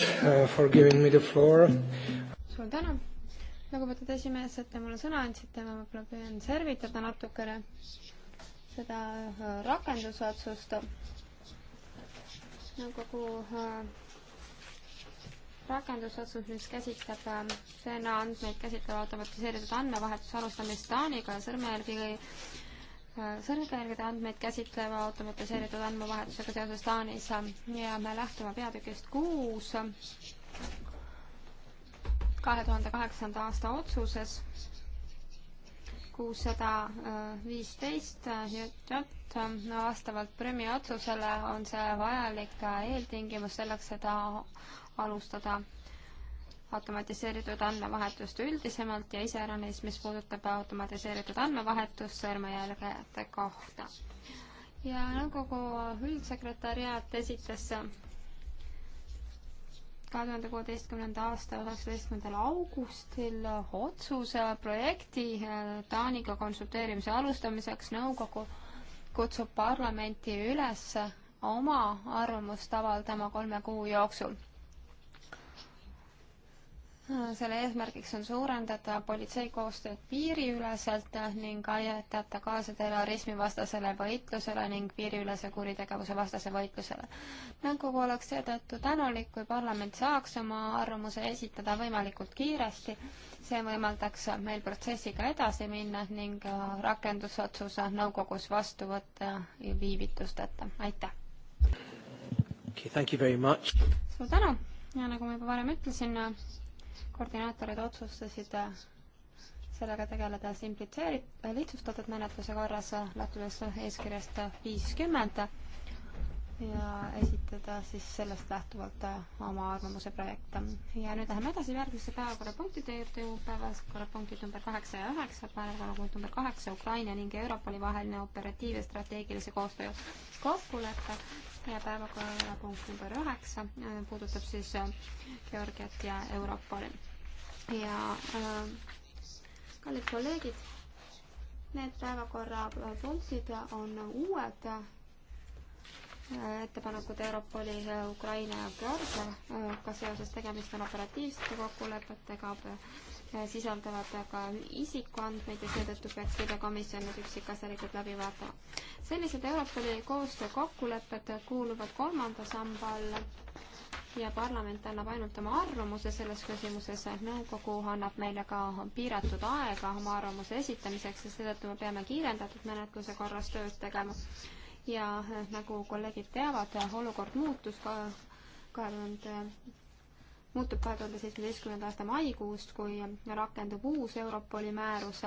Uh, for giving me the floor. suur tänu, lugupeetud esimees, et te mulle sõna andsite, ma võib-olla püüan servitada natukene seda uh, rakendusotsust. nõukogu nagu uh, rakendusotsus, mis käsitleb DNA ähm, andmeid käsitleva automatiseeritud andmevahetuse alustamist Taaniga ja sõrmejälgi äh, sõrmejälgede andmeid käsitleva automatiseeritud andmevahetusega seoses Taanis ähm, ja me lähtume peatükist kuus ähm, kahe tuhande kaheksanda aasta otsuses kuussada viisteist äh, jutut. vastavalt Prümi otsusele on see vajalik äh, eeltingimus selleks, et alustada automatiseeritud andmevahetust üldisemalt ja iseäranis, mis puudutab automatiseeritud andmevahetust sõrmejälgede kohta. ja nõukogu üldsekretäriaat esitas kahe tuhande kuueteistkümnenda aasta üheksateistkümnendal augustil otsuse projekti Taaniga konsulteerimise alustamiseks. nõukogu kutsub parlamenti üles oma arvamust avaldama kolme kuu jooksul selle eesmärgiks on suurendada politsei koostööd piiriüleselt ning aidata kaasa terrorismivastasele võitlusele ning piiriülese kuritegevuse vastase võitlusele. nõukogu oleks seetõttu tänulik, kui parlament saaks oma arvamuse esitada võimalikult kiiresti. see võimaldaks meil protsessiga edasi minna ning rakendusotsuse nõukogus vastu võtta viivitusteta. aitäh okay,! suur tänu ja nagu ma juba varem ütlesin, koordinaatorid otsustasid äh, sellega tegeleda simplitseerit-, äh, lihtsustatud menetluse korras, äh, lähtudes eeskirjast viiskümmend ja esitada siis sellest lähtuvalt oma arvamuse projekte. ja nüüd läheme edasi järgmisse päevakorrapunktide juurde, päevakorrapunktid number kaheksa ja üheksa, päevakorrapunkt number kaheksa, Ukraina ning Europoli vaheline operatiiv- ja strateegilise koostöö kokkulepe ja päevakorrapunkt number üheksa äh, puudutab siis äh, Georgiat ja Europoli. ja äh, kallid kolleegid, need päevakorrapunktid on uued äh, ettepanekud Europoli Ukraina ja Georgia, ka seoses tegemist on operatiivsete kokkulepetega Äh, sisaldavad ka isikuandmeid ja seetõttu peaks seda komisjon nüüd üksikasjalikult läbi vaatama. sellised Europoli koostöökokkulepped kuuluvad kolmanda samba alla ja parlament annab ainult oma arvamuse selles küsimuses, nõukogu annab meile ka piiratud aega oma arvamuse esitamiseks ja seetõttu me peame kiirendatud menetluse korras tööd tegema. ja äh, nagu kolleegid teavad, olukord muutus ka kahe tuhande muutub kahe tuhande seitsmeteistkümnenda aasta maikuust, kui rakendub uus Europoli määrus,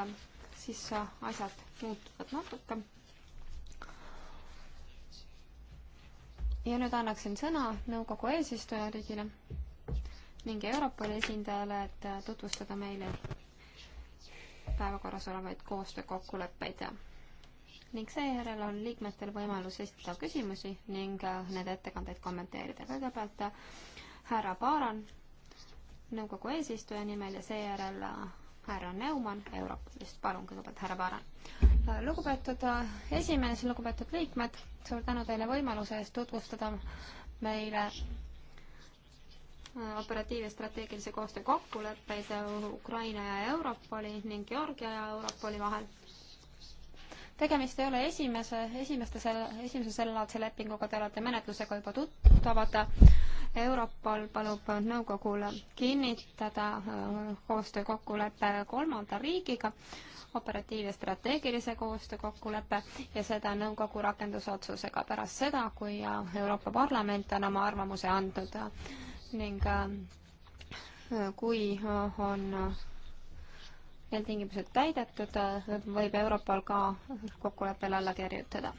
siis asjad muutuvad natuke. ja nüüd annaksin sõna nõukogu eesistujariigile ning Europoli esindajale, et tutvustada meile päevakorras olevaid koostöökokkuleppeid ning seejärel on liikmetel võimalus esitada küsimusi ning need ettekandeid kommenteerida. kõigepealt härra Paaran nõukogu eesistuja nimel ja seejärel härra Neumann Europolist. palun kõigepealt, härra Paaran. lugupeetud äh, esimees, lugupeetud liikmed, suur tänu teile võimaluse eest tutvustada meile äh, operatiiv- ja strateegilise koostöö kokkuleppeid Ukraina ja Europoli ning Georgia ja Europoli vahel. tegemist ei ole esimese, esimeste selle, esimese sellelaadse lepinguga, te olete menetlusega juba tuttavad Europol palub nõukogule kinnitada äh, koostöökokkulepe kolmanda riigiga, operatiiv- ja strateegilise koostöö kokkulepe ja seda nõukogu rakendusotsusega pärast seda, kui äh, Euroopa Parlament on oma arvamuse andnud ning äh, kui on need tingimused täidetud, võib Europol ka kokkuleppele alla kirjutada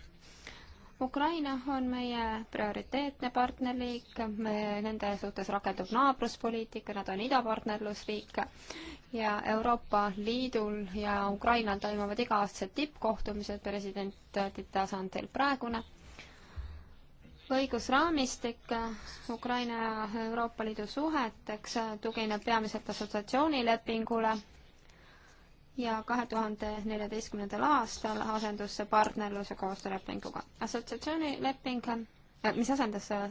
Ukraina on meie prioriteetne partnerriik, me, nende suhtes rakendub naabruspoliitika, nad on idapartnerlusriik ja Euroopa Liidul ja Ukrainal toimuvad iga-aastased tippkohtumised presidentide tasandil praegune õigusraamistik Ukraina ja Euroopa Liidu suheteks tugineb peamiselt assotsiatsioonilepingule ja kahe tuhande neljateistkümnendal aastal asendus see partnerluse koostöölepinguga. assotsiatsiooni leping, äh, mis asendas äh,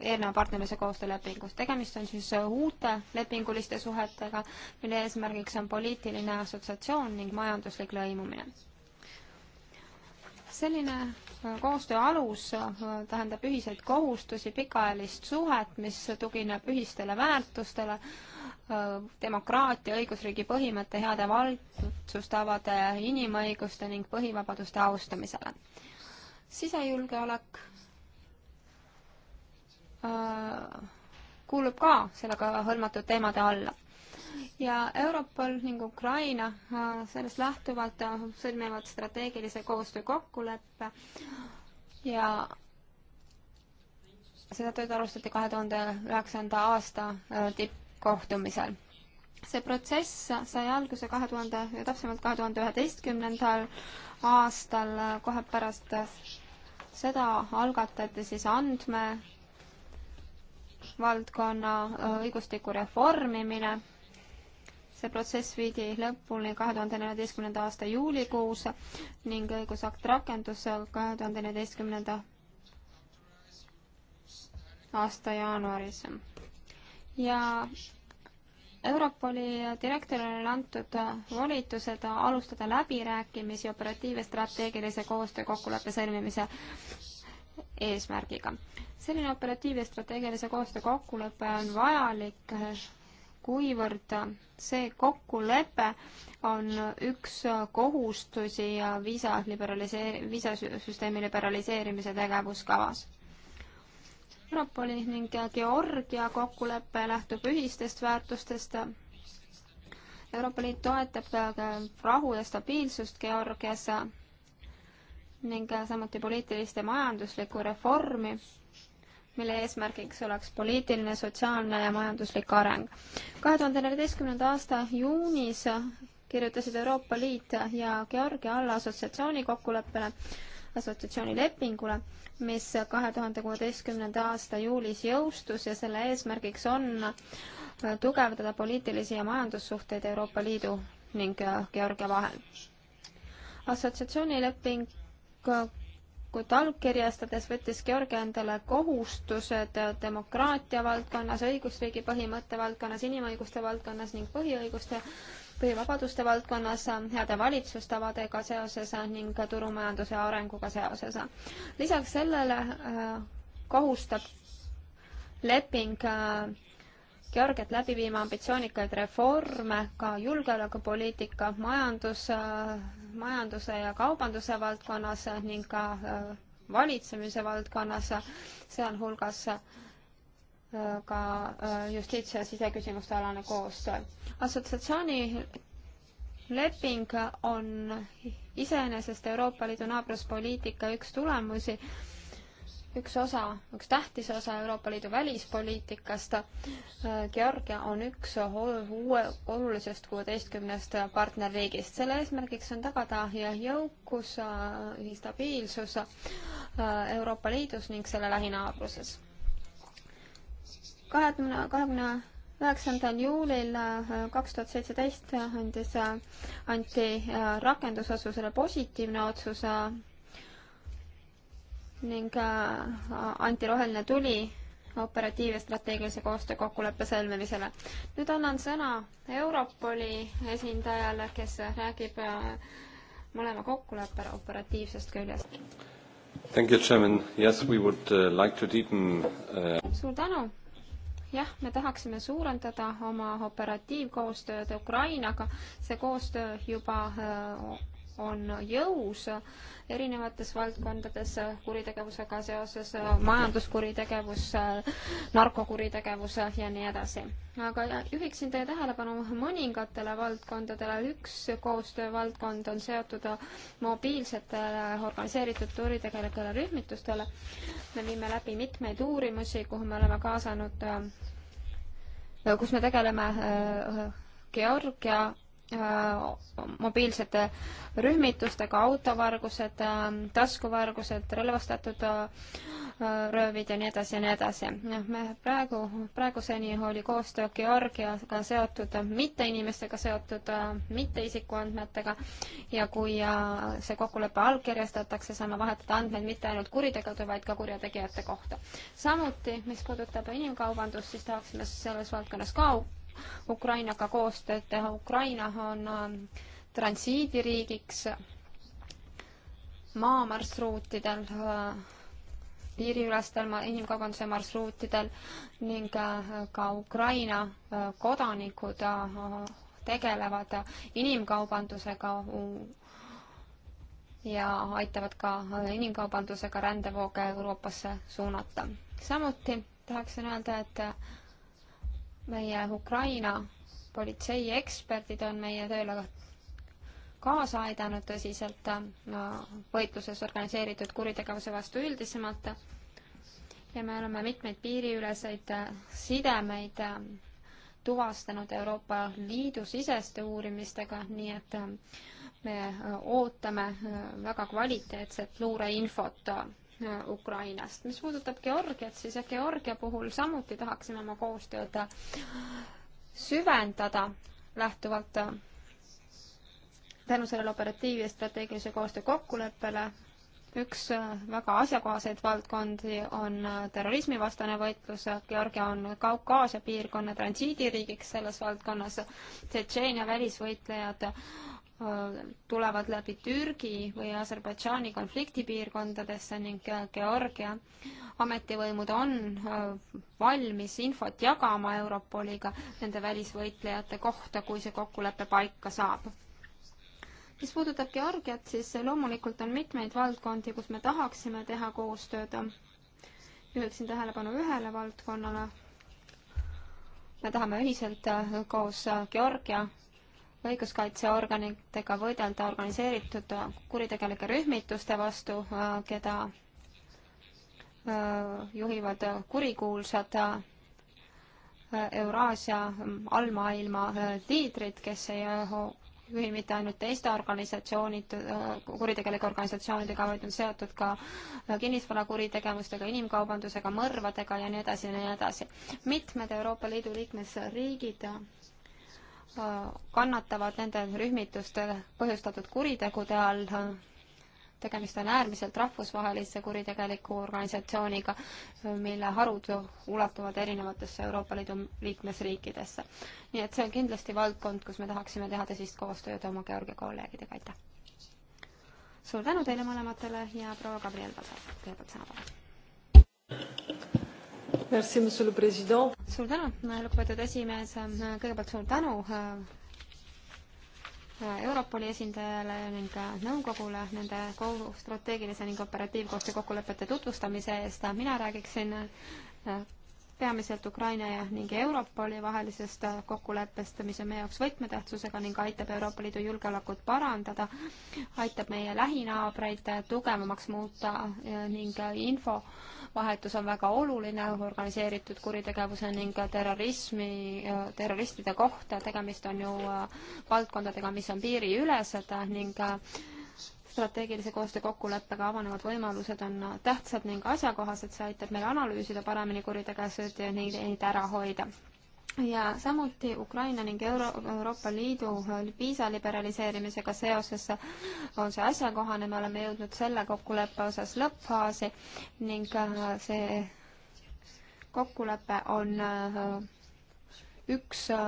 eelneva partnerluse koostöölepingus, tegemist on siis uute lepinguliste suhetega, mille eesmärgiks on poliitiline assotsiatsioon ning majanduslik lõimumine. selline äh, koostöö alus tähendab ühiseid kohustusi, pikaajalist suhet, mis tugineb ühistele väärtustele, Äh, demokraatia, õigusriigi põhimõtte, heade valitsustavade, äh, inimõiguste ning põhivabaduste austamisele. sisejulgeolek äh, kuulub ka sellega hõlmatud teemade alla. ja Europol ning Ukraina sellest lähtuvalt sõlmivad strateegilise koostöö kokkuleppe ja seda tööd alustati kahe tuhande üheksanda aasta tipp, kohtumisel. see protsess sai alguse kahe tuhande, täpsemalt kahe tuhande üheteistkümnendal aastal, kohe pärast seda algatati siis andme valdkonna õigustiku reformimine. see protsess viidi lõpuni kahe tuhande neljateistkümnenda aasta juulikuus ning õigusakt rakendus kahe tuhande neljateistkümnenda aasta jaanuaris ja Europoli direktorile on antud äh, volitused alustada läbirääkimisi operatiiv- ja strateegilise koostöö kokkuleppe sõlmimise eesmärgiga. selline operatiiv- ja strateegilise koostöö kokkulepe on vajalik, äh, kuivõrd äh, see kokkulepe on üks kohustusi viisa liberalisee-, viisasüsteemi liberaliseerimise tegevuskavas Europoli ning Georgia kokkulepe lähtub ühistest väärtustest. Euroopa Liit toetab äh, rahu ja stabiilsust Georgias ning äh, samuti poliitilist ja majanduslikku reformi, mille eesmärgiks oleks poliitiline, sotsiaalne ja majanduslik areng. kahe tuhande neljateistkümnenda aasta juunis kirjutasid Euroopa Liit ja Georgia alla assotsiatsiooni kokkuleppele assotsiatsioonilepingule, mis kahe tuhande kuueteistkümnenda aasta juulis jõustus ja selle eesmärgiks on äh, tugevdada poliitilisi ja majandussuhteid Euroopa Liidu ning äh, Georgia vahel. assotsiatsioonilepingut äh, allkirjastades võttis Georgia endale kohustused demokraatia valdkonnas, õigusriigi põhimõtte valdkonnas, inimõiguste valdkonnas ning põhiõiguste põhivabaduste valdkonnas, heade valitsustavadega seoses ning turumajanduse arenguga seoses. lisaks sellele äh, kohustab leping äh, Georgiat läbi viima ambitsioonikaid reforme ka julgeolekupoliitika, majandus, äh, majanduse ja kaubanduse valdkonnas ning ka valitsemise valdkonnas, sealhulgas ka äh, justiits- ja siseküsimuste alane koostöö. assotsiatsiooni leping on iseenesest Euroopa Liidu naabruspoliitika üks tulemusi, üks osa, üks tähtis osa Euroopa Liidu välispoliitikast. Äh, Georgia on üks uue, olulisest kuueteistkümnest partnerriigist. selle eesmärgiks on tagada jõukus, äh, stabiilsus Euroopa Liidus ning selle lähinaabruses kahekümne, kahekümne üheksandal juulil äh, kaks tuhat seitseteist andis, äh, anti äh, rakendusotsusele positiivne otsus ning anti roheline tuli operatiiv- ja strateegilise koostöö kokkuleppe sõlmimisele. nüüd annan sõna Europoli esindajale, kes räägib mõlema kokkuleppe operatiivsest küljest. Thank you, Chairman. Yes, we would uh, like to deepen uh.... suur tänu jah, me tahaksime suurendada oma operatiivkoostööd Ukrainaga, see koostöö juba äh, on jõus erinevates valdkondades kuritegevusega seoses, majanduskuritegevus, narkokuritegevus ja nii edasi. aga juhiksin teie tähelepanu mõningatele valdkondadele, üks koostöövaldkond on seotud mobiilsetele organiseeritud kuritegelikele rühmitustele. me viime läbi mitmeid uurimusi, kuhu me oleme kaasanud, kus me tegeleme äh, Georgia Äh, mobiilsete rühmitustega, autovargused, äh, taskuvargused, relvastatud äh, röövid ja nii edasi ja nii edasi. jah, me praegu, praeguseni oli koostöö Georgiaga seotud mitte inimestega seotud mitteisikuandmetega ja kui see kokkulepe allkirjastatakse, saame vahetada andmeid mitte ainult kuritegude, vaid ka kurjategijate kohta. samuti, mis puudutab inimkaubandust, siis tahaksime selles valdkonnas ka Ukrainaga koostööd teha. Ukraina on ähm, transiidiriigiks maamarsruutidel, äh, piiriülestel inimkaubanduse marsruutidel ning äh, ka Ukraina äh, kodanikud tegelevad inimkaubandusega ja aitavad ka inimkaubandusega rändevooge Euroopasse suunata. samuti tahaksin öelda, et meie Ukraina politsei eksperdid on meie tööle kaasa aidanud tõsiselt äh, võitluses organiseeritud kuritegevuse vastu üldisemalt ja me oleme mitmeid piiriüleseid äh, sidemeid äh, tuvastanud Euroopa Liidu siseste uurimistega, nii et me ootame väga kvaliteetset luureinfot Ukrainast. mis puudutab Georgiat, siis Georgia puhul samuti tahaksime oma koostööd süvendada lähtuvalt tänu sellele operatiiv- ja strateegilise koostöö kokkuleppele. üks väga asjakohaseid valdkondi on terrorismivastane võitlus. Georgia on Kaukaasia piirkonna transiidiriigiks selles valdkonnas. Tšetšeenia välisvõitlejad Äh, tulevad läbi Türgi või Aserbaidžaani konfliktipiirkondadesse ning Georgia ametivõimud on äh, valmis infot jagama Europoliga nende välisvõitlejate kohta, kui see kokkulepe paika saab. mis puudutab Georgiat, siis loomulikult on mitmeid valdkondi, kus me tahaksime teha koostööd. juhiksin tähelepanu ühele valdkonnale. me tahame ühiselt äh, koos Georgia õiguskaitseorganitega võidelda organiseeritud kuritegelike rühmituste vastu, äh, keda äh, juhivad kurikuulsad äh, Euraasia ähm, allmaailma liidrid, kes ei juhi mitte ainult teiste organisatsioonid, kuritegelike organisatsioonidega, vaid on seotud ka kinnisvarakuritegevustega, inimkaubandusega, mõrvadega ja nii edasi ja nii edasi. mitmed Euroopa Liidu liikmesriigid Äh, kannatavad nende rühmituste põhjustatud kuritegude all. tegemist on äärmiselt rahvusvahelise kuritegeliku organisatsiooniga, mille harud ulatuvad erinevatesse Euroopa Liidu liikmesriikidesse. nii et see on kindlasti valdkond, kus me tahaksime teha tõsist koostööd oma Georgia kolleegidega, aitäh! suur tänu teile mõlematele ja proua Gabriel Pasar, kõigepealt sõna palun! suur tänu, lugupeetud esimees, kõigepealt suur tänu äh, Europoli esindajale ning äh, nõukogule nende strateegilise ning operatiivkoostöö kokkulepete tutvustamise eest. mina räägiksin äh, peamiselt Ukraina ja ning Europoli vahelisest äh, kokkuleppest, mis on meie jaoks võtmetähtsusega ning aitab Euroopa Liidu julgeolekut parandada, aitab meie lähinaabreid äh, tugevamaks muuta äh, ning infovahetus on väga oluline organiseeritud kuritegevuse ning terrorismi, terroristide kohta, tegemist on ju valdkondadega, mis on piiriülesed ning strateegilise koostöö kokkuleppega avanevad võimalused on tähtsad ning asjakohased, see aitab meil analüüsida paremini kuritegevusid ja neid, neid ära hoida ja samuti Ukraina ning Euro Euroopa Liidu viisa liberaliseerimisega seoses on see asjakohane, me oleme jõudnud selle kokkuleppe osas lõppfaasi ning see kokkulepe on üks äh,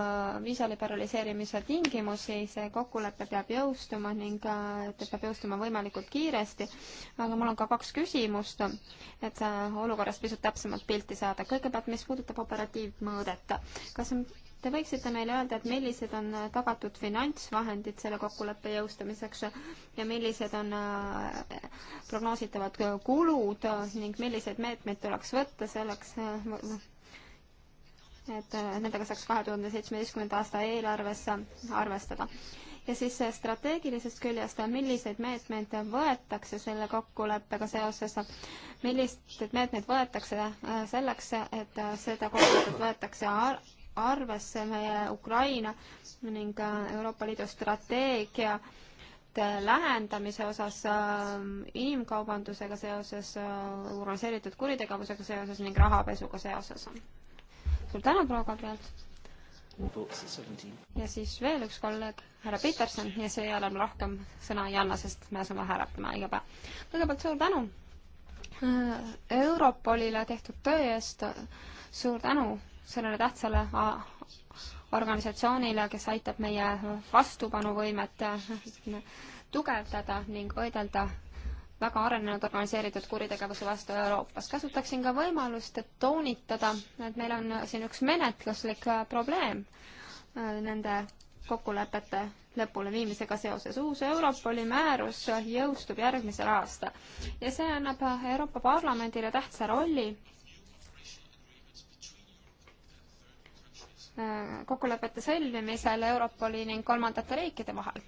viisa liberaliseerimise tingimusi, see kokkulepe peab jõustuma ning äh, ta peab jõustuma võimalikult kiiresti. aga mul on ka kaks küsimust, et äh, olukorrast pisut täpsemat pilti saada. kõigepealt, mis puudutab operatiivmõõdet, kas Te võiksite meile öelda, et millised on tagatud finantsvahendid selle kokkuleppe jõustamiseks ja millised on prognoositavad kulud ning milliseid meetmeid tuleks võtta selleks, et äh, nendega saaks kahe tuhande seitsmeteistkümnenda aasta eelarvesse arvestada. ja siis äh, strateegilisest küljest, äh, milliseid meetmeid võetakse selle kokkuleppega seoses, millised meetmed võetakse selleks, et seda kokkulepet võetakse ar arvesse meie Ukraina ning Euroopa Liidu strateegia lähendamise osas inimkaubandusega seoses, organiseeritud kuritegevusega seoses ning rahapesuga seoses suur tänu, proua Gabriel! ja siis veel üks kolleeg, härra Peterson, ja seejärel ma rohkem sõna ei anna, sest me asume hääletama iga päev. kõigepealt suur tänu äh, Europolile tehtud töö eest, suur tänu sellele tähtsale äh, organisatsioonile, kes aitab meie vastupanuvõimet äh, tugevdada ning võidelda väga arenenud organiseeritud kuritegevuse vastu Euroopas. kasutaksin ka võimalust, et toonitada, et meil on siin üks menetluslik äh, probleem äh, nende kokkulepete lõpuleviimisega seoses. uus Europoli määrus jõustub järgmisel aastal ja see annab Euroopa Parlamendile tähtsa rolli äh, kokkulepete sõlmimisel Europoli ning kolmandate riikide vahel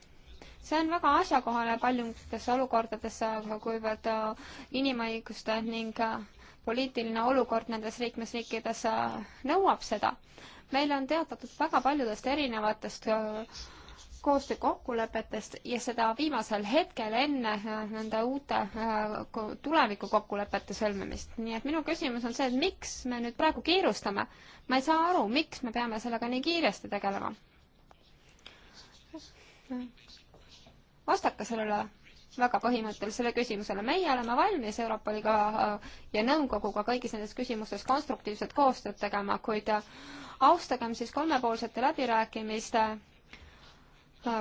see on väga asjakohane paljudes olukordades, kuivõrd äh, inimõiguste ning äh, poliitiline olukord nendes liikmesriikides äh, nõuab seda. meil on teatatud väga paljudest erinevatest koostöökokkulepetest ja seda viimasel hetkel enne nende uute tulevikukokkulepete sõlmimist. nii et minu küsimus on see, et miks me nüüd praegu kiirustame? ma ei saa aru, miks me peame sellega nii kiiresti tegelema? vastake sellele väga põhimõttelisele küsimusele. meie oleme valmis Euroopa Liiga ja nõukoguga kõigis nendes küsimustes konstruktiivset koostööd tegema, kuid austagem siis kolmepoolsete läbirääkimiste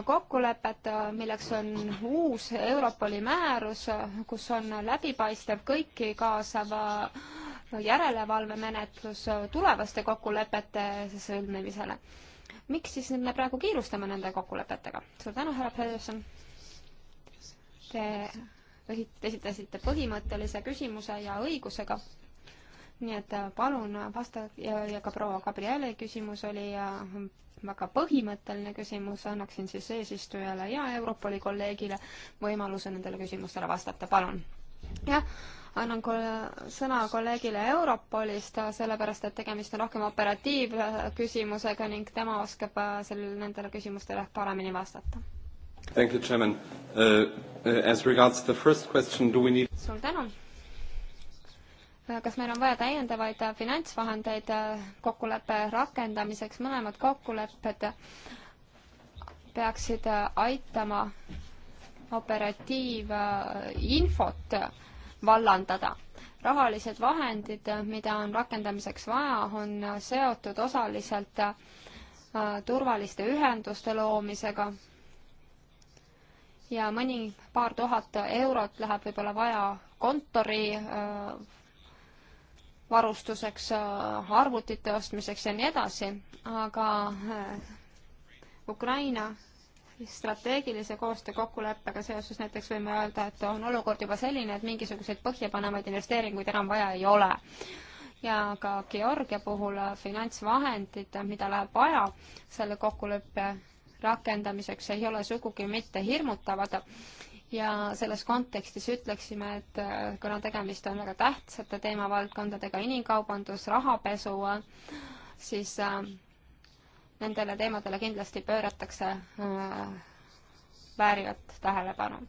kokkulepet, milleks on uus Europoli määrus, kus on läbipaistev kõiki kaasav järelevalvemenetlus tulevaste kokkulepete sõlmimisele. miks siis me praegu kiirustame nende kokkulepetega? suur tänu, härra Pederson! Te esitasite põhimõttelise küsimuse ja õigusega. nii et äh, palun äh, vasta ja, ja ka proua Gabriele küsimus oli ja äh, väga põhimõtteline küsimus, annaksin siis eesistujale ja Europoli kolleegile võimaluse nendele küsimustele vastata, palun. jah, annan kol-, sõna kolleegile Europolist, sellepärast et tegemist on rohkem operatiivküsimusega ning tema oskab sel-, nendele küsimustele paremini vastata. Thank you, Chairman uh, uh,. As regards the first question, do we need suur tänu. kas meil on vaja täiendavaid finantsvahendeid äh, kokkuleppe rakendamiseks, mõlemad kokkulepped peaksid äh, aitama operatiivinfot äh, vallandada. rahalised vahendid, mida on rakendamiseks vaja, on seotud osaliselt turvaliste ühenduste loomisega ja mõni paar tuhat eurot läheb võib-olla vaja kontori äh, varustuseks, äh, arvutite ostmiseks ja nii edasi, aga äh, Ukraina strateegilise koostöö kokkuleppega seoses näiteks võime öelda, et on olukord juba selline, et mingisuguseid põhjapanevaid investeeringuid enam vaja ei ole. ja ka Georgia puhul finantsvahendid, mida läheb vaja selle kokkuleppe rakendamiseks ei ole sugugi mitte hirmutavad ja selles kontekstis ütleksime, et äh, kuna tegemist on väga tähtsate teemavaldkondadega, inimkaubandus, rahapesu, siis äh, nendele teemadele kindlasti pööratakse äh, väärivat tähelepanu.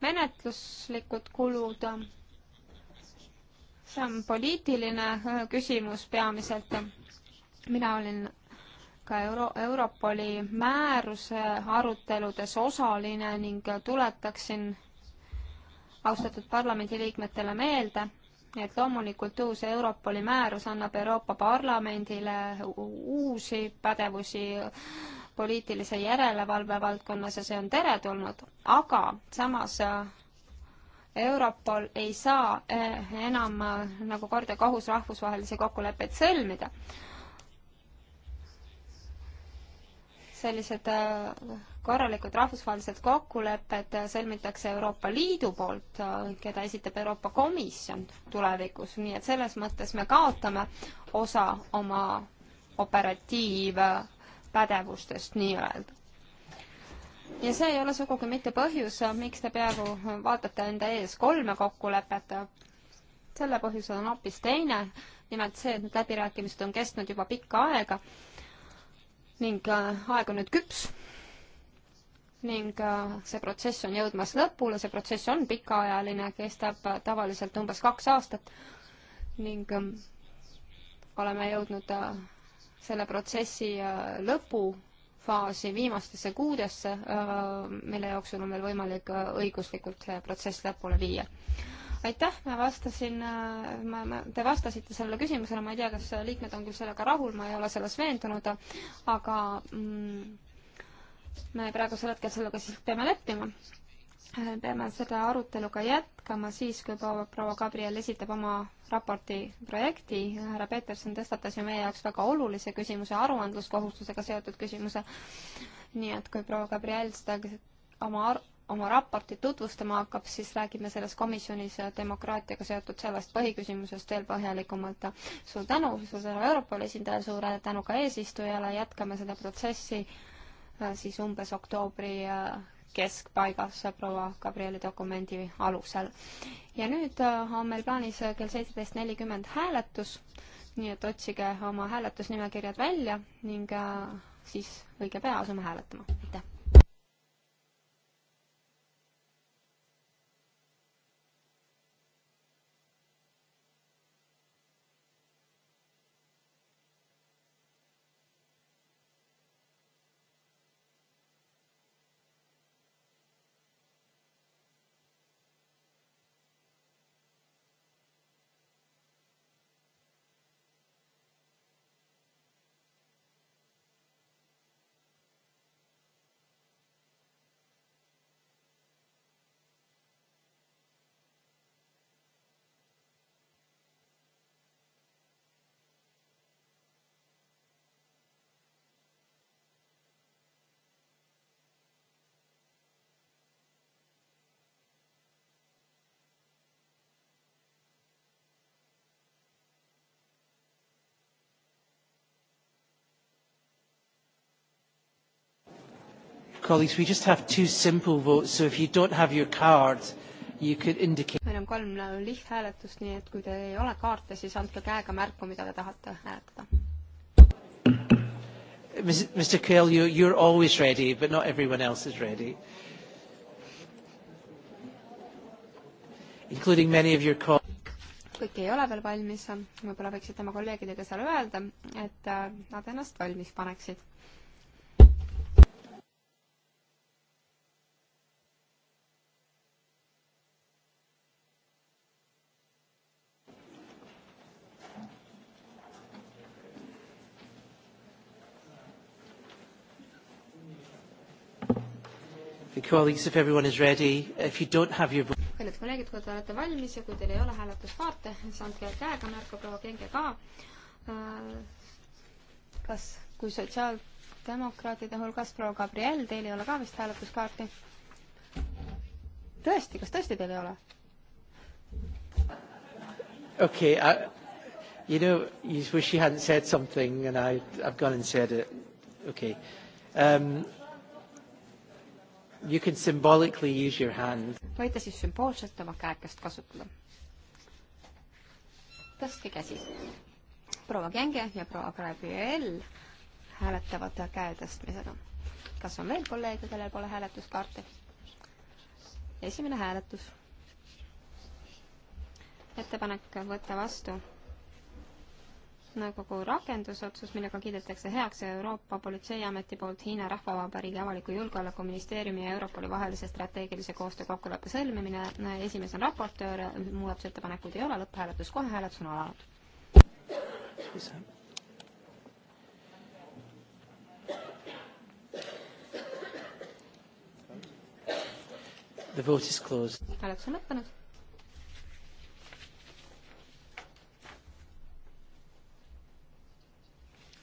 menetluslikud kulud, see on poliitiline küsimus peamiselt. mina olin ka Euro-, Europoli määruse aruteludes osaline ning tuletaksin austatud parlamendiliikmetele meelde, et loomulikult uus Europoli määrus annab Euroopa Parlamendile uusi pädevusi poliitilise järelevalve valdkonnas ja see on teretulnud, aga samas Europol ei saa eh, enam nagu kord ja kohus rahvusvahelisi kokkuleppeid sõlmida sellised äh, korralikud rahvusvahelised kokkulepped äh, sõlmitakse Euroopa Liidu poolt, äh, keda esitab Euroopa Komisjon tulevikus, nii et selles mõttes me kaotame osa oma operatiivpädevustest nii-öelda. ja see ei ole sugugi mitte põhjus, miks te peaaegu vaatate enda ees kolme kokkulepet, selle põhjusel on hoopis teine, nimelt see, et need läbirääkimised on kestnud juba pikka aega ning äh, aeg on nüüd küps ning äh, see protsess on jõudmas lõpule, see protsess on pikaajaline, kestab äh, tavaliselt umbes kaks aastat ning ähm, oleme jõudnud selle protsessi lõpufaasi, viimastesse kuudesse, mille jooksul on meil võimalik õiguslikult see protsess lõpule viia aitäh, ma vastasin, äh, ma, ma, te vastasite sellele küsimusele, ma ei tea, kas liikmed on küll sellega rahul, ma ei ole selles veendunud, aga mm, me praegusel hetkel sellega siis peame leppima. Äh, peame seda arutelu ka jätkama siis, kui proua Gabriel esitab oma raporti projekti. härra Peterson tõstatas ju meie jaoks väga olulise küsimuse, aruandluskohustusega seotud küsimuse. nii et kui proua Gabriel seda oma ar-, oma raportit tutvustama hakkab, siis räägime selles komisjonis demokraatiaga seotud sellest põhiküsimusest veel põhjalikumalt. suur tänu, suur tänu Europoli esindajale, suur tänu ka eesistujale, jätkame seda protsessi äh, siis umbes oktoobri äh, keskpaigas äh, proua Gabrieli dokumendi alusel. ja nüüd on meil plaanis kell seitseteist nelikümmend hääletus, nii et otsige oma hääletusnimekirjad välja ning siis õige pea asume hääletama. aitäh! colleagues, we just have two simple votes, so if you don't have your card, you could indicate. meil on kolm lihthääletust, nii et kui teil ei ole kaarte, siis andke käega märku, mida te tahate hääletada. Mr Coelho, you, you're always ready, but not everyone else is ready. Including many of your colleagues kõik ei ole veel valmis, võib-olla võiksite oma kolleegidega seal öelda, et äh, nad ennast valmis paneksid colleagues, if everyone is ready, if you don't have your kallid kolleegid, kui te olete valmis ja kui teil ei ole hääletuskaarte, siis andke käega märku, proua Kenge ka. Äh, kas, kui sotsiaaldemokraatide hulgas proua Gabriel, teil ei ole ka vist hääletuskaarti? tõesti, kas tõesti teil ei ole? okei okay,, you know, you wish you hadn't said something and I, I have gone and said it. okei okay. um,. You can symbolically use your hand. võite siis sümboolselt oma käekest kasutada. tõstke käsi. proua Gänge ja proua Gabriel hääletavad käe tõstmisega. kas on veel kolleege, kellel pole hääletuskaarte? esimene hääletus. ettepanek võtta vastu nõukogu rakendusotsus, millega kiidetakse heaks Euroopa Politseiameti poolt Hiina Rahvavabariigi avaliku julgeolekuministeeriumi ja Europoli vahelise strateegilise koostöö kokkuleppe sõlmimine. esimees on raportöör, muudatusettepanekuid ei ole, lõpphääletus kohe, hääletus on alanud. hääletus on lõppenud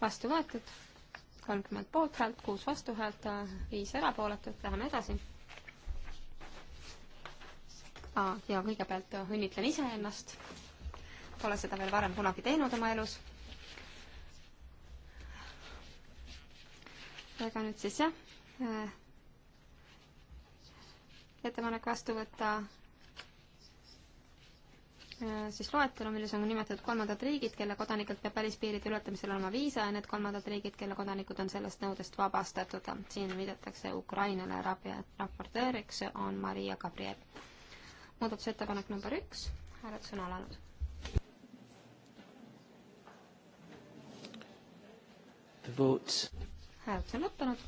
vastu võetud, kolmkümmend poolthäält, kuus vastuhäält, viis erapooletut, läheme edasi. ja kõigepealt õnnitlen iseennast. Pole seda veel varem kunagi teinud oma elus. ega nüüd siis jah, äh, ettepanek vastu võtta Äh, siis loetelu, milles on nimetatud kolmandad riigid, kelle kodanikelt peab välispiiride ületamisel olema viisa ja need kolmandad riigid, kelle kodanikud on sellest nõudest vabastatud. siin viidatakse Ukrainale raportööriks, on Maria Gabriel. muudatusettepanek number üks, hääletus on alanud. hääletus on lõppenud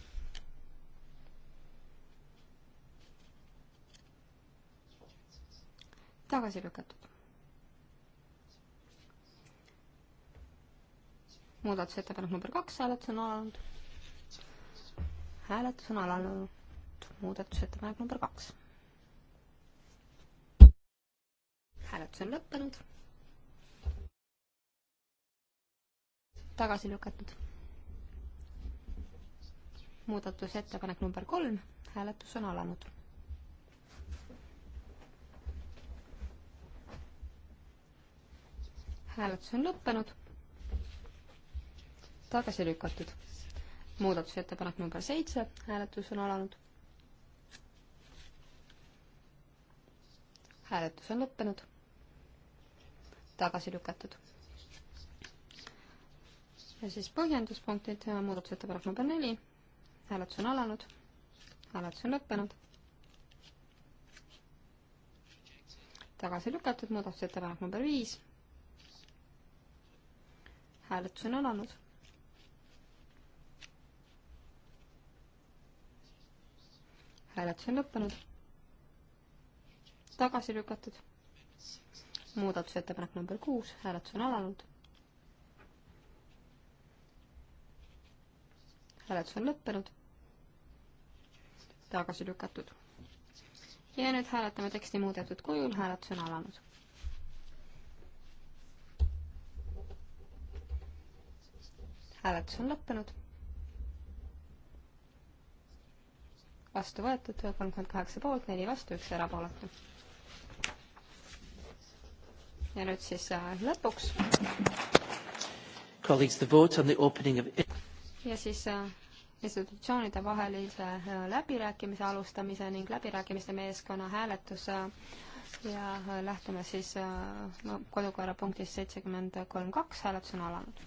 tagasi lükatud. muudatusettepanek number kaks, hääletus on alanud. hääletus on alanud, muudatusettepanek number kaks. hääletus on lõppenud. tagasi lükatud. muudatusettepanek number kolm, hääletus on alanud hääletus on lõppenud tagasi lükatud. muudatusettepanek number seitse, hääletus on alanud. hääletus on lõppenud. tagasi lükatud. ja siis põhjenduspunktid, muudatusettepanek number neli, hääletus on alanud, hääletus on lõppenud. tagasi lükatud, muudatusettepanek number viis, hääletus on alanud hääletus on lõppenud. tagasi lükatud. muudatusettepanek number kuus, hääletus on alanud. hääletus on lõppenud. tagasi lükatud. ja nüüd hääletame teksti muudetud kujul, hääletus on alanud hääletus on lõppenud. vastu võetud, kolmkümmend kaheksa poolt, neli vastu, üks erapooletu. ja nüüd siis äh, lõpuks. ja siis äh, institutsioonide vahelise äh, läbirääkimise alustamise ning läbirääkimiste meeskonna hääletus ja lähtume siis no, kodukorra punktist seitsekümmend kolm kaks, hääletus on alanud.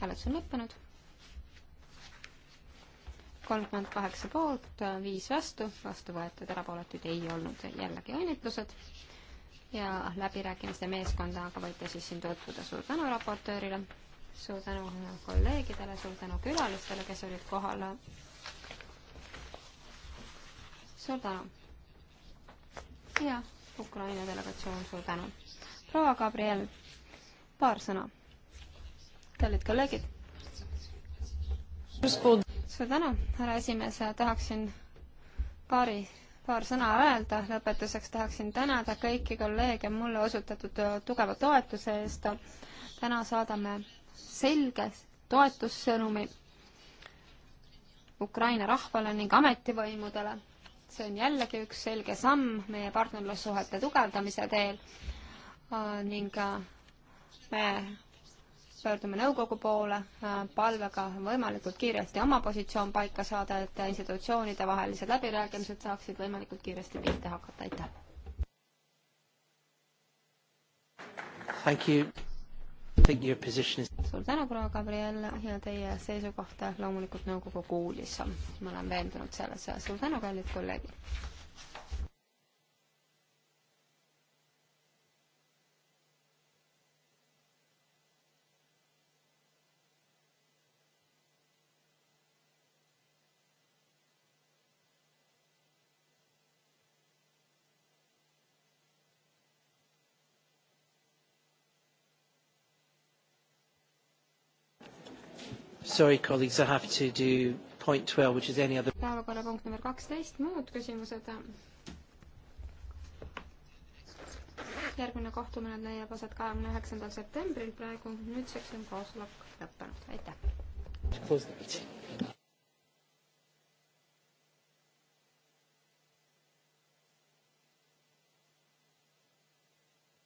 hääletus on lõppenud kolmkümmend kaheksa poolt, viis vastu, vastu võetud, erapooletuid ei olnud, jällegi õnnitlused. ja läbirääkimiste meeskonda aga võite siis siin tutvuda, suur tänu raportöörile, suur tänu kolleegidele, suur tänu külalistele, kes olid kohal. suur tänu. ja Ukraina delegatsioon, suur tänu. proua Gabriel, paar sõna. kallid kolleegid suur tänu, härra esimees, tahaksin paari, paar sõna öelda, lõpetuseks tahaksin tänada kõiki kolleege mulle osutatud tugeva toetuse eest. täna saadame selge toetussõnumi Ukraina rahvale ning ametivõimudele. see on jällegi üks selge samm meie partnerlussuhete tugevdamise teel ning me pöördume nõukogu poole äh, palvega võimalikult kiiresti oma positsioon paika saada, et institutsioonide vahelised läbirääkimised saaksid võimalikult kiiresti pihta hakata, aitäh! Is... suur tänu, proua Gabriel ja teie seisukohta loomulikult nõukogu kuulis. ma olen veendunud selles. suur tänu, kallid kolleegid! Sorry, colleagues, I have to do point twelve, which is any other. päevakorrapunkt number kaksteist, muud küsimused. järgmine kohtumine leiab aset kahekümne üheksandal septembril praegu, nüüdseks on koosolek lõppenud, aitäh.